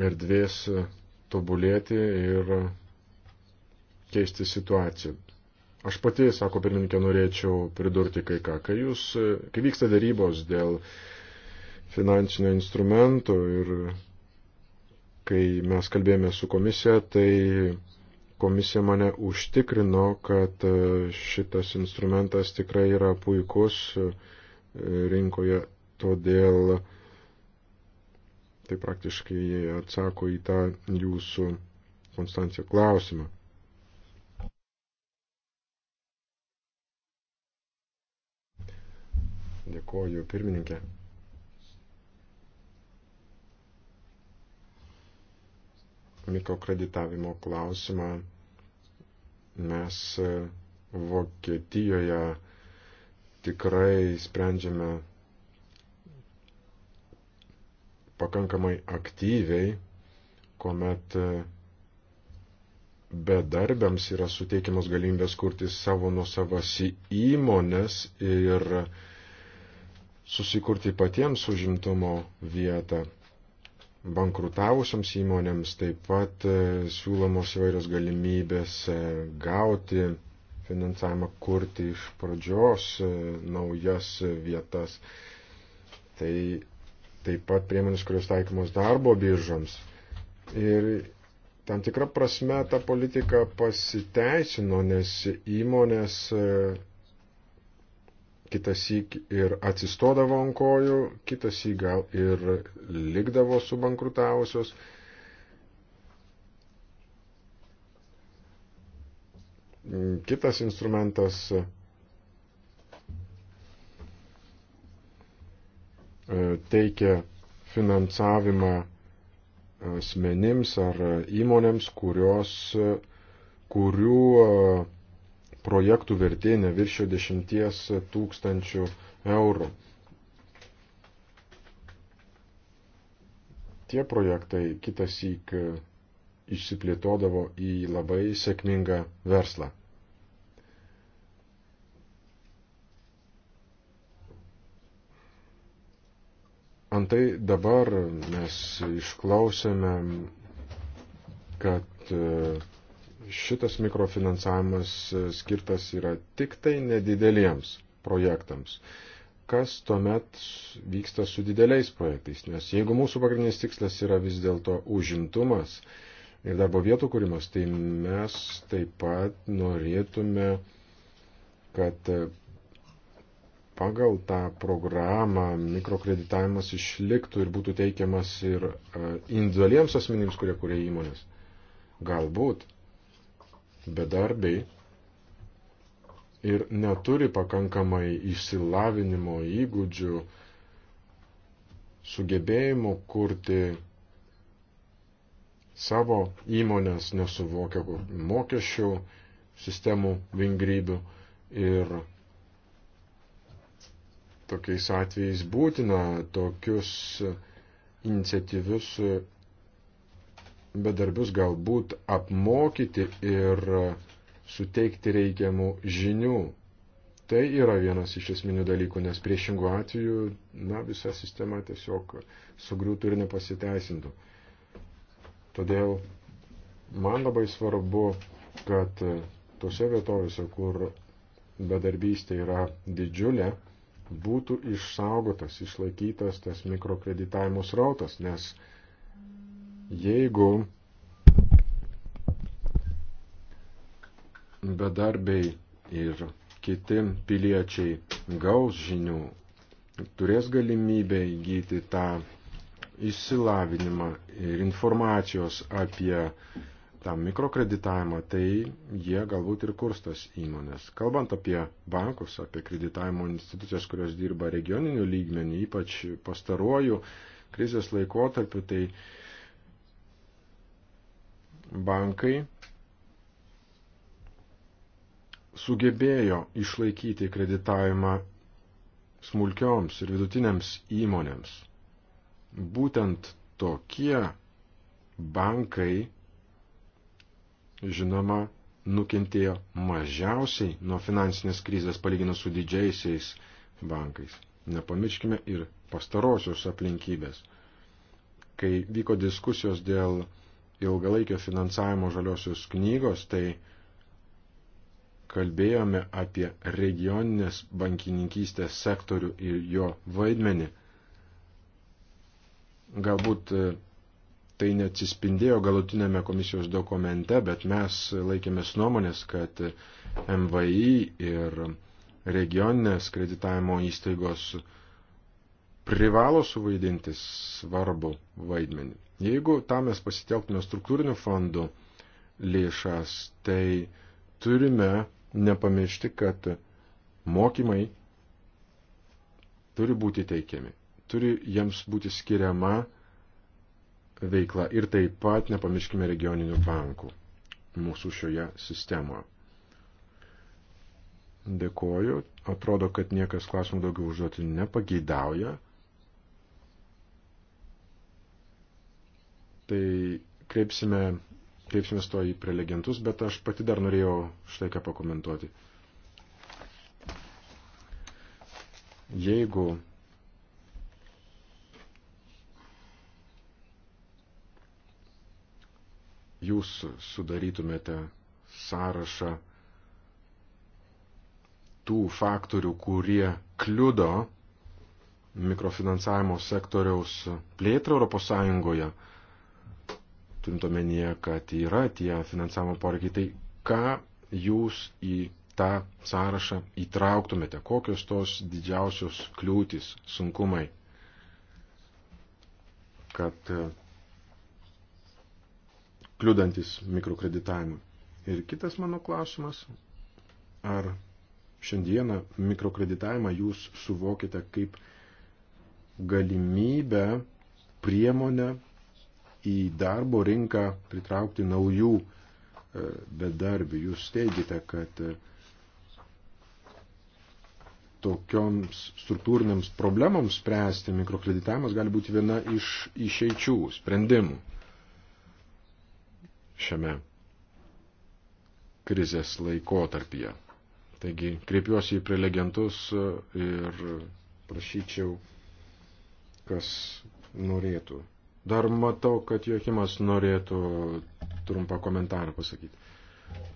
erdvės tobulėti ir keisti situaciją? Aš pati, sako pirmininkė, norėčiau pridurti kai ką. Kai, jūs, kai vyksta darybos dėl finansinio instrumento ir Kai mes kalbėjome su komisija, tai komisija mane užtikrino, kad e, šitas instrumentas tikrai yra puikus e, rinkoje, todėl tai praktiškai atsako į tą jūsų Konstanciją klausimą. Dėkuoju pirmininkė. mikrokreditavimo klausimą mes e, Vokietijoje tikrai sprendžiame pakankamai aktyviai, kuomet e, bedarbiams yra suteikiamas galimybės kurti savo nusavas įmonės ir susikurti patiems užimtumo vietą bankrutavusiams įmonėms taip pat e, siūlomos įvairios galimybės e, gauti finansavimą, kurti iš pradžios e, naujas vietas. Tai taip pat priemonės, kurios taikomos darbo biržoms. Ir tam tikra prasme ta politika pasiteisino, nes įmonės kitas įk ir atsistodavo ant kojų, kitas įk gal ir likdavo subankrutavusios. Kitas instrumentas e, teikia finansavimą asmenims ar įmonėms, kurios, kurių e, projektų vertė neviršio 10 tūkstančių eurų. Tie projektai kitas įk išsiplėtodavo į labai sėkmingą verslą. Antai dabar mes išklausėme, kad šitas mikrofinansavimas e, skirtas yra tik tai nedideliems projektams. Kas tuomet vyksta su dideliais projektais? Nes jeigu mūsų pagrindinis tikslas yra vis dėlto užimtumas ir darbo vietų kūrimas, tai mes taip pat norėtume, kad e, pagal tą programą mikrokreditavimas išliktų ir būtų teikiamas ir e, individualiems asmenims, kurie kuria įmonės. Galbūt bedarbiai ir neturi pakankamai išsilavinimo įgūdžių, sugebėjimų kurti savo įmonės, nesuvokia mokesčių sistemų vingrybių ir tokiais atvejais būtina tokius iniciatyvius bedarbius galbūt apmokyti ir suteikti reikiamų žinių. Tai yra vienas iš esminių dalykų, nes priešingų atveju na, visa sistema tiesiog sugriūtų ir nepasiteisintų. Todėl man labai svarbu, kad tose vietovėse, kur bedarbystė yra didžiulė, būtų išsaugotas, išlaikytas tas mikrokreditavimo srautas, nes Jeigu bedarbiai ir kiti piliečiai gaus žinių, turės galimybę įgyti tą išsilavinimą ir informacijos apie tą mikrokreditavimą, tai jie galbūt ir kurstas įmonės. Kalbant apie bankus, apie kreditavimo institucijas, kurios dirba regioniniu lygmeniu, ypač pastaruoju krizės laikotarpiu, tai bankai sugebėjo išlaikyti kreditavimą smulkioms ir vidutinėms įmonėms. Būtent tokie bankai, žinoma, nukentėjo mažiausiai nuo finansinės krizės palyginus su didžiaisiais bankais. Nepamirškime ir pastarosios aplinkybės. Kai vyko diskusijos dėl ilgalaikio finansavimo žaliosios knygos, tai kalbėjome apie regioninės bankininkystės sektorių ir jo vaidmenį. Galbūt e, tai neatsispindėjo galutinėme komisijos dokumente, bet mes laikėmės nuomonės, kad MVI ir regioninės kreditavimo įstaigos privalo suvaidinti svarbu vaidmenį. Jeigu tam mes pasitelktume struktūrinių fondų lėšas, tai turime nepamiršti, kad mokymai turi būti teikiami, turi jiems būti skiriama veikla ir taip pat nepamirškime regioninių bankų mūsų šioje sistemoje. Dėkoju, atrodo, kad niekas klausimų daugiau užduoti nepageidauja. tai kreipsime, kreipsime to į prelegentus, bet aš pati dar norėjau štai ką pakomentuoti. Jeigu jūs sudarytumėte sąrašą tų faktorių, kurie kliudo mikrofinansavimo sektoriaus plėtrą Europos Sąjungoje, turint omenyje, kad yra tie finansavimo poreikiai, tai ką jūs į tą sąrašą įtrauktumėte, kokios tos didžiausios kliūtis, sunkumai, kad e, kliūdantis mikrokreditavimui. Ir kitas mano klausimas, ar šiandieną mikrokreditavimą jūs suvokite kaip galimybę, priemonę į darbo rinką pritraukti naujų e, bedarbių. Jūs teigite, kad e, tokioms struktūriniams problemams spręsti mikrokreditavimas gali būti viena iš išeičių sprendimų šiame krizės laikotarpyje. Taigi kreipiuosi į prelegentus e, ir prašyčiau, kas norėtų Dar matau, kad Jokimas norėtų trumpą komentarą pasakyti.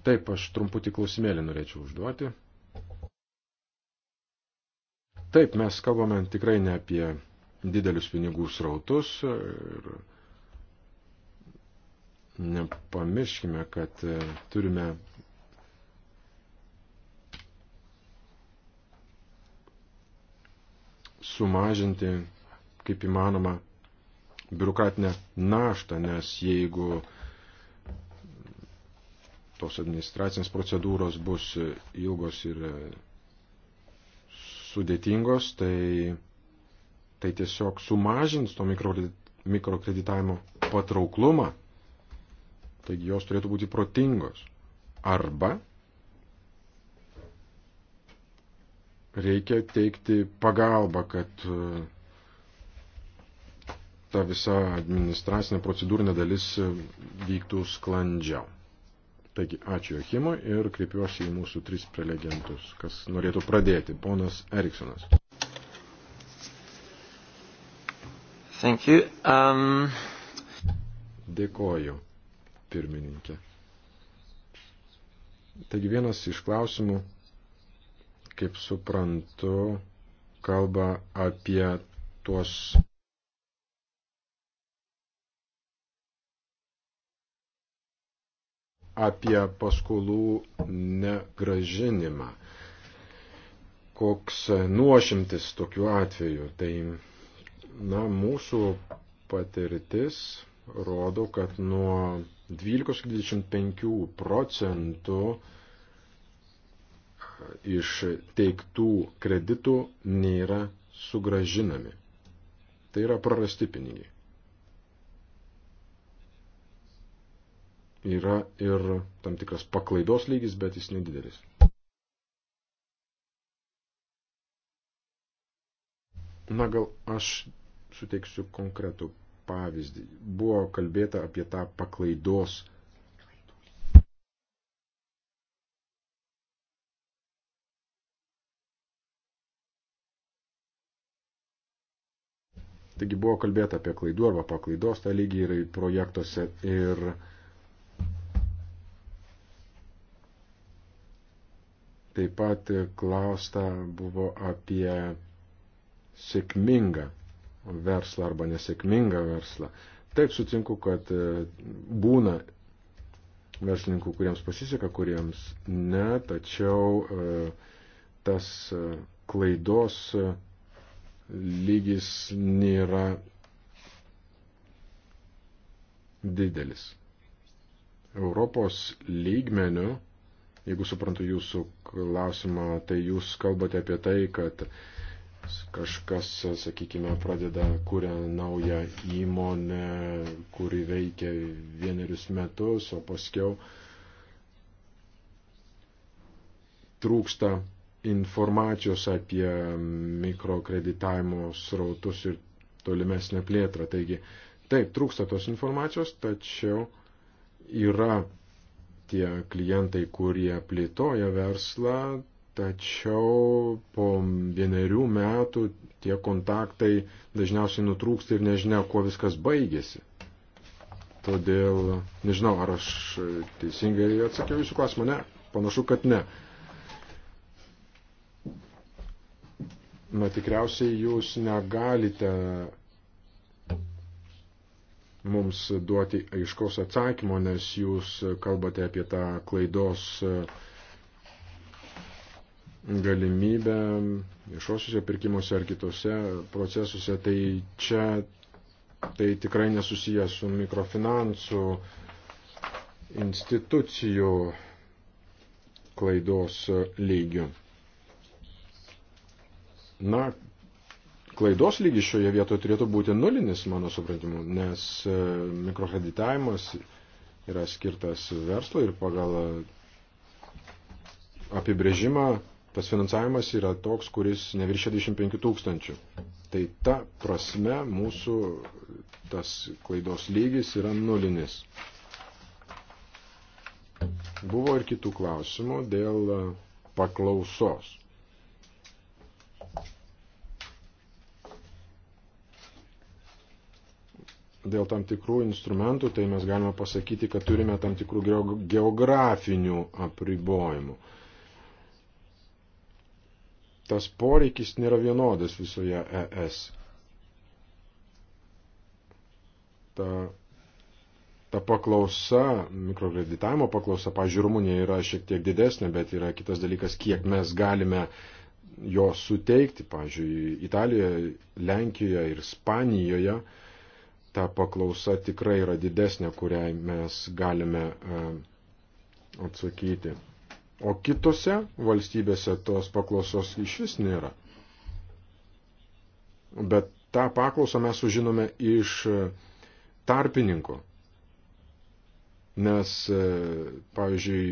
Taip, aš trumputį klausimėlį norėčiau užduoti. Taip, mes kalbame tikrai ne apie didelius pinigų srautus ir nepamirškime, kad e, turime sumažinti kaip įmanoma biurokratinę naštą, nes jeigu tos administracinės procedūros bus ilgos ir sudėtingos, tai, tai tiesiog sumažins to mikrokreditavimo patrauklumą. Taigi jos turėtų būti protingos. Arba reikia teikti pagalbą, kad ta visa administracinė procedūrinė dalis e, vyktų sklandžiau. Taigi, ačiū Jochimo ir kreipiuosi į mūsų tris prelegentus, kas norėtų pradėti. Ponas Eriksonas. Thank you. Um... Dėkoju, pirmininkė. Taigi vienas iš klausimų, kaip suprantu, kalba apie tuos apie paskolų negražinimą. Koks nuošimtis tokiu atveju. Tai, na, mūsų patirtis rodo, kad nuo 12-25 procentų iš teiktų kreditų nėra sugražinami. Tai yra prarasti pinigai. yra ir tam tikras paklaidos lygis, bet jis nedidelis. Na gal aš suteiksiu konkretų pavyzdį. Buvo kalbėta apie tą paklaidos. Taigi buvo kalbėta apie klaidų arba paklaidos tą lygį ir projektuose ir Taip pat klausta buvo apie sėkmingą verslą arba nesėkmingą verslą. Taip sutinku, kad e, būna verslininkų, kuriems pasiseka, kuriems ne, tačiau e, tas e, klaidos lygis nėra didelis. Europos lygmeniu Jeigu suprantu jūsų klausimą, tai jūs kalbate apie tai, kad kažkas, sakykime, pradeda kūrę naują įmonę, kuri veikia vienerius metus, o paskiau trūksta informacijos apie mikrokreditavimo srautus ir tolimesnę plėtrą. Taigi, taip, trūksta tos informacijos, tačiau yra tie klientai, kurie plėtoja verslą, tačiau po vienerių metų tie kontaktai dažniausiai nutrūksta ir nežinia, kuo viskas baigėsi. Todėl, nežinau, ar aš teisingai atsakiau jūsų klausimą, ne, panašu, kad ne. Na tikriausiai jūs negalite mums duoti aiškaus atsakymo, nes jūs kalbate apie tą klaidos e, galimybę viešosiuose pirkimuose ar kitose procesuose, tai čia tai tikrai nesusijęs su mikrofinansų institucijų klaidos lygiu. Na, klaidos lygis šioje vietoje turėtų būti nulinis, mano supratimu, nes e, mikrokreditavimas yra skirtas verslo ir pagal e, apibrėžimą tas finansavimas yra toks, kuris neviršia 25 tūkstančių. Tai ta prasme mūsų tas klaidos lygis yra nulinis. Buvo ir kitų klausimų dėl e, paklausos. dėl tam tikrų instrumentų, tai mes galime pasakyti, kad turime tam tikrų geografinių apribojimų. Tas poreikis nėra vienodas visoje ES. Ta, ta paklausa, mikrokreditavimo paklausa, pažiūrėjau, Rumunija yra šiek tiek didesnė, bet yra kitas dalykas, kiek mes galime jo suteikti, pažiūrėjau, Italijoje, Lenkijoje ir Spanijoje ta paklausa tikrai yra didesnė, kuriai mes galime e, atsakyti. O kitose valstybėse tos paklausos iš vis nėra. Bet tą paklausą mes sužinome iš e, tarpininko. Nes, e, pavyzdžiui,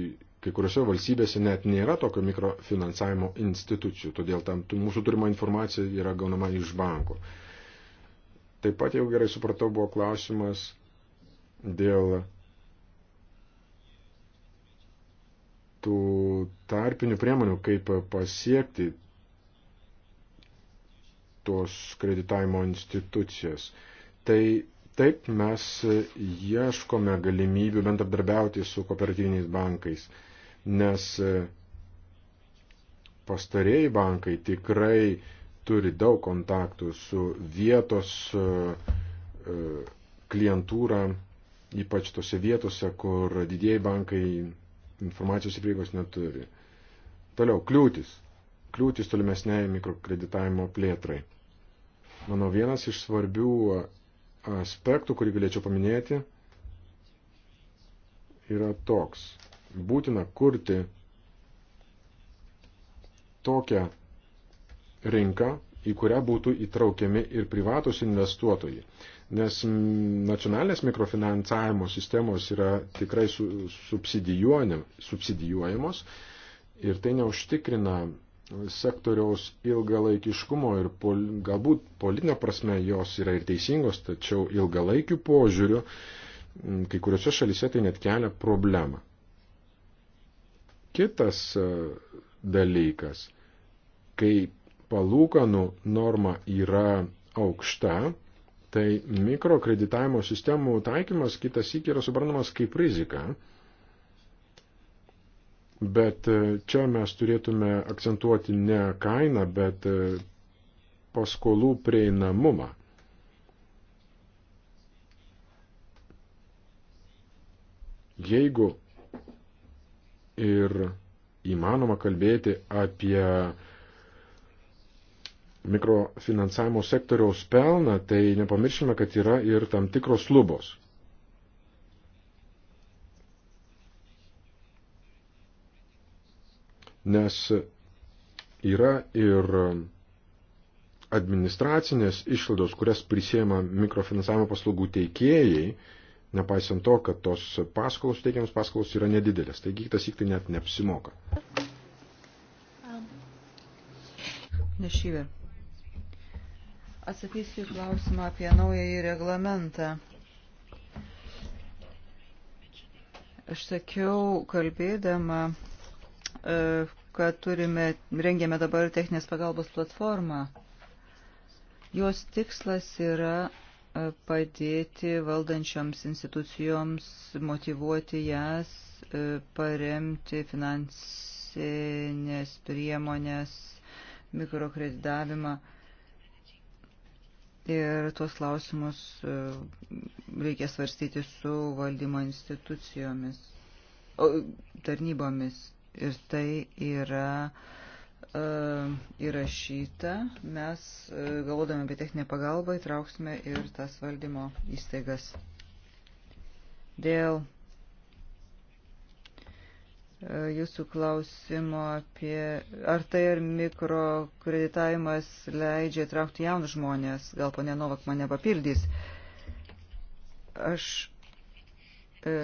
kai kuriuose valstybėse net nėra tokio mikrofinansavimo institucijų, todėl tam mūsų turima informacija yra gaunama iš banko. Taip pat, jau gerai supratau, buvo klausimas dėl tų tarpinių priemonių, kaip pasiekti tos kreditavimo institucijas. Tai taip mes ieškome galimybių bendradarbiauti su kooperatyviniais bankais, nes pastarėjai bankai tikrai turi daug kontaktų su vietos e, e, klientūra, ypač tose vietose, kur didieji bankai informacijos įprieigos neturi. Toliau, kliūtis. Kliūtis tolimesniai mikrokreditavimo plėtrai. Manau, vienas iš svarbių aspektų, kurį galėčiau paminėti, yra toks. Būtina kurti tokią rinka, į kurią būtų įtraukiami ir privatus investuotojai. Nes nacionalinės mikrofinansavimo sistemos yra tikrai subsidijuojamos ir tai neužtikrina sektoriaus ilgalaikiškumo ir pol, galbūt politinė prasme jos yra ir teisingos, tačiau ilgalaikių požiūrių kai kuriuose šalise tai net kelia problemą. Kitas e, dalykas, kai palūkanų norma yra aukšta, tai mikrokreditavimo sistemų taikymas kitas įk yra suprantamas kaip rizika. Bet e, čia mes turėtume akcentuoti ne kainą, bet e, paskolų prieinamumą. Jeigu ir įmanoma kalbėti apie mikrofinansavimo sektoriaus pelną, tai nepamirškime, kad yra ir tam tikros lubos. Nes yra ir administracinės išlaidos, kurias prisėma mikrofinansavimo paslaugų teikėjai, nepaisant to, kad tos paskolos teikiamas paskolos yra nedidelės. Taigi tas įktai net neapsimoka. Nešyvė. Atsakysiu į klausimą apie naująjį reglamentą. Aš sakiau, kalbėdama, e, kad turime, rengėme dabar techninės pagalbos platformą. Jos tikslas yra e, padėti valdančioms institucijoms, motivuoti jas, e, paremti finansinės priemonės, mikrokreditavimą ir tuos klausimus e, reikia svarstyti su valdymo institucijomis, tarnybomis. Ir tai yra e, įrašyta. Mes, e, galvodami apie techninę pagalbą, įtrauksime ir tas valdymo įstaigas. Dėl jūsų klausimo apie, ar tai ir mikrokreditavimas leidžia traukti jaunus žmonės. Gal ponė Novak mane papildys. Aš e,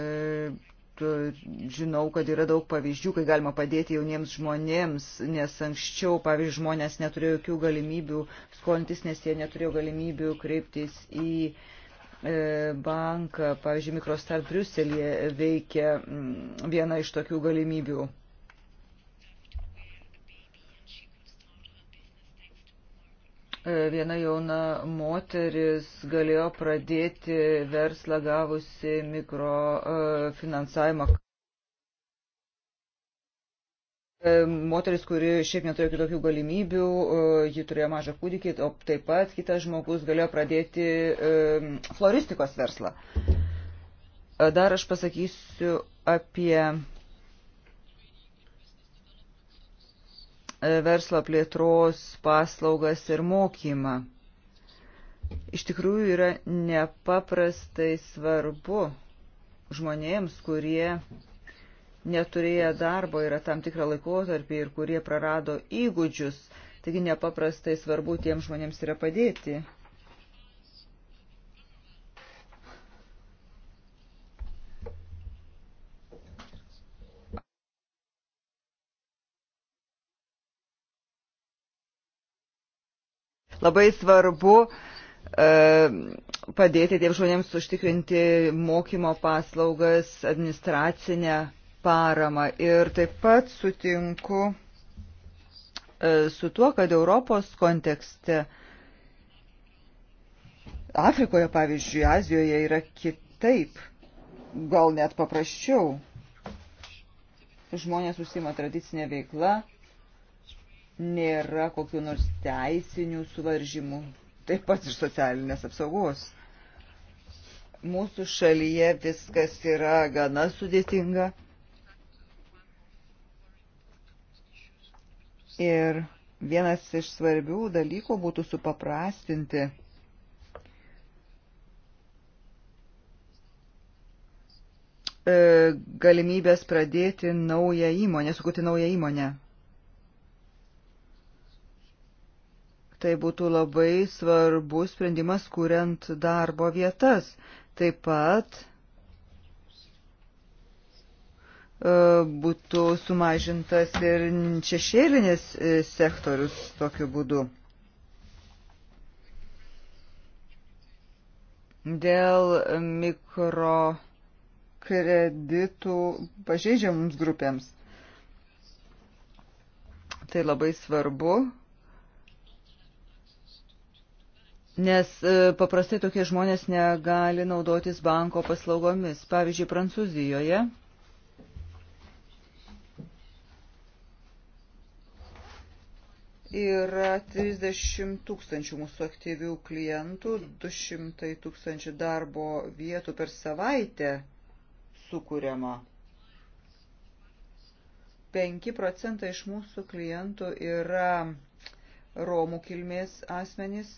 žinau, kad yra daug pavyzdžių, kai galima padėti jauniems žmonėms, nes anksčiau, pavyzdžiui, žmonės neturėjo jokių galimybių skolintis, nes jie neturėjo galimybių kreiptis į e, E, banką, pavyzdžiui, Mikrostar Briuselėje veikia mm, viena iš tokių galimybių. E, viena jauna moteris galėjo pradėti verslą gavusi mikrofinansavimą. E, moteris, kuri šiaip neturėjo kitokių galimybių, e, ji turėjo mažą kūdikį, o taip pat kitas žmogus galėjo pradėti e, floristikos verslą. Dar aš pasakysiu apie verslo plėtros paslaugas ir mokymą. Iš tikrųjų yra nepaprastai svarbu žmonėms, kurie neturėję darbo yra tam tikrą laikotarpį ir kurie prarado įgūdžius. Taigi nepaprastai svarbu tiems žmonėms yra padėti. Labai svarbu e, padėti tiems žmonėms užtikrinti mokymo paslaugas, administracinę paramą. Ir taip pat sutinku e, su tuo, kad Europos kontekste Afrikoje, pavyzdžiui, Azijoje yra kitaip, gal net paprasčiau. Žmonės užsima tradicinė veikla, nėra kokiu nors teisinių suvaržymų, taip pat ir socialinės apsaugos. Mūsų šalyje viskas yra gana sudėtinga. Ir vienas iš svarbių dalykų būtų supaprastinti e, galimybės pradėti naują įmonę, sukurti naują įmonę. Tai būtų labai svarbus sprendimas, kuriant darbo vietas. Taip pat E, būtų sumažintas ir šešėlinis e, sektorius tokiu būdu. Dėl mikrokreditų pažeidžiamums grupėms. Tai labai svarbu, nes e, paprastai tokie žmonės negali naudotis banko paslaugomis. Pavyzdžiui, Prancūzijoje yra 30 tūkstančių mūsų aktyvių klientų, 200 tūkstančių darbo vietų per savaitę sukūriama. 5 procentai iš mūsų klientų yra Romų kilmės asmenys.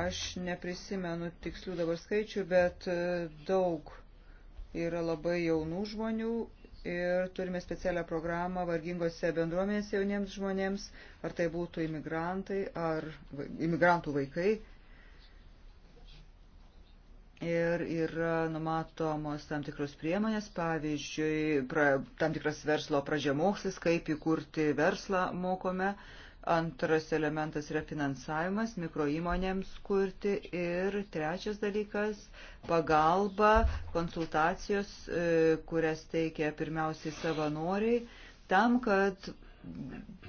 Aš neprisimenu tikslių dabar skaičių, bet daug yra labai jaunų žmonių, ir turime specialią programą vargingose bendruomenėse jauniems žmonėms, ar tai būtų imigrantai ar imigrantų vaikai. Ir yra numatomos tam tikros priemonės, pavyzdžiui, pra, tam tikras verslo pradžiamokslis, kaip įkurti verslą mokome. Uh, Antras elementas yra finansavimas mikroįmonėms kurti. Ir trečias dalykas - pagalba, konsultacijos, e, kurias teikia pirmiausiai savanoriai, tam, kad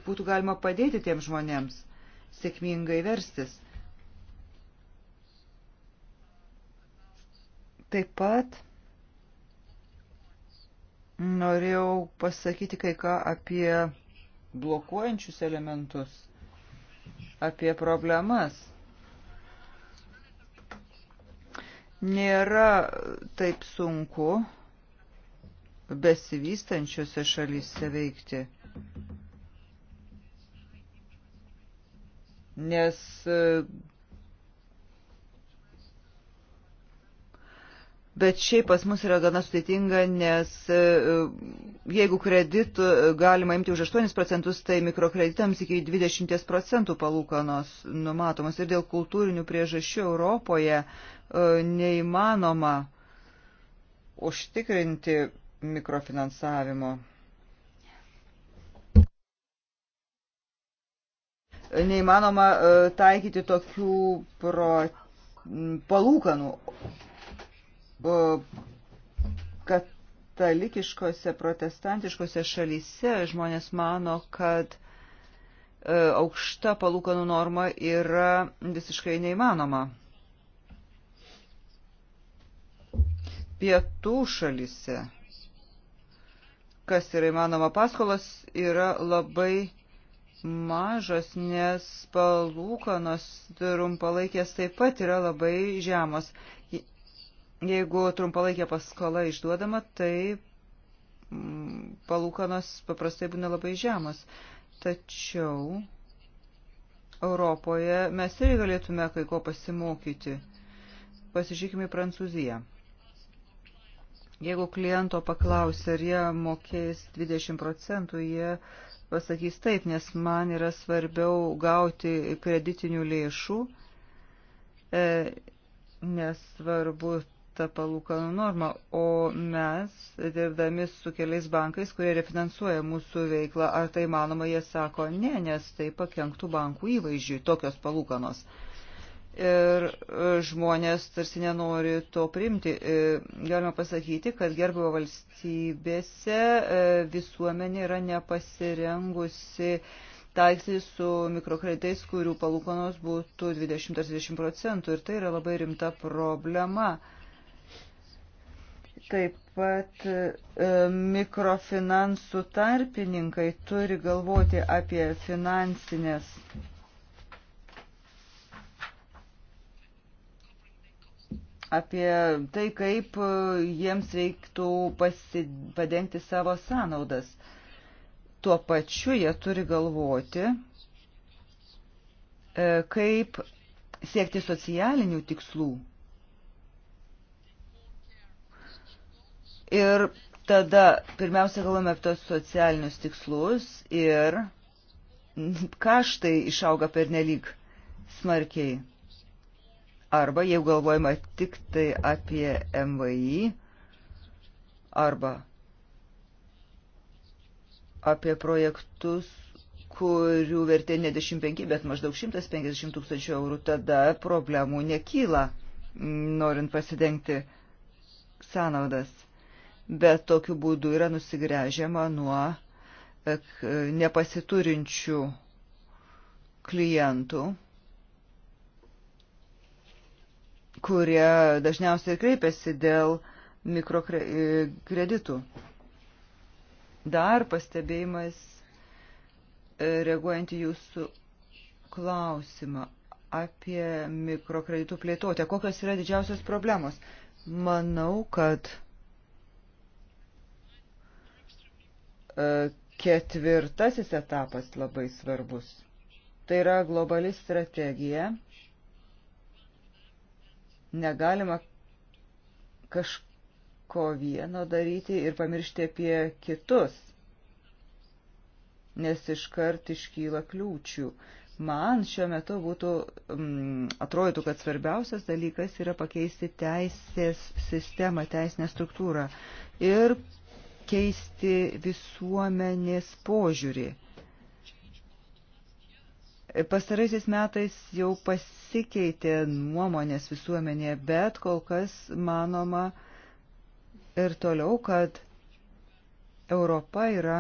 būtų galima padėti tiem žmonėms sėkmingai verstis. Taip pat norėjau pasakyti kai ką apie blokuojančius elementus, apie problemas. Nėra taip sunku besivystančiose šalyse veikti. Nes bet šiaip pas mus yra gana sudėtinga, nes e, e, jeigu kreditų e, galima imti už 8 procentus, tai mikrokreditams iki 20 procentų palūkanos numatomos ir dėl kultūrinių priežasčių Europoje neįmanoma užtikrinti mikrofinansavimo. Neįmanoma taikyti tokių pro... palūkanų katalikiškose, protestantiškose šalyse žmonės mano, kad e, aukšta palūkanų norma yra visiškai neįmanoma. Pietų šalyse, kas yra įmanoma, paskolos yra labai mažos, nes palūkanos trumpalaikės taip pat yra labai žemos. Jeigu trumpalaikė paskola išduodama, tai mm, palūkanos paprastai būna labai žemos. Tačiau Europoje mes irgi galėtume kai ko pasimokyti. Pasižiūrėkime į Prancūziją. Jeigu kliento paklausia, ar jie mokės 20 procentų, jie pasakys taip, nes man yra svarbiau gauti kreditinių lėšų, e, nesvarbu aukštą palūkanų normą, o mes, dirbdami su keliais bankais, kurie refinansuoja mūsų veiklą, ar tai manoma, jie sako, ne, nes tai pakenktų bankų įvaizdžiui tokios palūkanos. Ir e, žmonės tarsi nenori to priimti. E, galima pasakyti, kad gerbavo valstybėse e, visuomenė yra nepasirengusi taikstyti su mikrokreditais, kurių palūkanos būtų 20-30 procentų. Ir tai yra labai rimta problema. Taip pat e, mikrofinansų tarpininkai turi galvoti apie finansinės apie tai, kaip e, jiems reiktų padengti savo sąnaudas. Tuo pačiu jie turi galvoti, e, kaip siekti socialinių tikslų Ir tada pirmiausia galvome apie tos socialinius tikslus ir kaštai išauga per nelik smarkiai. Arba jeigu galvojama tik tai apie MVI, arba apie projektus, kurių vertė ne 15, bet maždaug 150 tūkstančių eurų, tada problemų nekyla, norint pasidengti sąnaudas bet tokiu būdu yra nusigręžiama nuo e, nepasiturinčių klientų, kurie dažniausiai kreipiasi dėl mikrokreditų. E, Dar pastebėjimas e, reaguojant į jūsų klausimą apie mikrokreditų plėtotę. Kokios yra didžiausios problemos? Manau, kad E, ketvirtasis etapas labai svarbus. Tai yra globali strategija. Negalima kažko vieno daryti ir pamiršti apie kitus, nes iškart iškyla kliūčių. Man šiuo metu būtų, mm, atrodytų, kad svarbiausias dalykas yra pakeisti teisės sistemą, teisinę struktūrą ir keisti visuomenės požiūrį. Pastaraisiais metais jau pasikeitė nuomonės visuomenėje, bet kol kas manoma ir toliau, kad Europa yra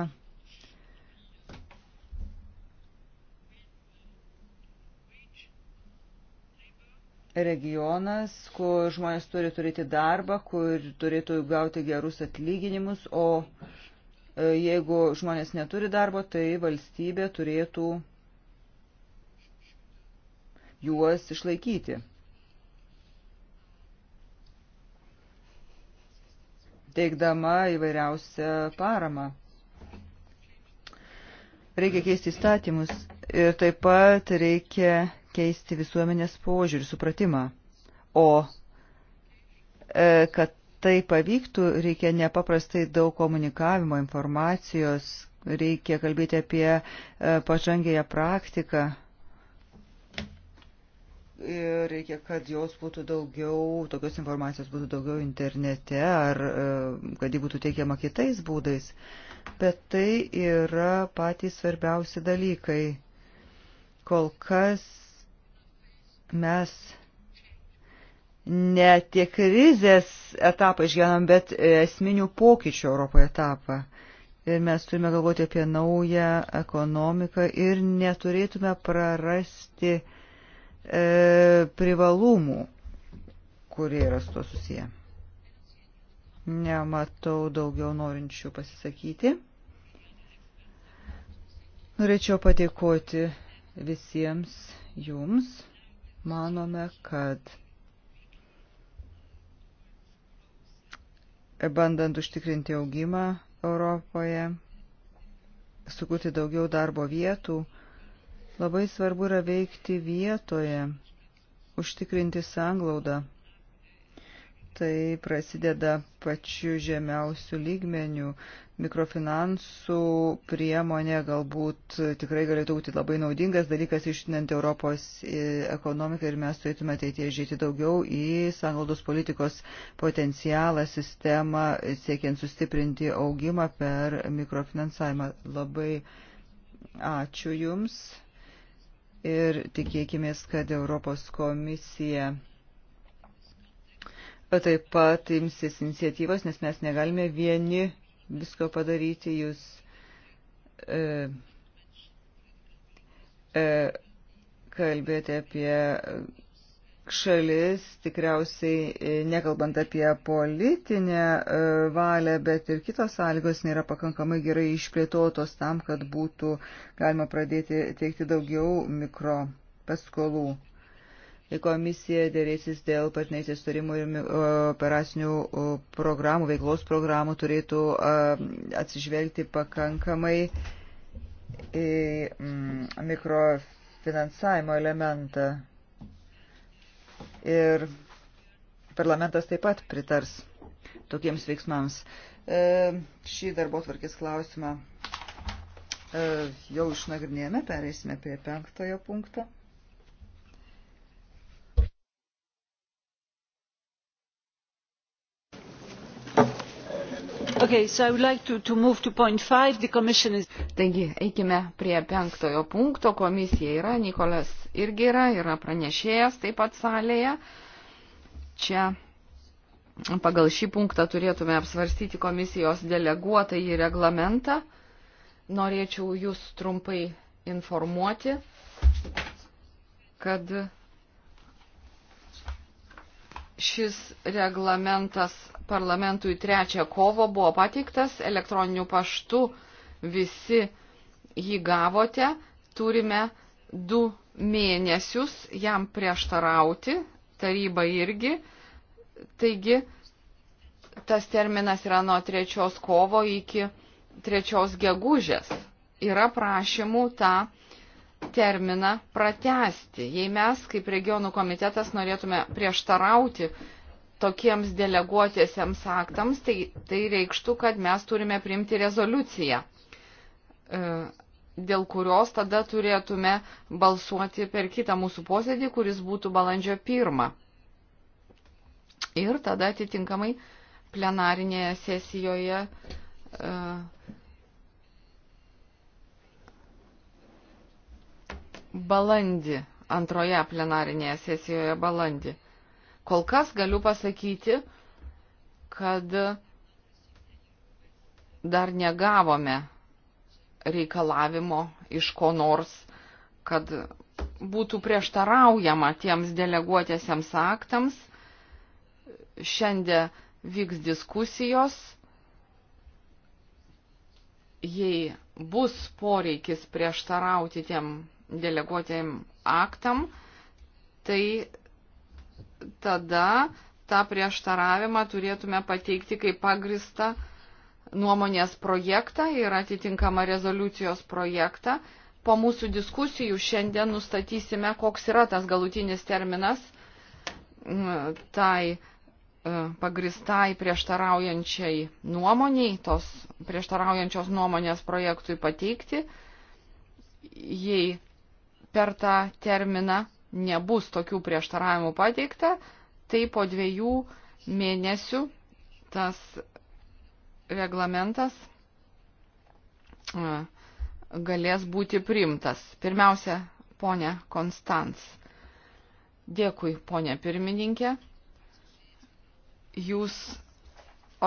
regionas, kur žmonės turi turėti darbą, kur turėtų gauti gerus atlyginimus, o e, jeigu žmonės neturi darbo, tai valstybė turėtų juos išlaikyti. teikdama įvairiausią paramą. Reikia keisti įstatymus ir taip pat reikia keisti visuomenės požiūrį, supratimą. O e, kad tai pavyktų, reikia nepaprastai daug komunikavimo, informacijos, reikia kalbėti apie e, pažangėją praktiką. Ir reikia, kad jos būtų daugiau, tokios informacijos būtų daugiau internete ar e, kad ji būtų teikiama kitais būdais. Bet tai yra patys svarbiausi dalykai. Kol kas mes ne tiek krizės etapą išgyvenam, bet esminių pokyčių Europoje etapą. Ir mes turime galvoti apie naują ekonomiką ir neturėtume prarasti e, privalumų, kurie yra su to susiję. Nematau daugiau norinčių pasisakyti. Norėčiau padėkoti visiems jums manome, kad bandant užtikrinti augimą Europoje, sukurti daugiau darbo vietų, labai svarbu yra veikti vietoje, užtikrinti sanglaudą. Tai prasideda pačiu žemiausių lygmenių, mikrofinansų priemonė galbūt tikrai galėtų būti labai naudingas dalykas ištinant Europos e, ekonomiką ir mes turėtume ateitie žiūrėti daugiau į sąnaudos politikos potencialą, sistemą, siekiant sustiprinti augimą per mikrofinansavimą. Labai ačiū Jums ir tikėkime, kad Europos komisija taip pat imsis iniciatyvos, nes mes negalime vieni visko padaryti, jūs e, e, kalbėjote apie šalis, tikriausiai e, nekalbant apie politinę e, valią, bet ir kitos sąlygos nėra pakankamai gerai išplėtotos tam, kad būtų galima pradėti teikti daugiau mikro paskolų. Komisija dėrėsis dėl partnerystės sutarimų ir e, operacinių e, programų, veiklos programų turėtų e, atsižvelgti pakankamai į mm, mikrofinansavimo elementą. Ir parlamentas taip pat pritars tokiems veiksmams. Šį darbo tvarkės klausimą jau išnagrinėjame, pereisime prie penktojo punkto. Okay, so like to, to to five, is... Taigi, eikime prie penktojo punkto. Komisija yra, Nikolas irgi yra, yra pranešėjas taip pat salėje. Čia pagal šį punktą turėtume apsvarstyti komisijos deleguotą į reglamentą. Norėčiau jūs trumpai informuoti, kad Šis reglamentas parlamentui 3 kovo buvo pateiktas elektroniniu paštu. Visi jį gavote. Turime du mėnesius jam prieštarauti, taryba irgi. Taigi, tas terminas yra nuo 3 kovo iki 3 gegužės. Yra prašymų tą terminą pratesti. Jei mes kaip regionų komitetas norėtume prieštarauti tokiems deleguotiesiems aktams, tai, tai reikštų, kad mes turime priimti rezoliuciją, e, dėl kurios tada turėtume balsuoti per kitą mūsų posėdį, kuris būtų balandžio pirmą. Ir tada atitinkamai plenarinėje sesijoje uh, balandį, antroje plenarinėje sesijoje balandį. Kol kas galiu pasakyti, kad dar negavome reikalavimo iš ko nors, kad būtų prieštaraujama tiems deleguotėsiams aktams. Šiandien vyks diskusijos. Jei bus poreikis prieštarauti tiem deleguotėjim aktam, tai tada tą prieštaravimą turėtume pateikti kaip pagristą nuomonės projektą ir atitinkamą rezoliucijos projektą. Po mūsų diskusijų šiandien nustatysime, koks yra tas galutinis terminas mm, tai e, pagristai prieštaraujančiai nuomoniai, tos prieštaraujančios nuomonės projektui pateikti. Jei per tą terminą nebus tokių prieštaravimų pateikta, tai po dviejų mėnesių tas reglamentas e, galės būti primtas. Pirmiausia, ponė Konstans. Dėkui, ponė pirmininkė. Jūs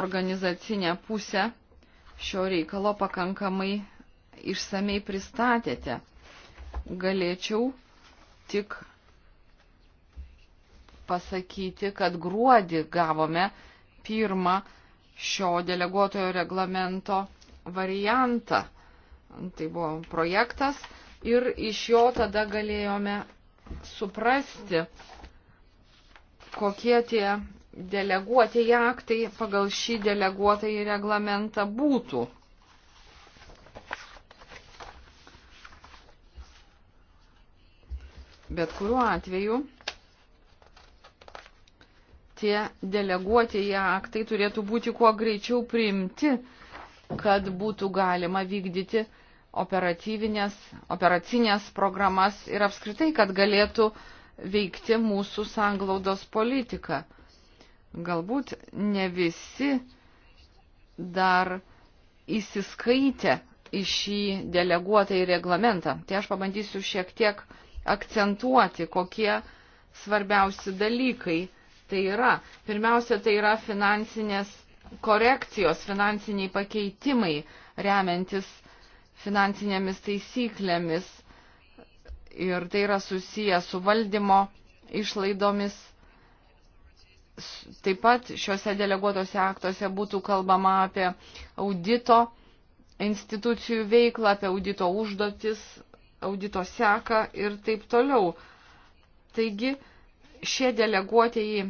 organizacinę pusę šio reikalo pakankamai išsamei pristatėte galėčiau tik pasakyti, kad gruodį gavome pirmą šio deleguotojo reglamento variantą. Tai buvo projektas ir iš jo tada galėjome suprasti, kokie tie deleguotieji aktai pagal šį deleguotąjį reglamentą būtų. Bet kuriuo atveju tie deleguotieji aktai turėtų būti kuo greičiau priimti, kad būtų galima vykdyti operatyvinės, operacinės programas ir apskritai, kad galėtų veikti mūsų sanglaudos politika. Galbūt ne visi dar įsiskaitę į šį deleguotą į reglamentą. Tai aš pabandysiu šiek tiek uh, akcentuoti, kokie svarbiausi dalykai tai yra. Pirmiausia, tai yra finansinės korekcijos, finansiniai pakeitimai remiantis finansinėmis taisyklėmis ir tai yra susiję su valdymo išlaidomis. Taip pat šiuose deleguotose aktuose būtų kalbama apie audito institucijų veiklą, apie audito užduotis, audito seka ir taip toliau. Taigi šie deleguotieji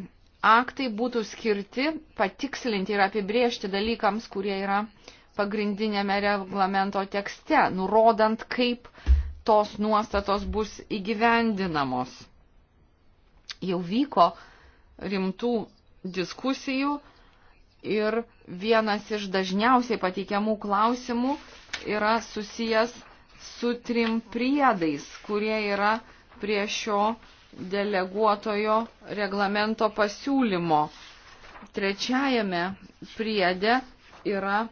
aktai būtų skirti patikslinti ir apibriežti dalykams, kurie yra pagrindinėme reglamento tekste, nurodant, kaip tos nuostatos bus įgyvendinamos. Jau vyko rimtų diskusijų ir vienas iš dažniausiai pateikiamų klausimų yra susijęs su trim priedais, kurie yra prie šio deleguotojo reglamento pasiūlymo. Trečiajame priede yra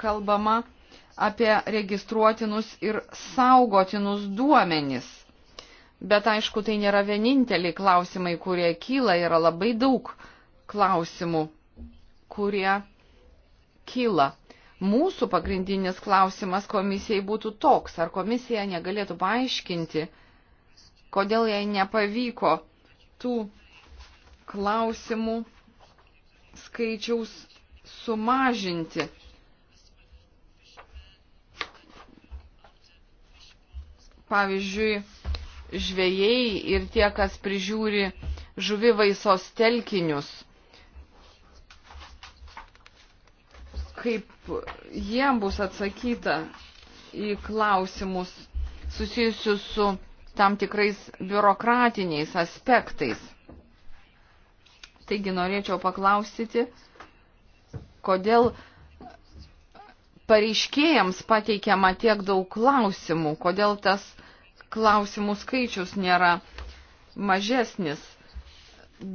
kalbama apie registruotinus ir saugotinus duomenis. Bet aišku, tai nėra vieninteliai klausimai, kurie kyla, yra labai daug klausimų, kurie kyla. Mūsų pagrindinis klausimas komisijai būtų toks, ar komisija negalėtų paaiškinti, kodėl jai nepavyko tų klausimų skaičiaus sumažinti. Pavyzdžiui, žvėjai ir tie, kas prižiūri žuvivaisos telkinius – kaip jiem bus atsakyta į klausimus susijusius su tam tikrais biurokratiniais aspektais. Taigi norėčiau paklausyti, kodėl pareiškėjams pateikiama tiek daug klausimų, kodėl tas klausimų skaičius nėra mažesnis.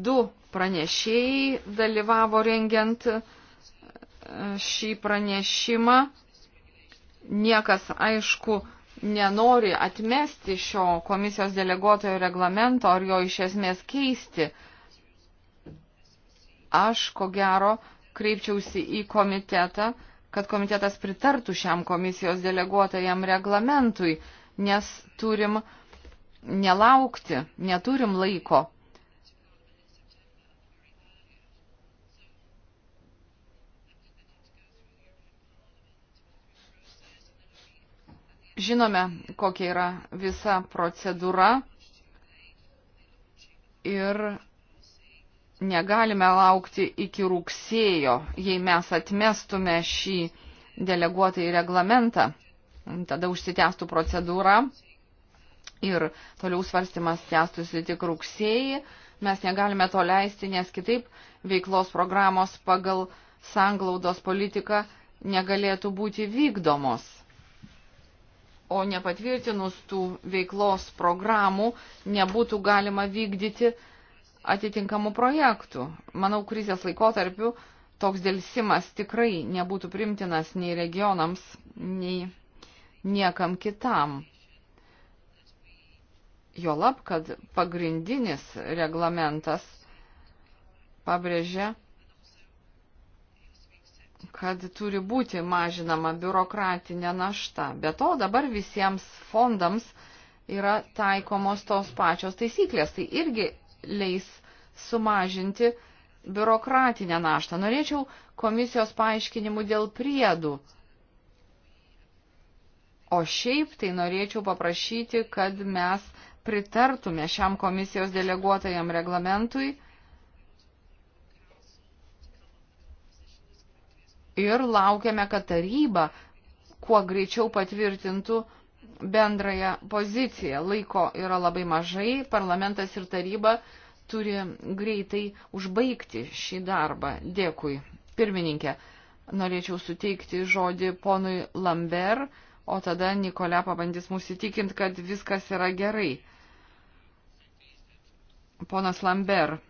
Du pranešėjai dalyvavo rengiant uh, šį pranešimą. Niekas, aišku, nenori atmesti šio komisijos deleguotojo reglamento ar jo iš esmės keisti. Aš, ko gero, kreipčiausi į komitetą, kad komitetas pritartų šiam komisijos deleguotojam reglamentui, nes turim nelaukti, neturim laiko Žinome, kokia yra visa procedūra ir negalime laukti iki rugsėjo, jei mes atmestume šį deleguotą į reglamentą. Tada užsitęstų procedūra ir toliau svarstymas tęstųsi tik rugsėjį. Mes negalime to leisti, nes kitaip veiklos programos pagal sanglaudos politiką negalėtų būti vykdomos o nepatvirtinus tų veiklos programų nebūtų galima vykdyti atitinkamų projektų. Manau, krizės laikotarpiu toks dėlsimas tikrai nebūtų primtinas nei regionams, nei niekam kitam. Jolab, kad pagrindinis reglamentas pabrėžia kad turi būti mažinama biurokratinė našta. Be to dabar visiems fondams yra taikomos tos pačios taisyklės. Tai irgi leis sumažinti biurokratinę naštą. Norėčiau komisijos paaiškinimų dėl priedų. O šiaip tai norėčiau paprašyti, kad mes pritartume šiam komisijos deleguotajam reglamentui ir laukiame, kad taryba kuo greičiau patvirtintų bendrąją poziciją. Laiko yra labai mažai, parlamentas ir taryba turi greitai užbaigti šį darbą. Dėkui. Pirmininkė, norėčiau suteikti žodį ponui Lambert, o tada Nikolė pabandys mus įtikinti, kad viskas yra gerai. Ponas Lambert,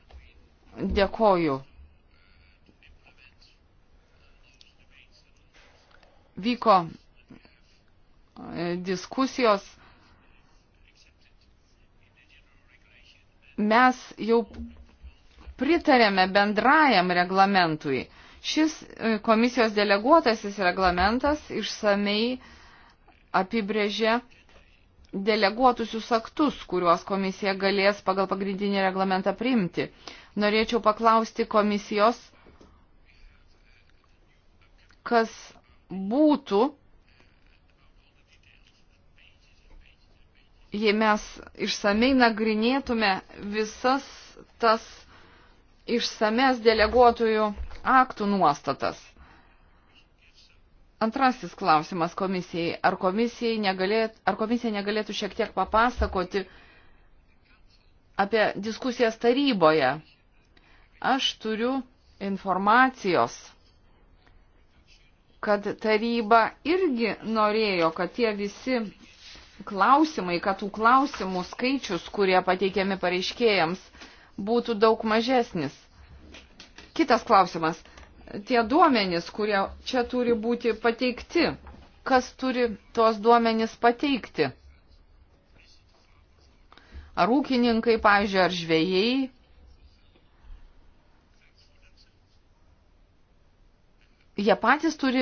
dėkoju. vyko e, diskusijos. Mes jau pritarėme bendrajam reglamentui. Šis e, komisijos deleguotasis reglamentas išsamei apibrėžė deleguotusius aktus, kuriuos komisija galės pagal pagrindinį reglamentą priimti. Norėčiau paklausti komisijos, kas būtų, jei mes išsamei nagrinėtume visas tas išsames deleguotojų aktų nuostatas. Antrasis klausimas komisijai. Ar, komisijai negalėt, ar komisija negalėtų šiek tiek papasakoti apie diskusijas taryboje? Aš turiu informacijos kad taryba irgi norėjo, kad tie visi klausimai, kad tų klausimų skaičius, kurie pateikiami pareiškėjams, būtų daug mažesnis. Kitas klausimas. Tie duomenys, kurie čia turi būti pateikti, kas turi tuos duomenys pateikti? Ar ūkininkai, pavyzdžiui, ar žvėjai? jie patys turi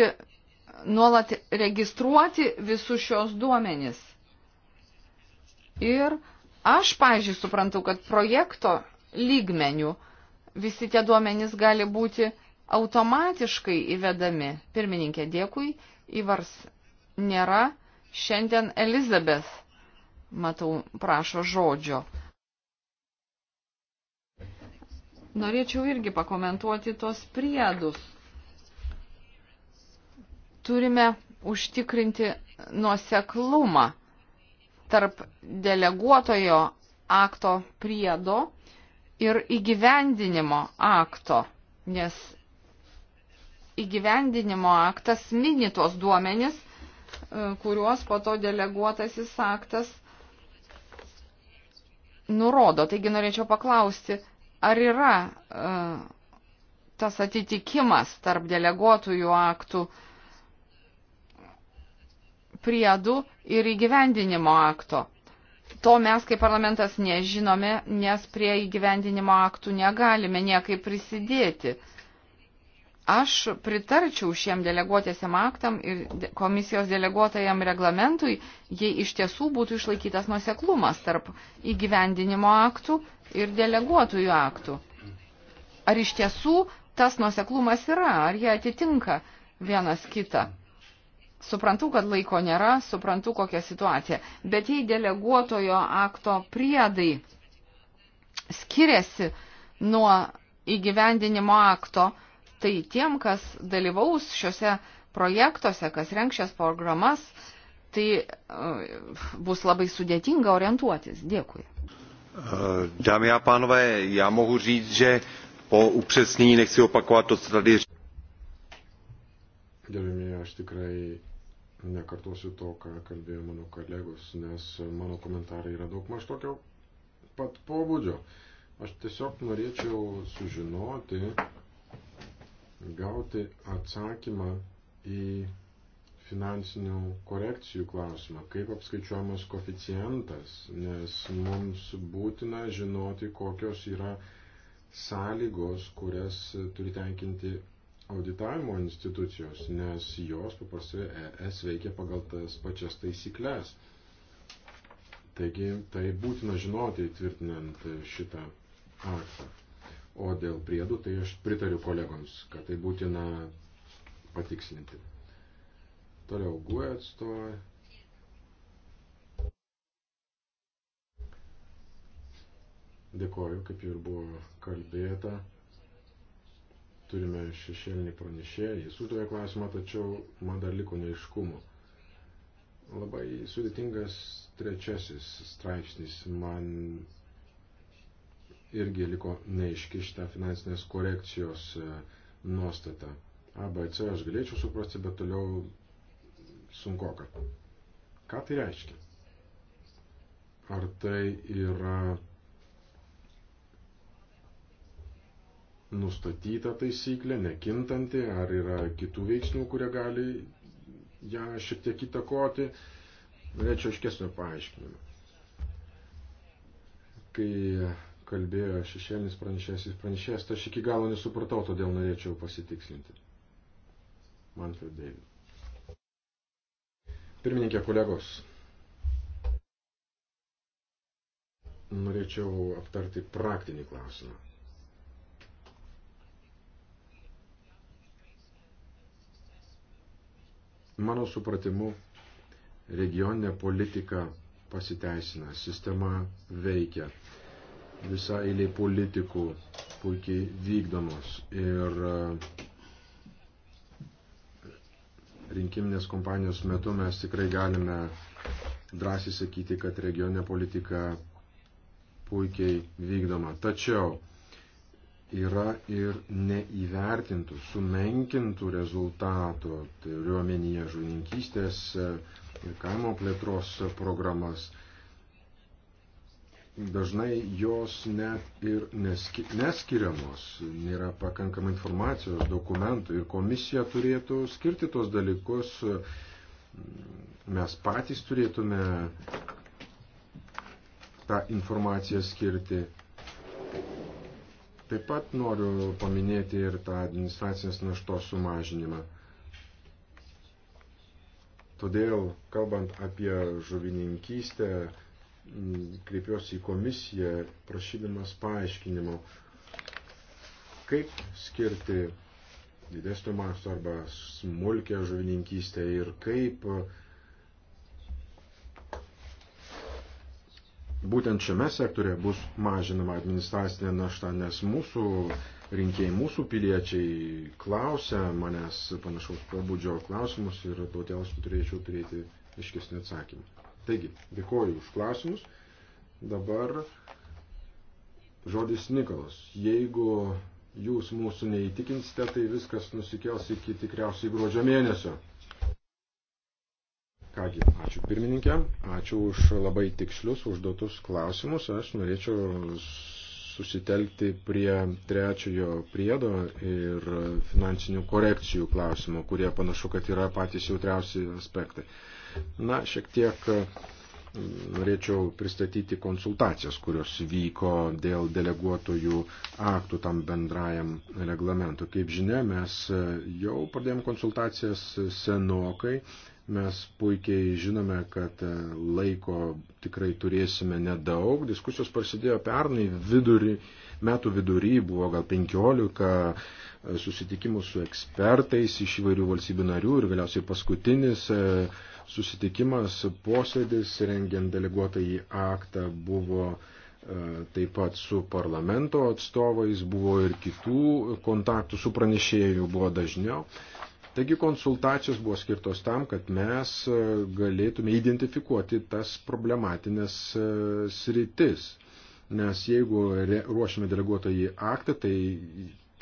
nuolat registruoti visus šios duomenis. Ir aš, pažiūrėjau, suprantu, kad projekto lygmenių visi tie duomenys gali būti automatiškai įvedami. Pirmininkė, dėkui, įvars nėra. Šiandien Elizabeth, matau, prašo žodžio. Norėčiau irgi pakomentuoti tos priedus turime užtikrinti nuoseklumą tarp deleguotojo akto priedo ir įgyvendinimo akto, nes įgyvendinimo aktas mini tos duomenis, e, kuriuos po to deleguotasis aktas nurodo. Taigi norėčiau paklausti, ar yra e, tas atitikimas tarp deleguotųjų aktų uh, priedų ir įgyvendinimo akto. To mes kaip parlamentas nežinome, nes prie įgyvendinimo aktų negalime niekaip prisidėti. Aš pritarčiau šiem deleguotėsiam aktam ir komisijos deleguotajam reglamentui, jei iš tiesų būtų išlaikytas nuseklumas tarp įgyvendinimo aktų ir deleguotųjų aktų. Ar iš tiesų tas nuseklumas yra, ar jie atitinka vienas kitą? suprantu, kad laiko nėra, suprantu, kokia situacija. Bet jei deleguotojo akto priedai skiriasi nuo įgyvendinimo akto, tai tiem, kas dalyvaus šiuose projektuose, kas renk šias programas, tai uh, bus labai sudėtinga orientuotis. Dėkui. Uh, dámy a pánové, já mohu říct, že po upřesnění nechci opakovat to, co tady Gerbėmiai, aš tikrai Nekartosiu to, ką kalbėjo mano kolegos, nes mano komentarai yra daug maž tokio pat pobūdžio. Aš tiesiog norėčiau sužinoti, gauti atsakymą į finansinių korekcijų klausimą, kaip apskaičiuojamas koficijantas, nes mums būtina žinoti, kokios yra sąlygos, kurias turi tenkinti auditavimo institucijos, nes jos paprastai ES veikia pagal tas pačias taisyklės. Taigi tai būtina žinoti įtvirtinant šitą aktą. O dėl priedų, tai aš pritariu kolegoms, kad tai būtina patikslinti. Toliau GUE atstovai. Dėkoju, kaip ir buvo kalbėta. Turime šešėlinį pranešėją, jis sutarė klausimą, tačiau man dar liko neiškumų. Labai sudėtingas trečiasis straipsnis man irgi liko neiškišta finansinės korekcijos e, nuostata. A, B, C aš galėčiau suprasti, bet toliau sunkoka. Ką tai reiškia? Ar tai yra nustatyta taisyklė, nekintanti, ar yra kitų veiksnių, kurie gali ją šiek tiek įtakoti. Norėčiau iškesnio paaiškinimo. Kai kalbėjo šešėlinis pranešėsis pranešėjas, tai aš iki galo nesupratau, todėl norėčiau pasitikslinti. Manfred David. Pirmininkė kolegos, norėčiau aptarti praktinį klausimą. Mano supratimu, regioninė politika pasiteisina, sistema veikia, visa eilė politikų puikiai vykdomos ir e, rinkiminės kompanijos metu mes tikrai galime drąsiai sakyti, kad regioninė politika puikiai vykdoma. Tačiau yra ir neįvertintų, sumenkintų rezultatų, turiu tai omenyje žuvininkystės e, ir kaimo plėtros programas. Dažnai jos net ir neski, neskiriamos, nėra pakankamai informacijos, dokumentų ir komisija turėtų skirti tos dalykus. E, mes patys turėtume tą informaciją skirti Taip pat noriu paminėti ir tą administracinės naštos sumažinimą. Todėl, kalbant apie žuvininkystę, kreipiuosi į komisiją prašydamas paaiškinimo, kaip skirti didesnio masto arba smulkę žuvininkystę ir kaip uh, būtent šiame sektorė bus mažinama administracinė našta, nes mūsų rinkėjai, mūsų piliečiai klausia manęs panašaus pobūdžio klausimus ir todėl aš turėčiau turėti aiškesnį atsakymą. Taigi, dėkoju už klausimus. Dabar žodis Nikolas. Jeigu jūs mūsų neįtikinsite, tai viskas nusikels iki tikriausiai gruodžio mėnesio. Kągi, ačiū pirmininkė, ačiū už labai tikslius užduotus klausimus. Aš norėčiau susitelkti prie trečiojo priedo ir finansinių korekcijų klausimų, kurie panašu, kad yra patys jautriausi aspektai. Na, šiek tiek mm, norėčiau pristatyti konsultacijas, kurios vyko dėl deleguotojų aktų tam bendrajam reglamentui. Kaip žinia, mes jau pradėjom konsultacijas senokai Mes puikiai žinome, kad e, laiko tikrai turėsime nedaug. Diskusijos prasidėjo pernai vidurį, metų vidury, buvo gal 15 e, susitikimų su ekspertais iš įvairių valstybių narių ir galiausiai paskutinis e, susitikimas, posėdis, rengiant deleguotąjį aktą, buvo taip pat su parlamento atstovais, buvo ir kitų kontaktų su pranešėjų, buvo dažniau. Taigi konsultacijos buvo skirtos tam, kad mes e, galėtume identifikuoti tas problematinės e, sritis. Nes jeigu ruošiame deleguotąjį aktą, tai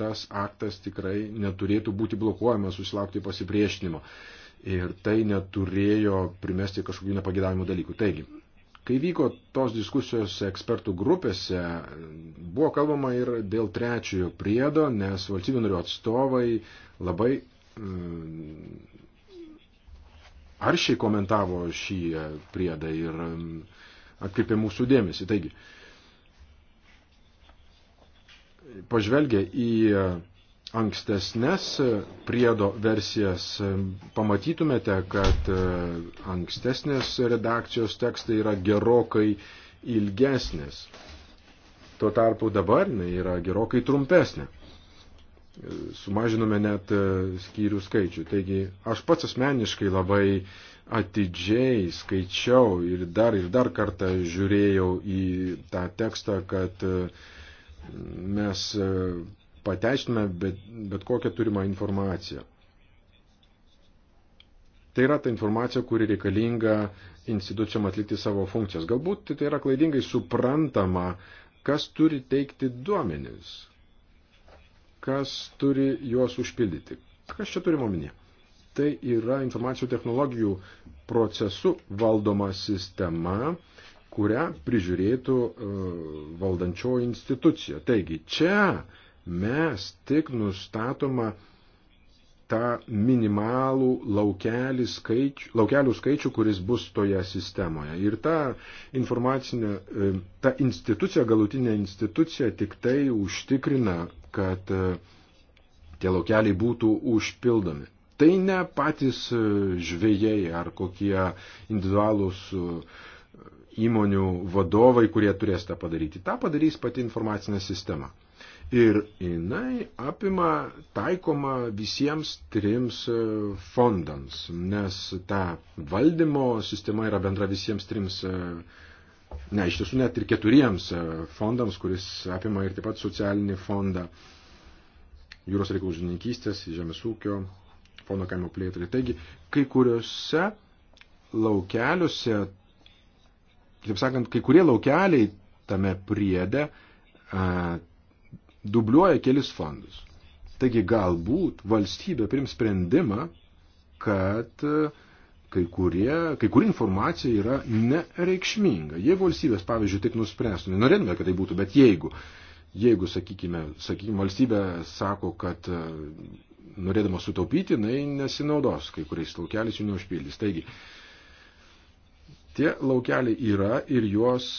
tas aktas tikrai neturėtų būti blokuojamas, susilaukti pasipriešinimo. Ir tai neturėjo primesti kažkokių nepagėdavimų dalykų. Taigi, kai vyko tos diskusijos ekspertų grupėse, buvo kalbama ir dėl trečiojo priedo, nes valstybių narių atstovai labai Mm, aršiai komentavo šį priedą ir mm, atkreipė mūsų dėmesį. Taigi, pažvelgę į ankstesnės priedo versijas, pamatytumėte, kad mm, ankstesnės redakcijos tekstai yra gerokai ilgesnės. Tuo tarpu dabar jinai yra gerokai trumpesnė sumažinome net e, skyrių skaičių. Taigi aš pats asmeniškai labai atidžiai skaičiau ir dar ir dar kartą žiūrėjau į tą tekstą, kad e, mes e, pateisiname bet, bet kokią turimą informaciją. Tai yra ta informacija, kuri reikalinga institucijom atlikti savo funkcijas. Galbūt tai yra klaidingai suprantama, kas turi teikti duomenis kas turi juos užpildyti. Kas čia turime omenyje? Tai yra informacijų technologijų procesų valdoma sistema, kurią prižiūrėtų e, valdančioji institucija. Taigi čia mes tik nustatoma tą minimalų laukelį skaičių, laukelių skaičių, kuris bus toje sistemoje. Ir ta informacinė, e, ta institucija, galutinė institucija tik tai užtikrina kad e, tie laukeliai būtų užpildomi. Tai ne patys e, žvėjai ar kokie individualūs e, įmonių vadovai, kurie turės tą padaryti. Ta padarys pati informacinė sistema. Ir jinai apima taikoma visiems trims fondams, nes ta valdymo sistema yra bendra visiems trims Ne, iš tiesų net ir keturiems e, fondams, kuris apima ir taip pat socialinį fondą jūros reikalų žininkystės, žemės ūkio, fondo kaimo plėtrai. Taigi, kai kuriuose laukeliuose, taip sakant, kai kurie laukeliai tame priede a, e, dubliuoja kelis fondus. Taigi, galbūt valstybė prims sprendimą, kad a, e, kai, kurie, kai kuri informacija yra nereikšminga. Jeigu valstybės, pavyzdžiui, taip nuspręstų, nenorėtume, kad tai būtų, bet jeigu, jeigu sakykime, sakykime, valstybė sako, kad e, norėdama sutaupyti, jinai nesinaudos kai kuriais laukeliais jų neužpildys. Taigi, tie laukeliai yra ir juos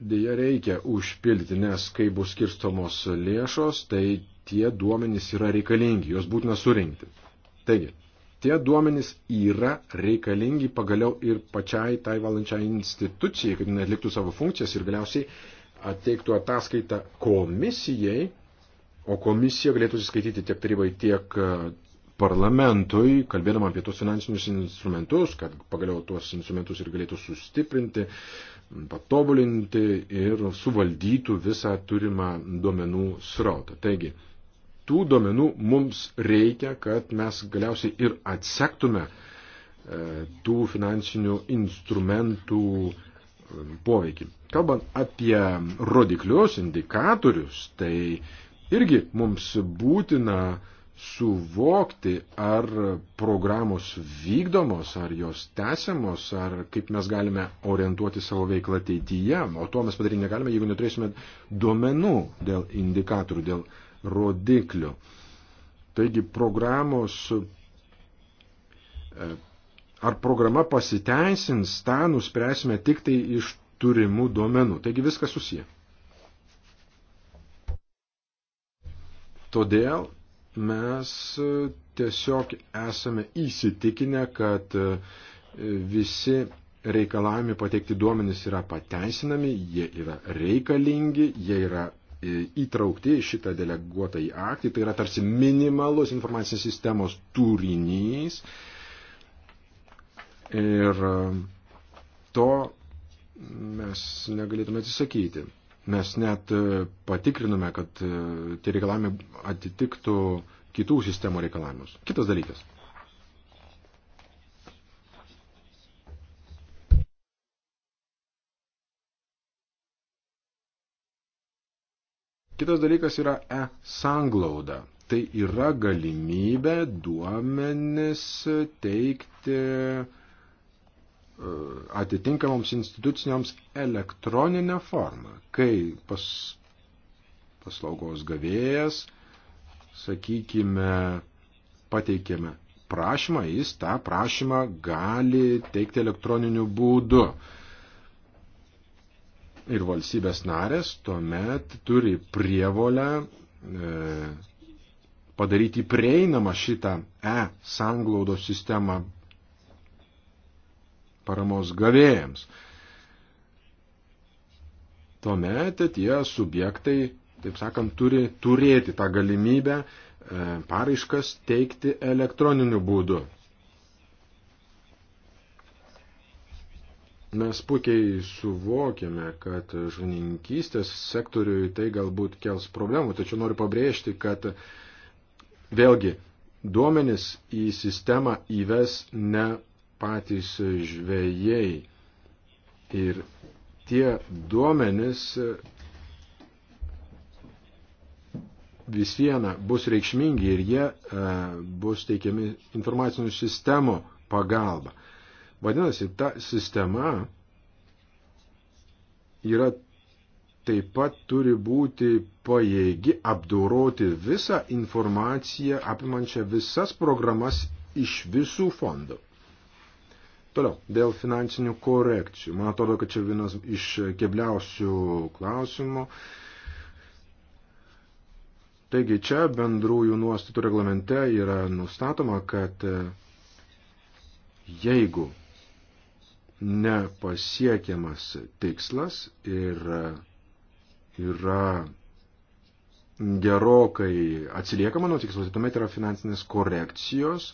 dėja reikia užpildyti, nes kai bus skirstomos lėšos, tai tie duomenys yra reikalingi, juos būtina surinkti. Taigi, Tie duomenys yra reikalingi pagaliau ir pačiai tai valančiai institucijai, kad jinai atliktų savo funkcijas ir galiausiai atteiktų ataskaitą komisijai, o komisija galėtų įskaityti tiek tarybai, tiek e, parlamentui, kalbėdama apie tos finansinius instrumentus, kad pagaliau tuos instrumentus ir galėtų sustiprinti, patobulinti ir suvaldytų visą turimą duomenų srautą. Taigi, tų duomenų mums reikia, kad mes galiausiai ir atsektume e, tų finansinių instrumentų e, poveikį. Kalbant apie rodiklius, indikatorius, tai irgi mums būtina suvokti, ar programos vykdomos, ar jos tęsiamos, ar kaip mes galime orientuoti savo veiklą ateityje. O to mes padaryti negalime, jeigu neturėsime duomenų dėl indikatorių, dėl uh, rodiklių. Taigi programos, e, ar programa pasiteisins, tą nuspręsime tik tai iš turimų duomenų. Taigi viskas susiję. Todėl mes e, tiesiog esame įsitikinę, kad e, visi reikalavimai pateikti duomenys yra pateisinami, jie yra reikalingi, jie yra įtraukti į šitą deleguotą į aktį, tai yra tarsi minimalus informacinės sistemos turinys ir e, to mes negalėtume atsisakyti. Mes net e, patikrinome, kad e, tie reikalavimai atitiktų kitų sistemų reikalavimus. Kitas dalykas – Kitas dalykas yra e-sanglauda. Tai yra galimybė duomenis teikti e, atitinkamoms institucijoms elektroninę formą, kai pas, paslaugos gavėjas, sakykime, pateikėme prašymą, jis tą prašymą gali teikti elektroniniu būdu. Uh, ir valstybės narės tuomet turi prievolę e, padaryti prieinamą šitą E sanglaudos sistemą paramos gavėjams. Tuomet tie subjektai, taip sakant, turi turėti tą galimybę e, paraiškas teikti elektroniniu būdu. Mes puikiai suvokiame, kad žuvininkystės sektoriui tai galbūt kels problemų, tačiau noriu pabrėžti, kad vėlgi duomenis į sistemą įves ne patys žvėjai. Ir tie duomenis vis viena bus reikšmingi ir jie e, bus teikiami informacinių sistemų pagalba. Vadinasi, ta sistema yra taip pat turi būti pajėgi apdoroti visą informaciją apimančią visas programas iš visų fondų. Toliau, dėl finansinių korekcijų. Man atrodo, kad čia vienas iš kebliausių klausimų. Taigi čia bendrųjų nuostatų reglamente yra nustatoma, kad jeigu nepasiekiamas tikslas ir yra gerokai atsiliekama nuo tikslo, tai tuomet yra finansinės korekcijos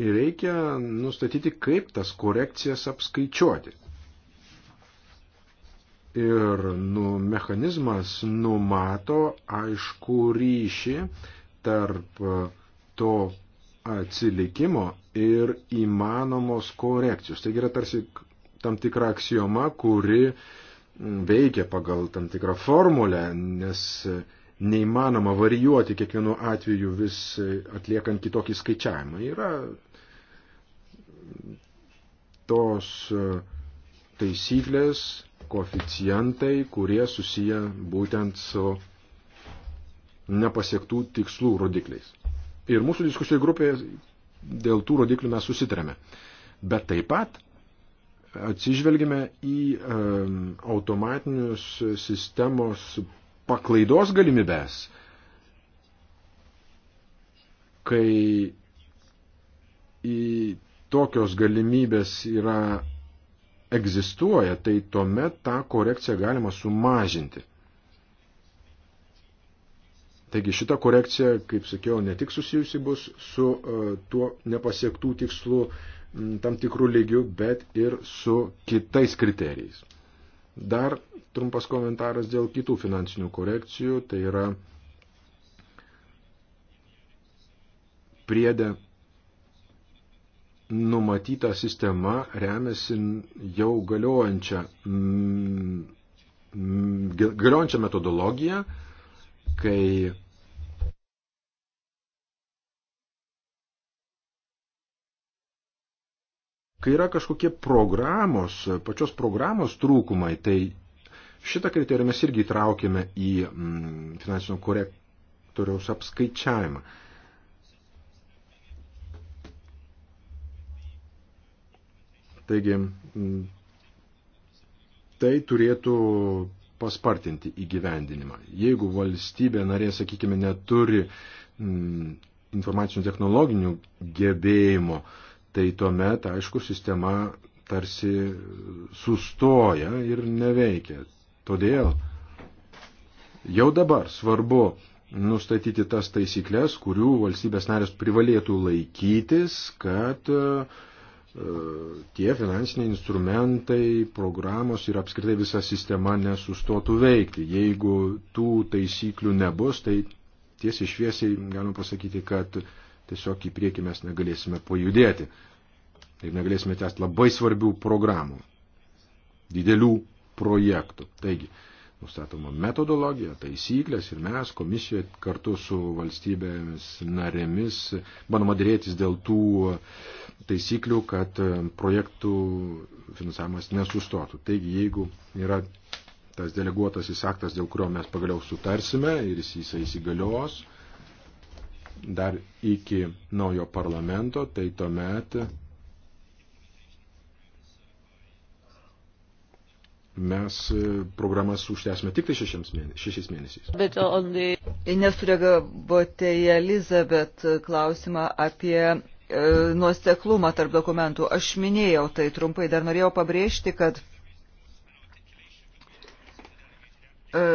ir reikia nustatyti, kaip tas korekcijas apskaičiuoti. Ir nu, mechanizmas numato aišku ryšį tarp to atsilikimo ir įmanomos korekcijos. Taigi yra tarsi tam tikra aksijoma, kuri veikia pagal tam tikrą formulę, nes neįmanoma varijuoti kiekvienu atveju vis atliekant kitokį skaičiavimą. Yra tos taisyklės, koficijantai, kurie susiję būtent su nepasiektų tikslų rodikliais. Ir mūsų diskusijų grupėje dėl tų rodiklių mes susitarėme. Bet taip pat atsižvelgime į automatinius sistemos paklaidos galimybės, kai į tokios galimybės yra egzistuoja, tai tuomet tą korekciją galima sumažinti. Taigi šita korekcija, kaip sakiau, ne tik susijusi bus su uh, tuo nepasiektų tikslų uh, Mm, tam tikrų lygių, bet ir su kitais kriterijais. Dar trumpas komentaras dėl kitų finansinių korekcijų, tai yra priedę numatyta sistema remiasi jau galiojančią, mm, mm, galiojančią metodologiją, kai Kai yra kažkokie programos, pačios programos trūkumai, tai šitą kriterijų mes irgi įtraukėme į mm, finansinio korektoriaus apskaičiavimą. Taigi, mm, tai turėtų paspartinti įgyvendinimą. Jeigu valstybė narė, sakykime, neturi mm, informacinių technologinių gebėjimo, uh, tai tuomet, aišku, sistema tarsi sustoja ir neveikia. Todėl jau dabar svarbu nustatyti tas taisyklės, kurių valstybės narės privalėtų laikytis, kad e, tie finansiniai instrumentai, programos ir apskritai visa sistema nesustotų veikti. Jeigu tų taisyklių nebus, tai tiesiai šviesiai galima pasakyti, kad tiesiog į priekį mes negalėsime pajudėti. Taip negalėsime tęsti labai svarbių programų, didelių projektų. Taigi, nustatoma metodologija, taisyklės ir mes komisijoje kartu su valstybėmis narėmis bandoma dėrėtis dėl tų taisyklių, kad projektų finansavimas nesustotų. Taigi, jeigu yra tas deleguotasis aktas, dėl kurio mes pagaliau sutarsime ir jis, jisai įsigalios, dar iki naujo parlamento, tai tuomet mes programas užtęsime tik tai šešiams mėnesiais. Šešiais mėnesiais. Bet the... nesureagavote į Elizabet klausimą apie e, nuoseklumą tarp dokumentų. Aš minėjau tai trumpai, dar norėjau pabrėžti, kad e,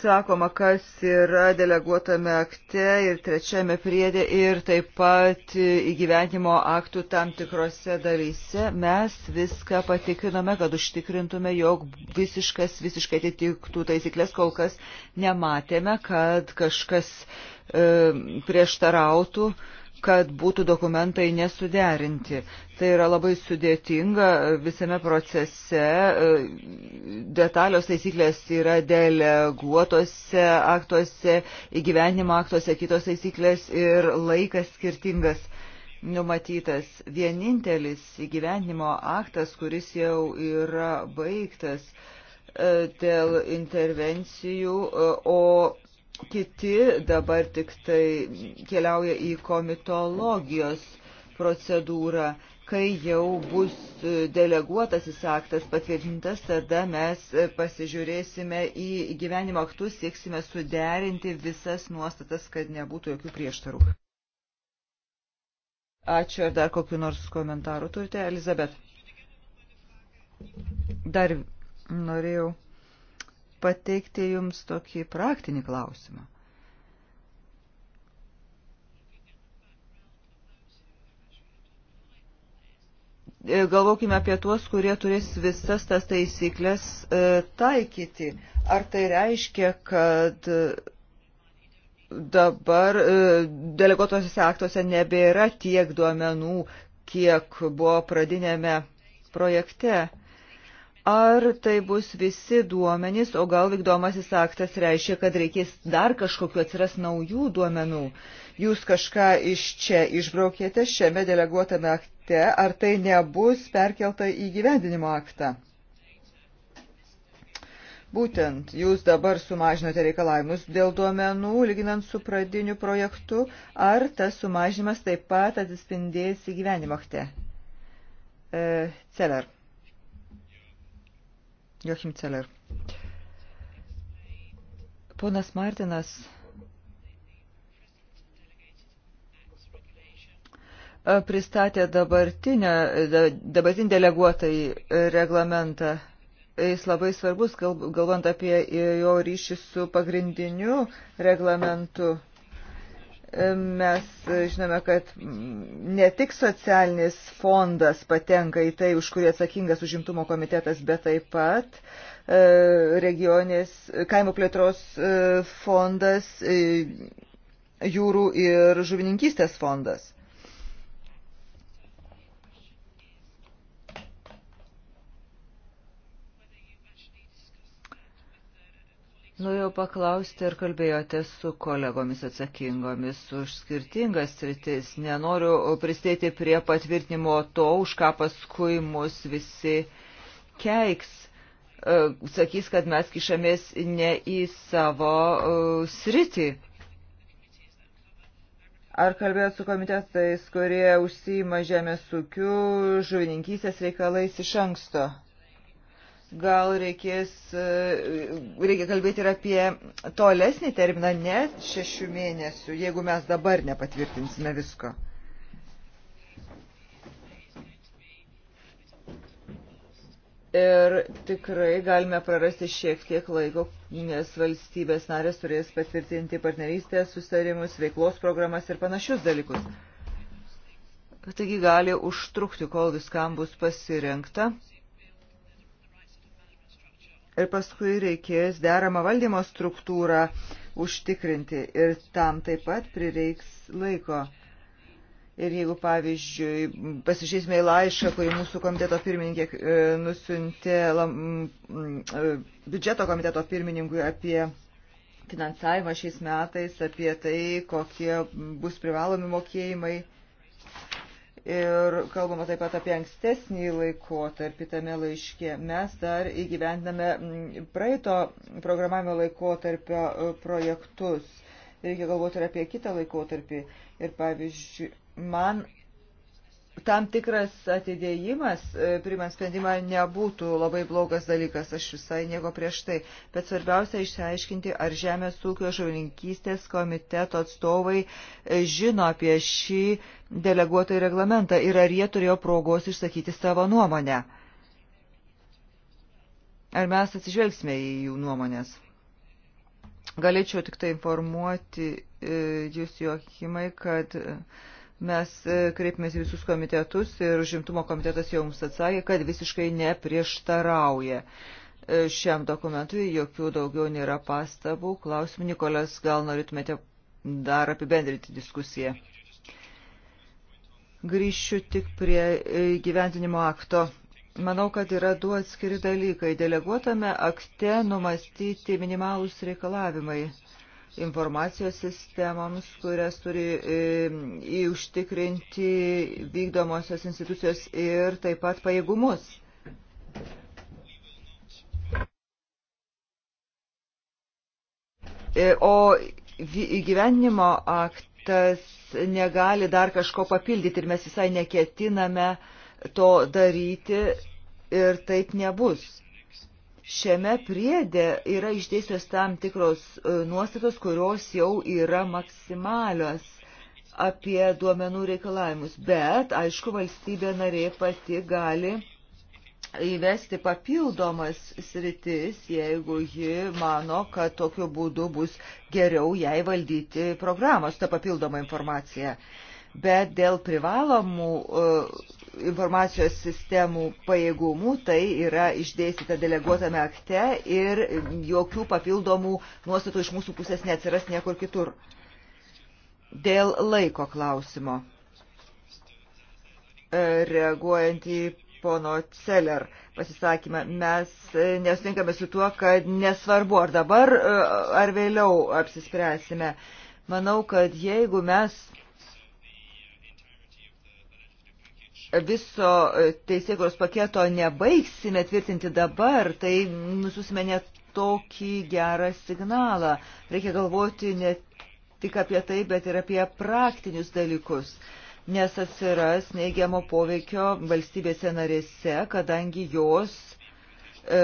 sakoma, kas yra deleguotame akte ir trečiame priedė ir taip pat įgyventimo aktų tam tikrose dalyse, mes viską patikrinome, kad užtikrintume, jog visiškas, visiškai atitiktų taisyklės, kol kas nematėme, kad kažkas e, prieštarautų. E, kad būtų dokumentai nesuderinti. Tai yra labai sudėtinga visame procese. E, detalios taisyklės yra deleguotose aktuose, įgyvenimo aktuose kitos taisyklės ir laikas skirtingas numatytas. Vienintelis įgyvenimo aktas, kuris jau yra baigtas e, dėl intervencijų, e, o Kiti dabar tik tai keliauja į komitologijos procedūrą. Kai jau bus deleguotas įsaktas patvirtintas, tada mes pasižiūrėsime į gyvenimo aktus, sieksime suderinti visas nuostatas, kad nebūtų jokių prieštarų. Ačiū. Ar dar kokiu nors komentaru turite, Elizabet? Dar norėjau pateikti Jums tokį praktinį klausimą. E, galvokime apie tuos, kurie turės visas tas taisyklės e, taikyti. Ar tai reiškia, kad dabar e, deleguotosiuose aktuose nebėra tiek duomenų, kiek buvo pradinėme projekte? E, Ar tai bus visi duomenys, o gal vykdomasis aktas reiškia, kad reikės dar kažkokiu atsiras naujų duomenų. Jūs kažką iš čia išbraukėte šiame deleguotame akte, ar tai nebus perkelta į gyvendinimo aktą? Būtent jūs dabar sumažinote reikalavimus dėl duomenų, lyginant su pradiniu projektu, ar tas sumažinimas taip pat atsispindės įgyvenimo akte? E, Celer. Joachim Celler. Ponas Martinas pristatė dabartinę, dabartinį deleguotą į reglamentą. Jis labai svarbus, galvant apie jo ryšį su pagrindiniu reglamentu Mes e, žinome, kad ne tik socialinis fondas patenka į tai, už kurį atsakingas užimtumo komitetas, bet taip pat e, regionės kaimo plėtros e, fondas, jūrų ir žuvininkystės fondas. Norėjau paklausti, ar kalbėjote su kolegomis atsakingomis už skirtingas sritis. Nenoriu pristėti prie patvirtinimo to, už ką paskui mus visi keiks. E, sakys, kad mes kišamės ne į savo e, sritį. Ar kalbėjot su komitetais, kurie užsima žemės ūkių, žuvininkysės reikalais iš anksto? gal reikės, e, reikia kalbėti ir apie tolesnį terminą, ne šešių mėnesių, jeigu mes dabar nepatvirtinsime visko. Ir tikrai galime prarasti šiek tiek laiko, nes valstybės narės turės patvirtinti partnerystės sustarimus, veiklos programas ir panašius dalykus. Taigi gali užtrukti, kol viskam bus pasirinkta ir paskui reikės deramą valdymo struktūrą užtikrinti ir tam taip pat prireiks laiko. Ir jeigu, pavyzdžiui, pasižiūrėsime į laišką, kurį mūsų komiteto pirmininkė e, nusiuntė e, biudžeto komiteto pirmininkui apie finansavimą šiais metais, apie tai, kokie bus privalomi mokėjimai Ir kalbama taip pat apie ankstesnį laikotarpį tame laiške. Mes dar įgyvendame mm, praeito programavimo laikotarpio e, projektus. Reikia galvoti ir apie kitą laikotarpį. Ir pavyzdžiui, man tam tikras atidėjimas, e, primant sprendimą, nebūtų labai blogas dalykas, aš visai nieko prieš tai. Bet svarbiausia išsiaiškinti, ar Žemės ūkio žuvininkystės komiteto atstovai e, žino apie šį deleguotą reglamentą ir ar jie turėjo progos išsakyti savo nuomonę. Ar mes atsižvelgsime į jų nuomonės? Galėčiau tik tai informuoti e, jūs, Jochimai, kad e, Mes e, kreipėmės į visus komitetus ir žimtumo komitetas jau mums atsakė, kad visiškai neprieštarauja e, šiam dokumentui, jokių daugiau nėra pastabų. Klausimų, Nikolas, gal norėtumėte dar apibendrinti diskusiją? Grįšiu tik prie e, gyventinimo akto. Manau, kad yra du atskiri dalykai. Deleguotame akte numastyti minimalūs reikalavimai informacijos sistemoms, kurias turi e, į užtikrinti vykdomosios institucijos ir taip pat pajėgumus. E, o įgyvenimo aktas negali dar kažko papildyti ir mes visai neketiname to daryti ir taip nebus. Šiame priedė yra išdėstos tam tikros e, nuostatos, kurios jau yra maksimalios apie duomenų reikalavimus, bet, aišku, valstybė narė pati gali įvesti papildomas sritis, jeigu ji mano, kad tokiu būdu bus geriau jai valdyti programos, ta papildoma informacija. Bet dėl privalomų uh, informacijos sistemų pajėgumų, tai yra išdėstyta deleguotame akte ir jokių papildomų nuostatų iš mūsų pusės neatsiras niekur kitur. Dėl laiko klausimo, e, reaguojant į pono Celler pasisakymą. Mes e, nesutinkame su tuo, kad nesvarbu ar dabar, e, ar vėliau apsispręsime. Manau, kad jeigu mes viso teisėkos paketo nebaigsime tvirtinti dabar, tai nususime net tokį gerą signalą. Reikia galvoti ne tik apie tai, bet ir apie praktinius dalykus, nes atsiras neigiamo poveikio valstybėse narėse, kadangi jos E,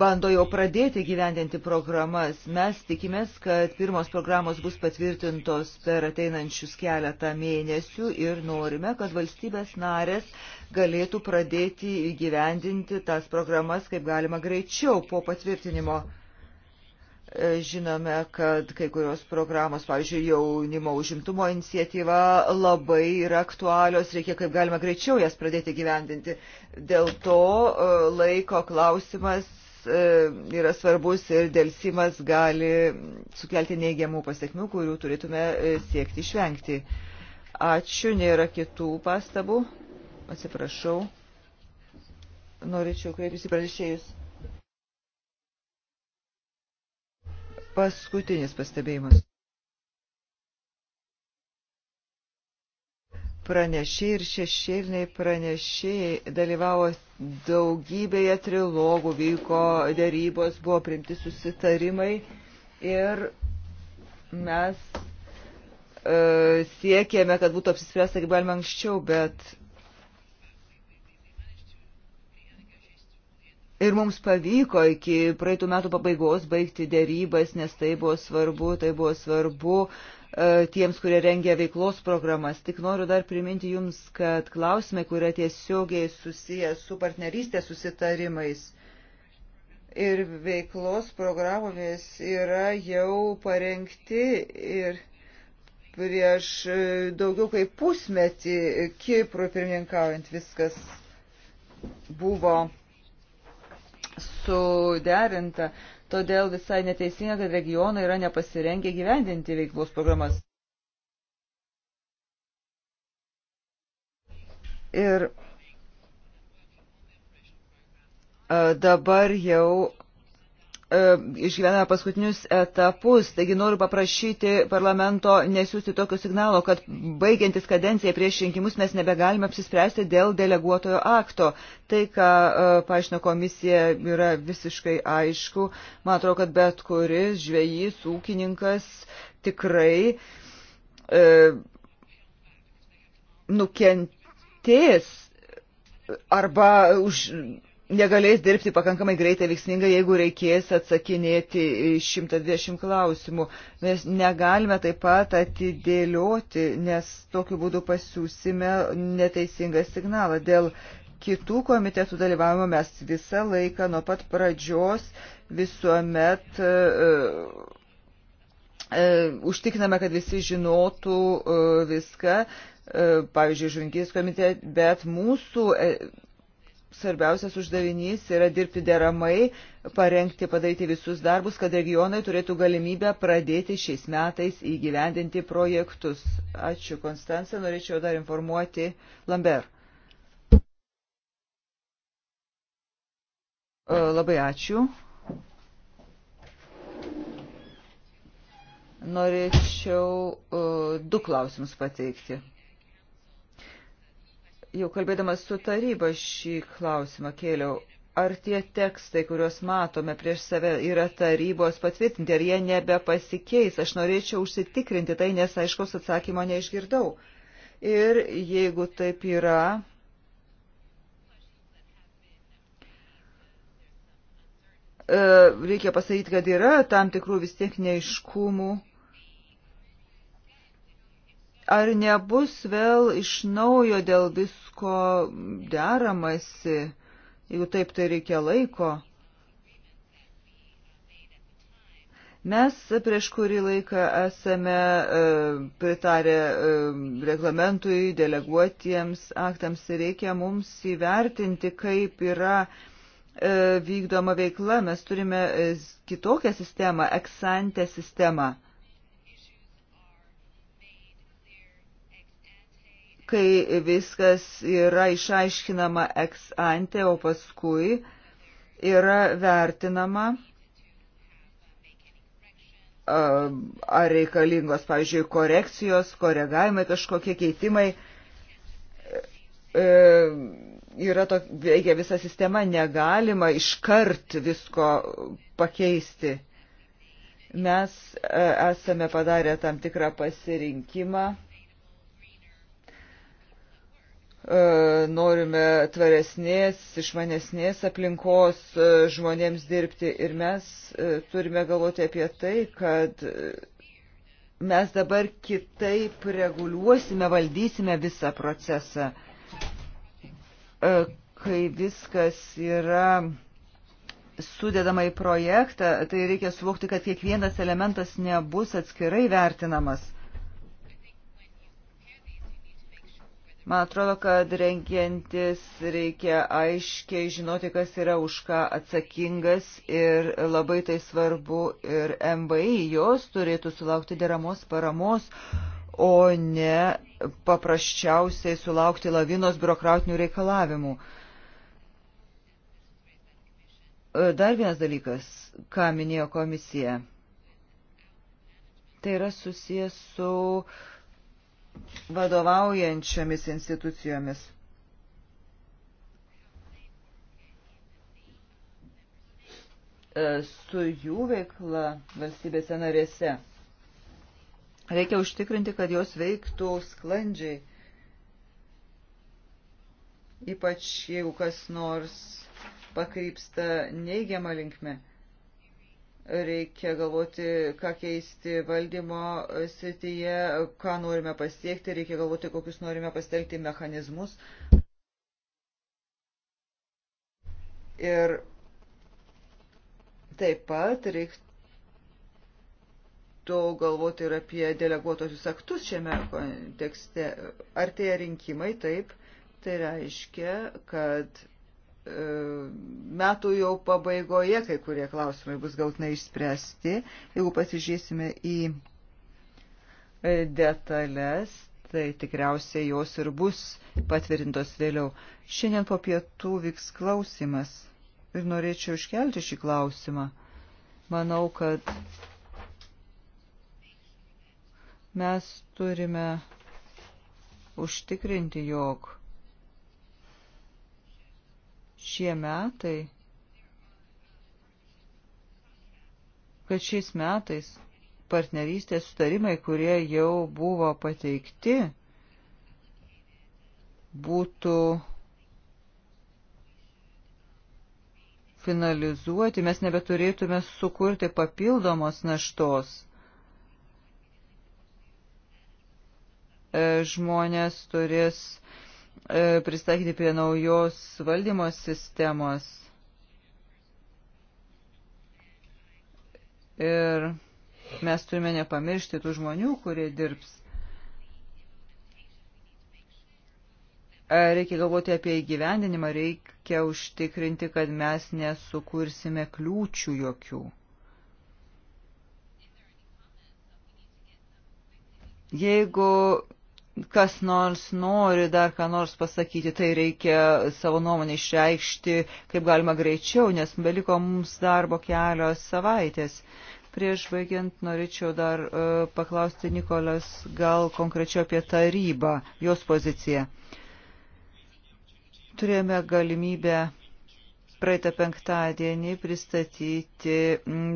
bando jau pradėti gyvendinti programas. Mes tikimės, kad pirmos programos bus patvirtintos per ateinančius keletą mėnesių ir norime, kad valstybės narės galėtų pradėti gyvendinti tas programas kaip galima greičiau po patvirtinimo. Žinome, kad kai kurios programos, pavyzdžiui, jaunimo užimtumo iniciatyva labai yra aktualios, reikia kaip galima greičiau jas pradėti gyvendinti. Dėl to e, laiko klausimas e, yra svarbus ir dėlsimas gali sukelti neigiamų pasiekmių, kurių turėtume e, siekti išvengti. Ačiū, nėra kitų pastabų. Atsiprašau. Norėčiau kreiptis į pranešėjus. paskutinis pastebėjimas. Pranešiai ir šešėliniai pranešiai dalyvavo daugybėje trilogų, vyko dėrybos, buvo primti susitarimai ir mes e, siekėme, kad būtų apsispręsta, kaip galima anksčiau, bet Ir mums pavyko iki praeitų metų pabaigos baigti dėrybas, nes tai buvo svarbu, tai buvo svarbu e, tiems, kurie rengia veiklos programas. Tik noriu dar priminti Jums, kad klausimai, kurie tiesiogiai susiję su partnerystės susitarimais ir veiklos programomis yra jau parengti ir prieš e, daugiau kaip pusmetį Kiprui pirmininkaujant viskas buvo suderinta, todėl visai neteisinga, kad regionai yra nepasirengę gyvendinti veiklos programas. Ir e, dabar jau E, išgyvena paskutinius etapus. Taigi noriu paprašyti parlamento nesiųsti tokio signalo, kad baigiantis kadencijai prieš rinkimus mes nebegalime apsispręsti dėl deleguotojo akto. Tai, ką e, paaiškino komisija, yra visiškai aišku. Man atrodo, kad bet kuris žvėjys, ūkininkas tikrai e, nukentės arba už negalės dirbti pakankamai greitai veiksmingai, jeigu reikės atsakinėti 120 klausimų. Mes negalime taip pat atidėlioti, nes tokiu būdu pasiūsime neteisingą signalą. Dėl kitų komitetų dalyvavimo mes visą laiką nuo pat pradžios visuomet e, e, užtikriname, kad visi žinotų e, viską, e, pavyzdžiui, žuvinkys komitete, bet mūsų e, svarbiausias uždavinys yra dirbti deramai, parengti, padaryti visus darbus, kad regionai turėtų galimybę pradėti šiais metais įgyvendinti projektus. Ačiū, Konstancija. Norėčiau dar informuoti Lambert. E, labai ačiū. Norėčiau uh, du klausimus pateikti jau kalbėdamas su taryba šį klausimą kėliau. Ar tie tekstai, kuriuos matome prieš save, yra tarybos patvirtinti, ar jie nebepasikeis? Aš norėčiau užsitikrinti tai, nes aiškaus atsakymo neišgirdau. Ir jeigu taip yra, e, reikia pasakyti, kad yra tam tikrų vis tiek neiškumų Ar nebus vėl iš naujo dėl visko deramasi, jeigu taip tai reikia laiko? Mes prieš kurį laiką esame e, pritarę e, reglamentui, deleguotiems aktams ir reikia mums įvertinti, kaip yra e, vykdoma veikla. Mes turime kitokią sistemą, eksantę sistemą. kai viskas yra išaiškinama ex ante, o paskui yra vertinama, ar reikalingos, pavyzdžiui, korekcijos, koregavimai kažkokie keitimai. E, yra to, veikia visa sistema, negalima iškart visko pakeisti. Mes e, esame padarę tam tikrą pasirinkimą E, norime tvaresnės, išmanesnės aplinkos e, žmonėms dirbti ir mes e, turime galvoti apie tai, kad mes dabar kitaip reguliuosime, valdysime visą procesą, kai viskas yra sudedama į projektą, tai reikia suvokti, kad kiekvienas elementas nebus atskirai vertinamas Man atrodo, kad renkiantis reikia aiškiai žinoti, kas yra už ką atsakingas ir labai tai svarbu ir MBI, jos turėtų sulaukti deramos paramos, o ne paprasčiausiai sulaukti lavinos biurokratinių reikalavimų. E, dar vienas dalykas, ką minėjo komisija. Tai yra susijęs su uh, vadovaujančiomis institucijomis. E, su jų veikla valstybėse narėse. Reikia užtikrinti, kad jos veiktų sklandžiai. Ypač jeigu kas nors pakrypsta neigiamą linkmę reikia galvoti, ką keisti valdymo srityje, ką norime pasiekti, reikia galvoti, kokius norime pastelgti mechanizmus. Ir taip pat reiktų galvoti ir apie deleguotosius aktus šiame kontekste. Artėja rinkimai, taip, tai reiškia, kad E, metų jau pabaigoje kai kurie klausimai bus gautinai išspręsti. Jeigu pasižiūrėsime į e, detalės, tai tikriausiai jos ir bus patvirtintos vėliau. Šiandien po pietų vyks klausimas ir norėčiau iškelti šį klausimą. Manau, kad mes turime užtikrinti, jog šie metai, kad šiais metais partnerystės sutarimai, kurie jau buvo pateikti, būtų finalizuoti, mes nebeturėtume sukurti papildomos naštos. E, žmonės turės E, pristaikyti prie naujos valdymo sistemos. Ir mes turime nepamiršti tų žmonių, kurie dirbs. E, reikia galvoti apie įgyvendinimą, reikia užtikrinti, kad mes nesukursime kliūčių jokių. Jeigu kas nors nori dar ką nors pasakyti, tai reikia savo nuomonę išreikšti kaip galima greičiau, nes beliko mums darbo kelios savaitės. Prieš baigiant norėčiau dar uh, paklausti Nikolas gal konkrečiau apie tarybą, jos poziciją. Turėjome galimybę praeitą penktadienį pristatyti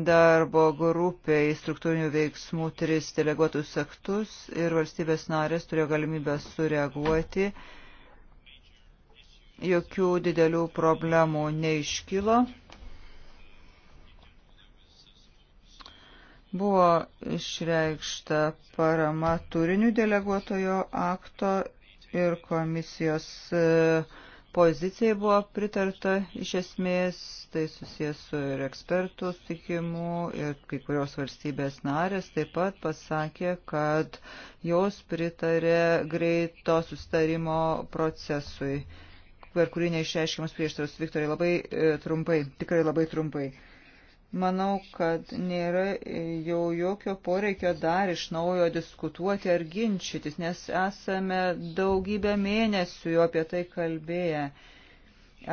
darbo grupiai struktūrinių veiksmų tris deleguotus aktus ir valstybės narės turėjo galimybę sureaguoti. Jokių didelių problemų neiškilo. Buvo išreikšta parama turinių deleguotojo akto ir komisijos uh, pozicijai buvo pritarta iš esmės, tai susijęs su ir ekspertų sutikimu, ir kai kurios valstybės narės taip pat pasakė, kad jos pritarė greito sustarimo procesui, per kurį neišreiškiamas prieštaros. Viktorai, labai e, trumpai, tikrai labai trumpai. Manau, kad nėra jau jokio poreikio dar iš naujo diskutuoti ar ginčytis, nes esame daugybę mėnesių jau apie tai kalbėję.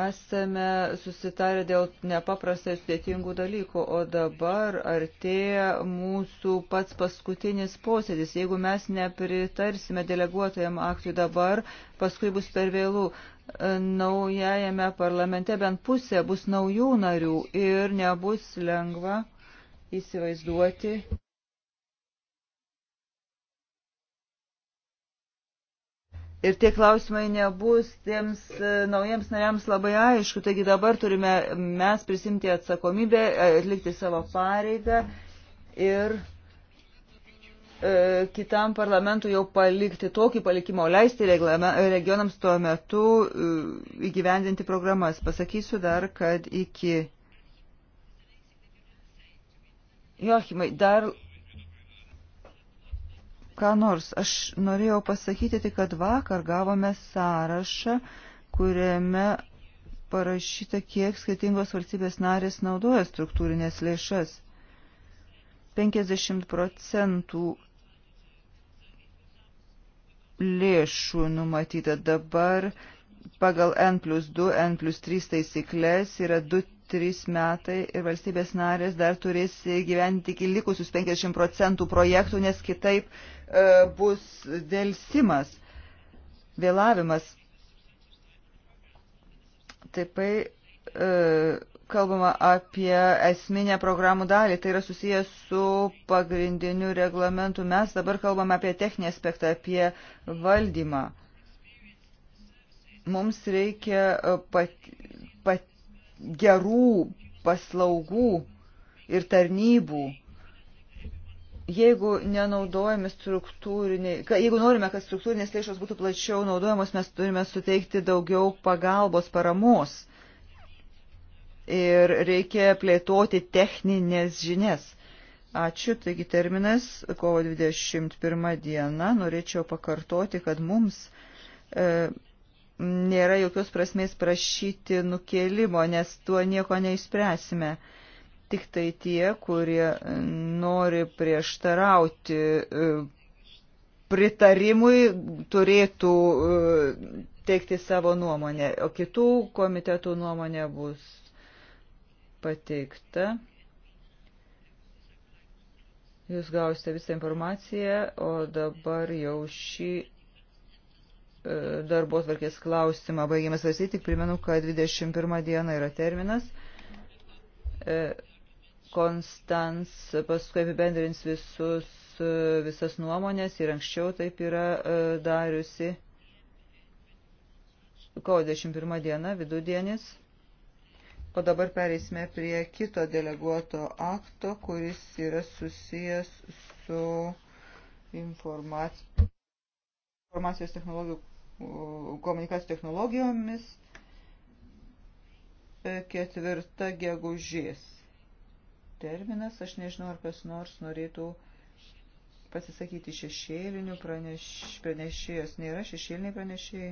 Esame susitarę dėl nepaprastai sudėtingų dalykų, o dabar artėja mūsų pats paskutinis posėdis. Jeigu mes nepritarsime deleguotojam aktui dabar, paskui bus per vėlų naujajame parlamente bent pusė bus naujų narių ir nebus lengva įsivaizduoti. Ir tie klausimai nebus tiems e, naujiems nariams labai aišku, taigi dabar turime mes prisimti atsakomybę, e, atlikti savo pareigą ir E, kitam parlamentui jau palikti tokį palikimą, o leisti regionams tuo metu e, įgyvendinti programas. Pasakysiu dar, kad iki. Joachimai, dar ką nors. Aš norėjau pasakyti tik, kad vakar gavome sąrašą, kuriame parašyta, kiek skirtingos valstybės narės naudoja struktūrinės lėšas. 50 procentų lėšų numatyta dabar pagal N plus 2, N plus 3 taisyklės yra 2-3 metai ir valstybės narės dar turės gyventi iki likusius 50 procentų projektų, nes kitaip e, bus dėlsimas, vėlavimas. Taip pat e, kalbama apie esminę programų dalį, tai yra susijęs su pagrindiniu reglamentu. Mes dabar kalbame apie techninį aspektą, apie valdymą. Mums reikia e, pat, pat, gerų paslaugų ir tarnybų. Jeigu nenaudojami struktūriniai, jeigu norime, kad struktūrinės lėšos būtų plačiau naudojamos, mes turime suteikti daugiau pagalbos, paramos ir reikia plėtoti techninės žinias. Ačiū, taigi terminas kovo 21 diena. Norėčiau pakartoti, kad mums e, nėra jokios prasmės prašyti nukėlimo, nes tuo nieko neišspręsime. Tik tai tie, kurie e, nori prieštarauti e, pritarimui, turėtų e, teikti savo nuomonę, o kitų komitetų nuomonė bus pateikta. Jūs gausite visą informaciją, o dabar jau šį e, darbo tvarkės klausimą baigėme svarstyti. Tik primenu, kad 21 diena yra terminas. E, Konstans paskui apibendrins visus, e, visas nuomonės ir anksčiau taip yra dariusi. Kovo 21 diena, vidudienis. O dabar pereisime prie kito deleguoto akto, kuris yra susijęs su informac... informacijos technologijų, komunikacijos technologijomis e, ketvirta gegužės. Terminas, aš nežinau, ar kas nors norėtų pasisakyti šešėlinių praneš... pranešėjos. Nėra šešėliniai pranešėjai?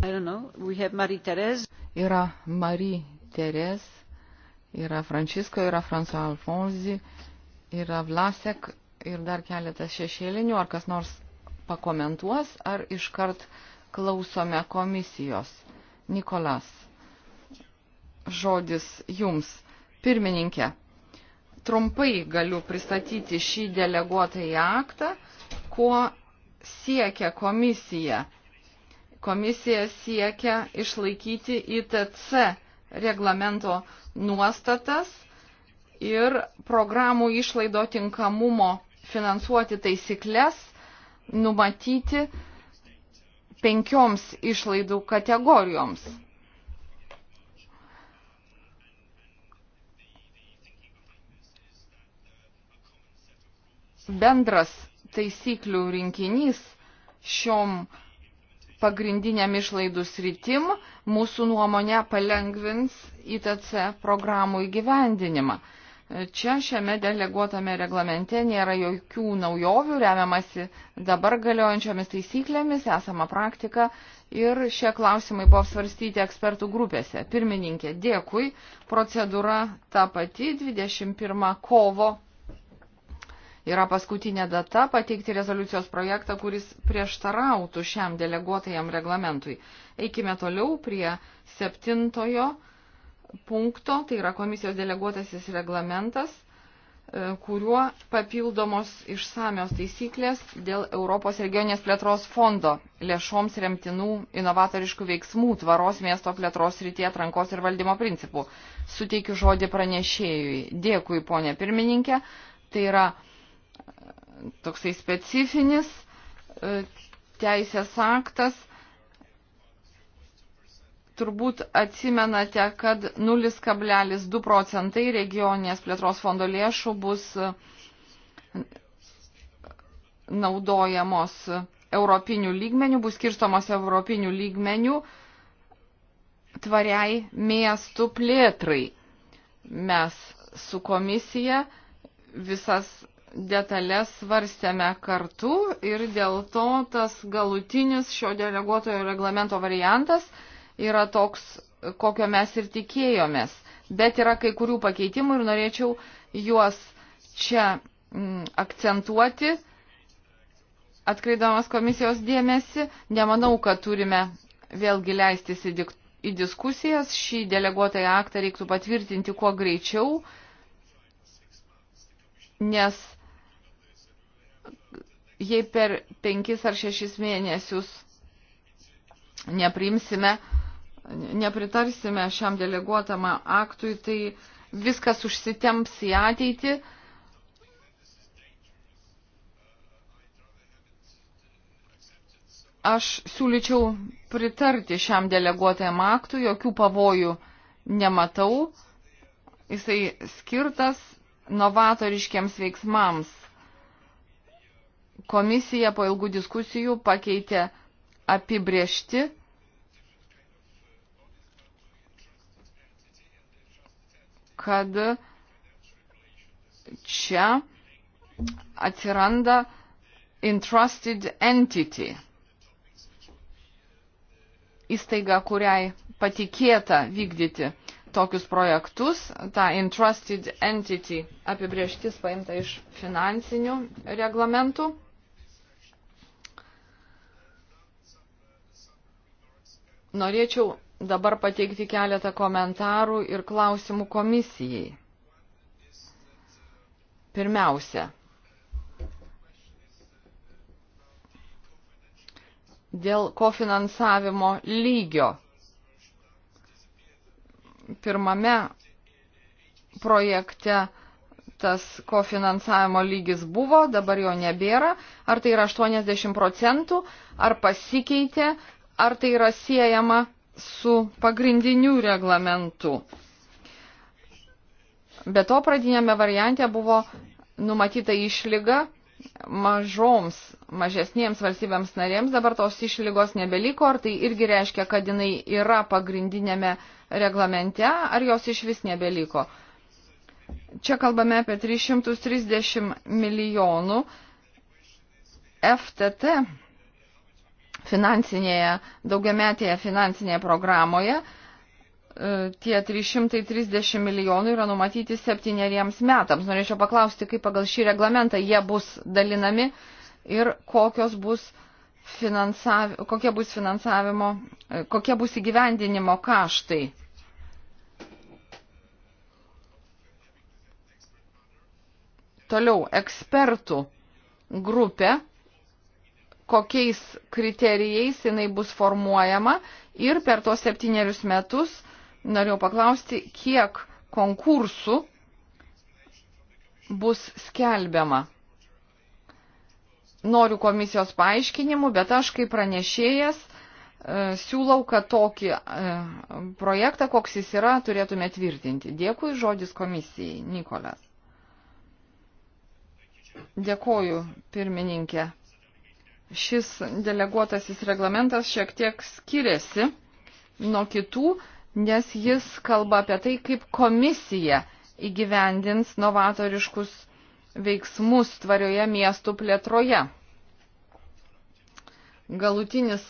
I don't know. We have Marie Therese. Yra Marie Teres, yra Francisco, yra Franso Alfonzi, yra Vlasek ir dar keletas šešėlinių. Ar kas nors pakomentuos, ar iškart klausome komisijos? Nikolas, žodis jums, pirmininkė. Trumpai galiu pristatyti šį deleguotąjį aktą, kuo siekia komisija. Komisija siekia išlaikyti ITC reglamento nuostatas ir programų išlaido tinkamumo finansuoti taisyklės numatyti penkioms išlaidų kategorijoms. Bendras taisyklių rinkinys šiom pagrindiniam išlaidų sritim, mūsų nuomonė palengvins ITC programų įgyvendinimą. Čia šiame deleguotame reglamente nėra jokių naujovių, remiamasi dabar galiojančiomis taisyklėmis, esama praktika ir šie klausimai buvo svarstyti ekspertų grupėse. Pirmininkė, dėkui, procedūra ta pati, 21 kovo yra paskutinė data pateikti rezoliucijos projektą, kuris prieštarautų šiam deleguotajam reglamentui. Eikime toliau prie septintojo punkto, tai yra komisijos deleguotasis reglamentas e, kuriuo papildomos išsamios taisyklės dėl Europos regioninės plėtros fondo lėšoms remtinų inovatoriškų veiksmų tvaros miesto plėtros rytie atrankos ir valdymo principų. Suteikiu žodį pranešėjui. Dėkui, ponė pirmininkė. Tai yra toksai specifinis e, teisės aktas. Turbūt atsimenate, kad 0,2 procentai regioninės plėtros fondo lėšų bus e, naudojamos europinių lygmenių, bus skirstomos europinių lygmenių tvariai miestų plėtrai. Mes su komisija visas detalės svarstėme kartu ir dėl to tas galutinis šio deleguotojo reglamento variantas yra toks, kokio mes ir tikėjomės. Bet yra kai kurių pakeitimų ir norėčiau juos čia m, mm, akcentuoti, atkreidamas komisijos dėmesį. Nemanau, kad turime vėlgi leistis į, dik, į diskusijas. Šį deleguotąją aktą reiktų patvirtinti kuo greičiau, nes jei per penkis ar šešis mėnesius neprimsime, nepritarsime šiam deleguotam aktui, tai viskas užsitemps į ateitį. Aš siūlyčiau pritarti šiam deleguotajam aktui, jokių pavojų nematau. Jisai skirtas novatoriškiams veiksmams Komisija po ilgų diskusijų pakeitė apibriešti kad čia atsiranda entrusted entity, įstaiga, kuriai patikėta vykdyti tokius projektus. Ta entrusted entity apibrieštis paimta iš finansinių reglamentų. Norėčiau dabar pateikti keletą komentarų ir klausimų komisijai. Pirmiausia, dėl kofinansavimo lygio. Pirmame projekte tas kofinansavimo lygis buvo, dabar jo nebėra. Ar tai yra 80 procentų, ar pasikeitė, ar tai yra siejama su pagrindiniu reglamentu. Be to pradinėme variante buvo numatyta išlyga mažoms, mažesniems valstybėms narėms, dabar tos išlygos nebeliko, ar tai irgi reiškia, kad jinai yra pagrindinėme reglamente, ar jos iš vis nebeliko. Čia kalbame apie 330 milijonų FTT finansinėje, daugiametėje finansinėje programoje. E, tie 330 milijonų yra numatyti septyneriems metams. Norėčiau paklausti, kaip pagal šį reglamentą jie bus dalinami ir kokios bus finansav... kokie bus finansavimo, e, kokie bus įgyvendinimo kaštai. Toliau ekspertų grupė kokiais kriterijais jinai bus formuojama ir per tos septynerius metus norėjau paklausti, kiek konkursų bus skelbiama. Noriu komisijos paaiškinimų, bet aš kaip pranešėjas e, siūlau, kad tokį e, projektą, koks jis yra, turėtume tvirtinti. Dėkui žodis komisijai, Nikolas. Dėkoju, pirmininkė. Šis deleguotasis reglamentas šiek tiek skiriasi nuo kitų, nes jis kalba apie tai, kaip komisija įgyvendins novatoriškus veiksmus tvarioje miestų plėtroje. Galutinis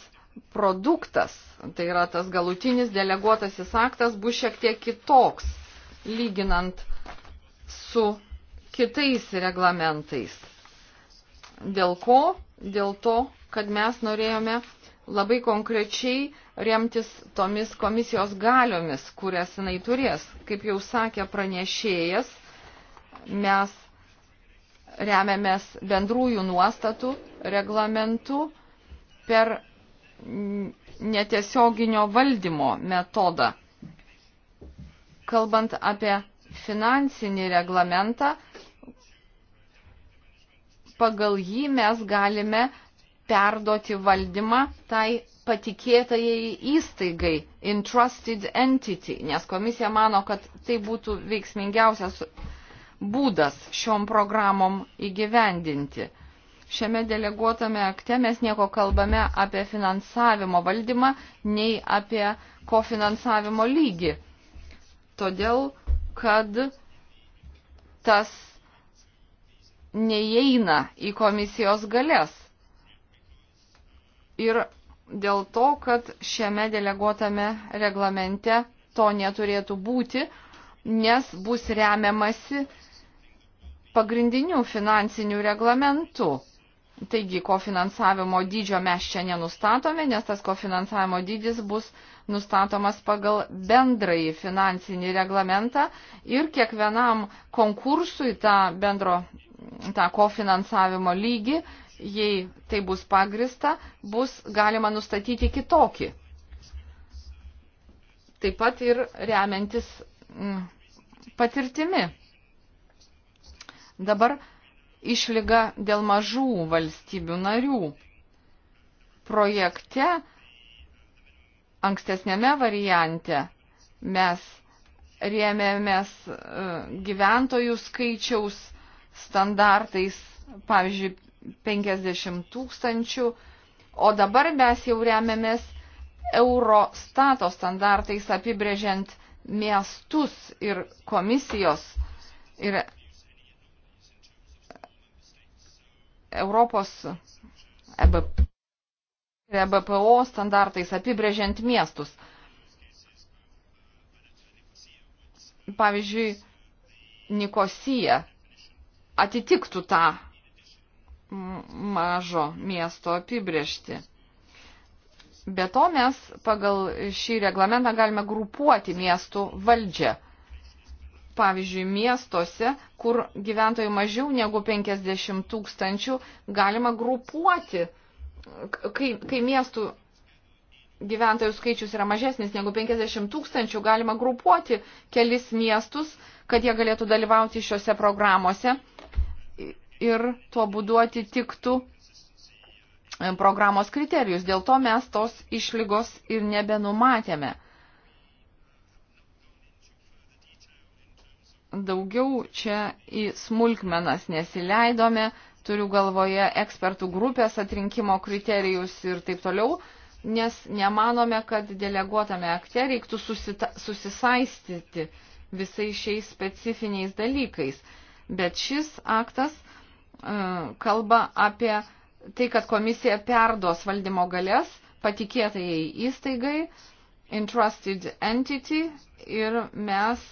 produktas, tai yra tas galutinis deleguotasis aktas, bus šiek tiek kitoks, lyginant su kitais reglamentais. Dėl ko dėl to, kad mes norėjome labai konkrečiai remtis tomis komisijos galiomis, kurias jinai turės. Kaip jau sakė pranešėjas, mes remiamės bendrųjų nuostatų reglamentų per netiesioginio valdymo metodą. Kalbant apie finansinį reglamentą, pagal jį mes galime perduoti valdymą tai patikėtajai įstaigai, entrusted entity, nes komisija mano, kad tai būtų veiksmingiausias būdas šiom programom įgyvendinti. Šiame deleguotame akte mes nieko kalbame apie finansavimo valdymą, nei apie kofinansavimo lygį. Todėl, kad tas neįeina į komisijos galės. Ir dėl to, kad šiame deleguotame reglamente to neturėtų būti, nes bus remiamasi pagrindinių finansinių reglamentų. Taigi, kofinansavimo dydžio mes čia nenustatome, nes tas kofinansavimo dydis bus nustatomas pagal bendrąjį finansinį reglamentą ir kiekvienam konkursui tą bendro tą kofinansavimo lygį, jei tai bus pagrista, bus galima nustatyti kitokį. Taip pat ir remiantis mm, patirtimi. Dabar išlyga dėl mažų valstybių narių. Projekte ankstesnėme variante mes rėmėmės e, gyventojų skaičiaus standartais, pavyzdžiui, 50 tūkstančių, o dabar mes jau remiamės Eurostato standartais apibrėžiant miestus ir komisijos ir Europos EBPO e standartais apibrėžiant miestus. Pavyzdžiui, Nikosija atitiktų tą mažo miesto apibriešti. Be to mes pagal šį reglamentą galime grupuoti miestų valdžią. Pavyzdžiui, miestuose, kur gyventojų mažiau negu 50 tūkstančių, galima grupuoti, kai, kai miestų gyventojų skaičius yra mažesnis negu 50 tūkstančių, galima grupuoti kelis miestus, kad jie galėtų dalyvauti šiuose programuose ir tuo būdu atitiktų e, programos kriterijus. Dėl to mes tos išlygos ir nebenumatėme. Daugiau čia į smulkmenas nesileidome, turiu galvoje ekspertų grupės atrinkimo kriterijus ir taip toliau, nes nemanome, kad deleguotame akte reiktų susita, susisaistyti visais šiais specifiniais dalykais. Bet šis aktas E, kalba apie tai, kad komisija perduos valdymo galės patikėtajai įstaigai, entrusted entity ir mes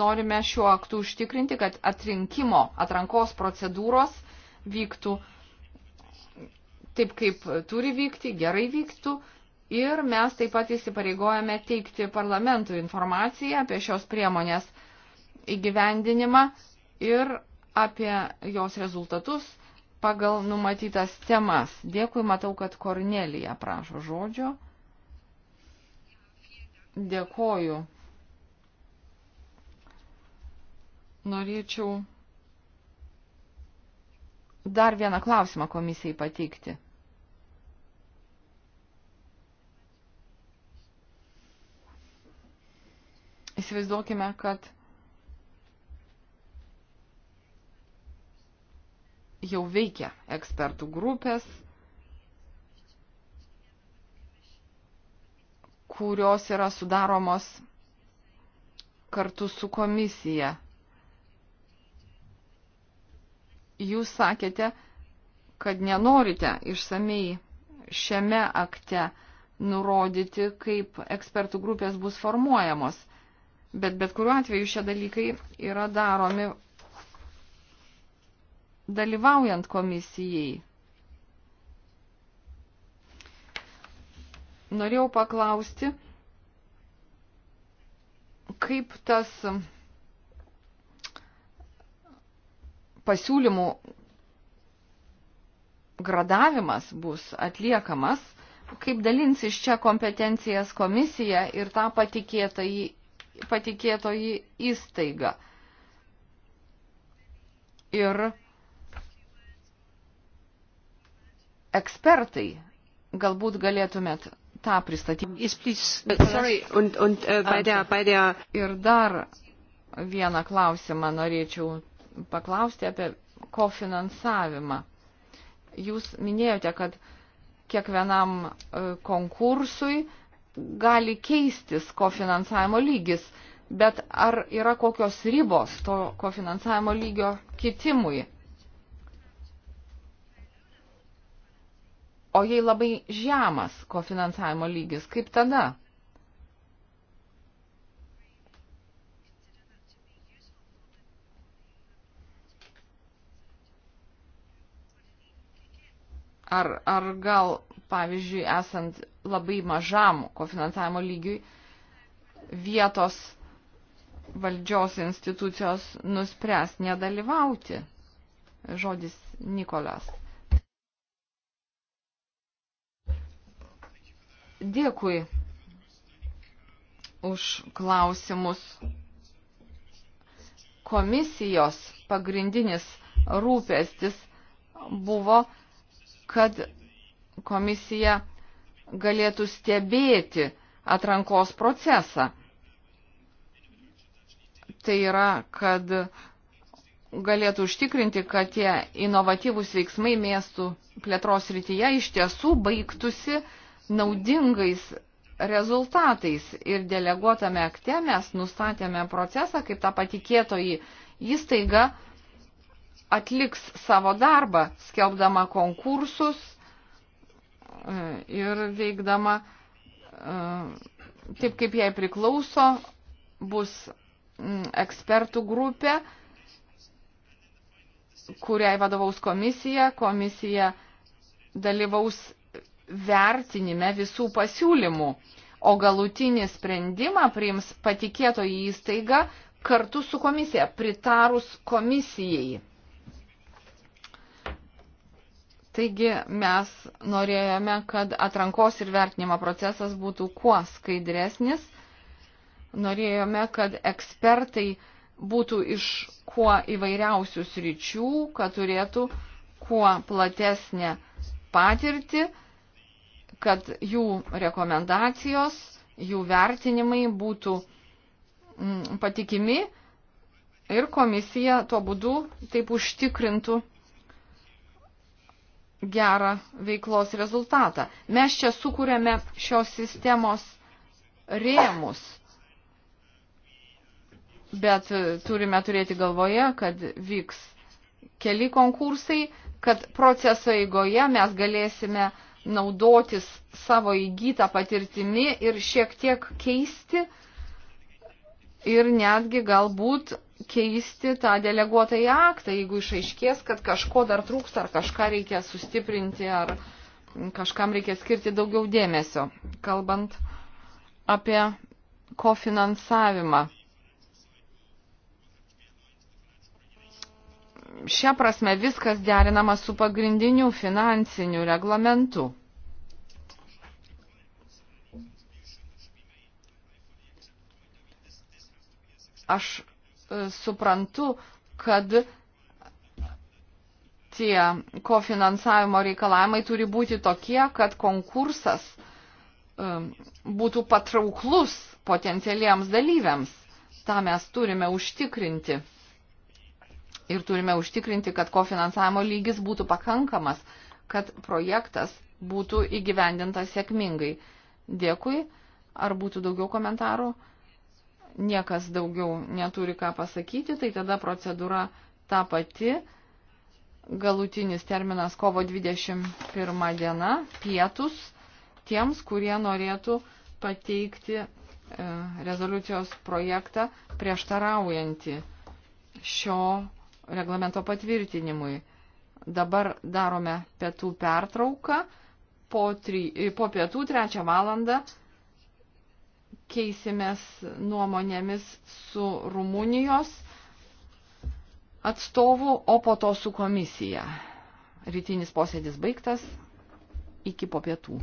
norime šiuo aktu užtikrinti, kad atrinkimo atrankos procedūros vyktų taip, kaip turi vykti, gerai vyktų. Ir mes taip pat įsipareigojame teikti parlamentui informaciją apie šios priemonės įgyvendinimą ir apie jos rezultatus pagal numatytas temas. Dėkui, matau, kad Kornelija prašo žodžio. Dėkoju. Norėčiau dar vieną klausimą komisijai pateikti. Įsivaizduokime, kad jau veikia ekspertų grupės, kurios yra sudaromos kartu su komisija. Jūs sakėte, kad nenorite išsamei šiame akte nurodyti, kaip ekspertų grupės bus formuojamos. Bet bet kuriuo atveju šie dalykai yra daromi dalyvaujant komisijai. Norėjau paklausti, kaip tas pasiūlymų gradavimas bus atliekamas, kaip dalinsis čia kompetencijas komisija ir tą patikėtoji, patikėtoji įstaiga. Ir ekspertai. Galbūt galėtumėt tą pristatyti. Uh, uh, Ir dar vieną klausimą norėčiau paklausti apie kofinansavimą. Jūs minėjote, kad kiekvienam uh, konkursui gali keistis kofinansavimo lygis, bet ar yra kokios ribos to kofinansavimo lygio kitimui? O jei labai žemas kofinansavimo lygis, kaip tada? Ar, ar gal, pavyzdžiui, esant labai mažam kofinansavimo lygiui, vietos valdžios institucijos nuspręs nedalyvauti. Žodis Nikolas. Dėkui už klausimus. Komisijos pagrindinis rūpestis buvo, kad komisija galėtų stebėti atrankos procesą. Tai yra, kad galėtų užtikrinti, kad tie inovatyvūs veiksmai miestų plėtros rytyje iš tiesų baigtųsi uh, naudingais rezultatais ir deleguotame akte mes nustatėme procesą, kaip ta patikėtoji įstaiga atliks savo darbą, skelbdama konkursus e, ir veikdama e, taip, kaip jai priklauso, bus ekspertų grupė, kuriai vadovaus komisija. Komisija dalyvaus vertinime visų pasiūlymų, o galutinį sprendimą priims patikėtoji įstaiga kartu su komisija, pritarus komisijai. Taigi mes norėjome, kad atrankos ir vertinimo procesas būtų kuo skaidresnis. Norėjome, kad ekspertai būtų iš kuo įvairiausių sričių, kad turėtų kuo platesnę patirtį kad jų rekomendacijos, jų vertinimai būtų mm, patikimi ir komisija tuo būdu taip užtikrintų gerą veiklos rezultatą. Mes čia sukūrėme šios sistemos rėmus, bet turime turėti galvoje, kad vyks keli konkursai, kad proceso eigoje mes galėsime uh, naudotis savo įgytą patirtimi ir šiek tiek keisti ir netgi galbūt keisti tą deleguotą į aktą, jeigu išaiškės, kad kažko dar trūksta ar kažką reikia sustiprinti ar kažkam reikia skirti daugiau dėmesio, kalbant apie kofinansavimą. šią prasme viskas derinama su pagrindiniu finansiniu reglamentu. Aš e, suprantu, kad tie kofinansavimo reikalavimai turi būti tokie, kad konkursas e, būtų patrauklus potencialiems dalyviams. Ta mes turime užtikrinti ir turime užtikrinti, kad kofinansavimo lygis būtų pakankamas, kad projektas būtų įgyvendintas sėkmingai. Dėkui. Ar būtų daugiau komentarų? Niekas daugiau neturi ką pasakyti, tai tada procedūra ta pati. Galutinis terminas kovo 21 diena, pietus, tiems, kurie norėtų pateikti e, rezoliucijos projektą prieštaraujantį šio reglamento patvirtinimui. Dabar darome pietų pertrauką, po, tri, po pietų trečią valandą keisimės nuomonėmis su Rumunijos atstovu, o po to su komisija. Rytinis posėdis baigtas iki po pietų.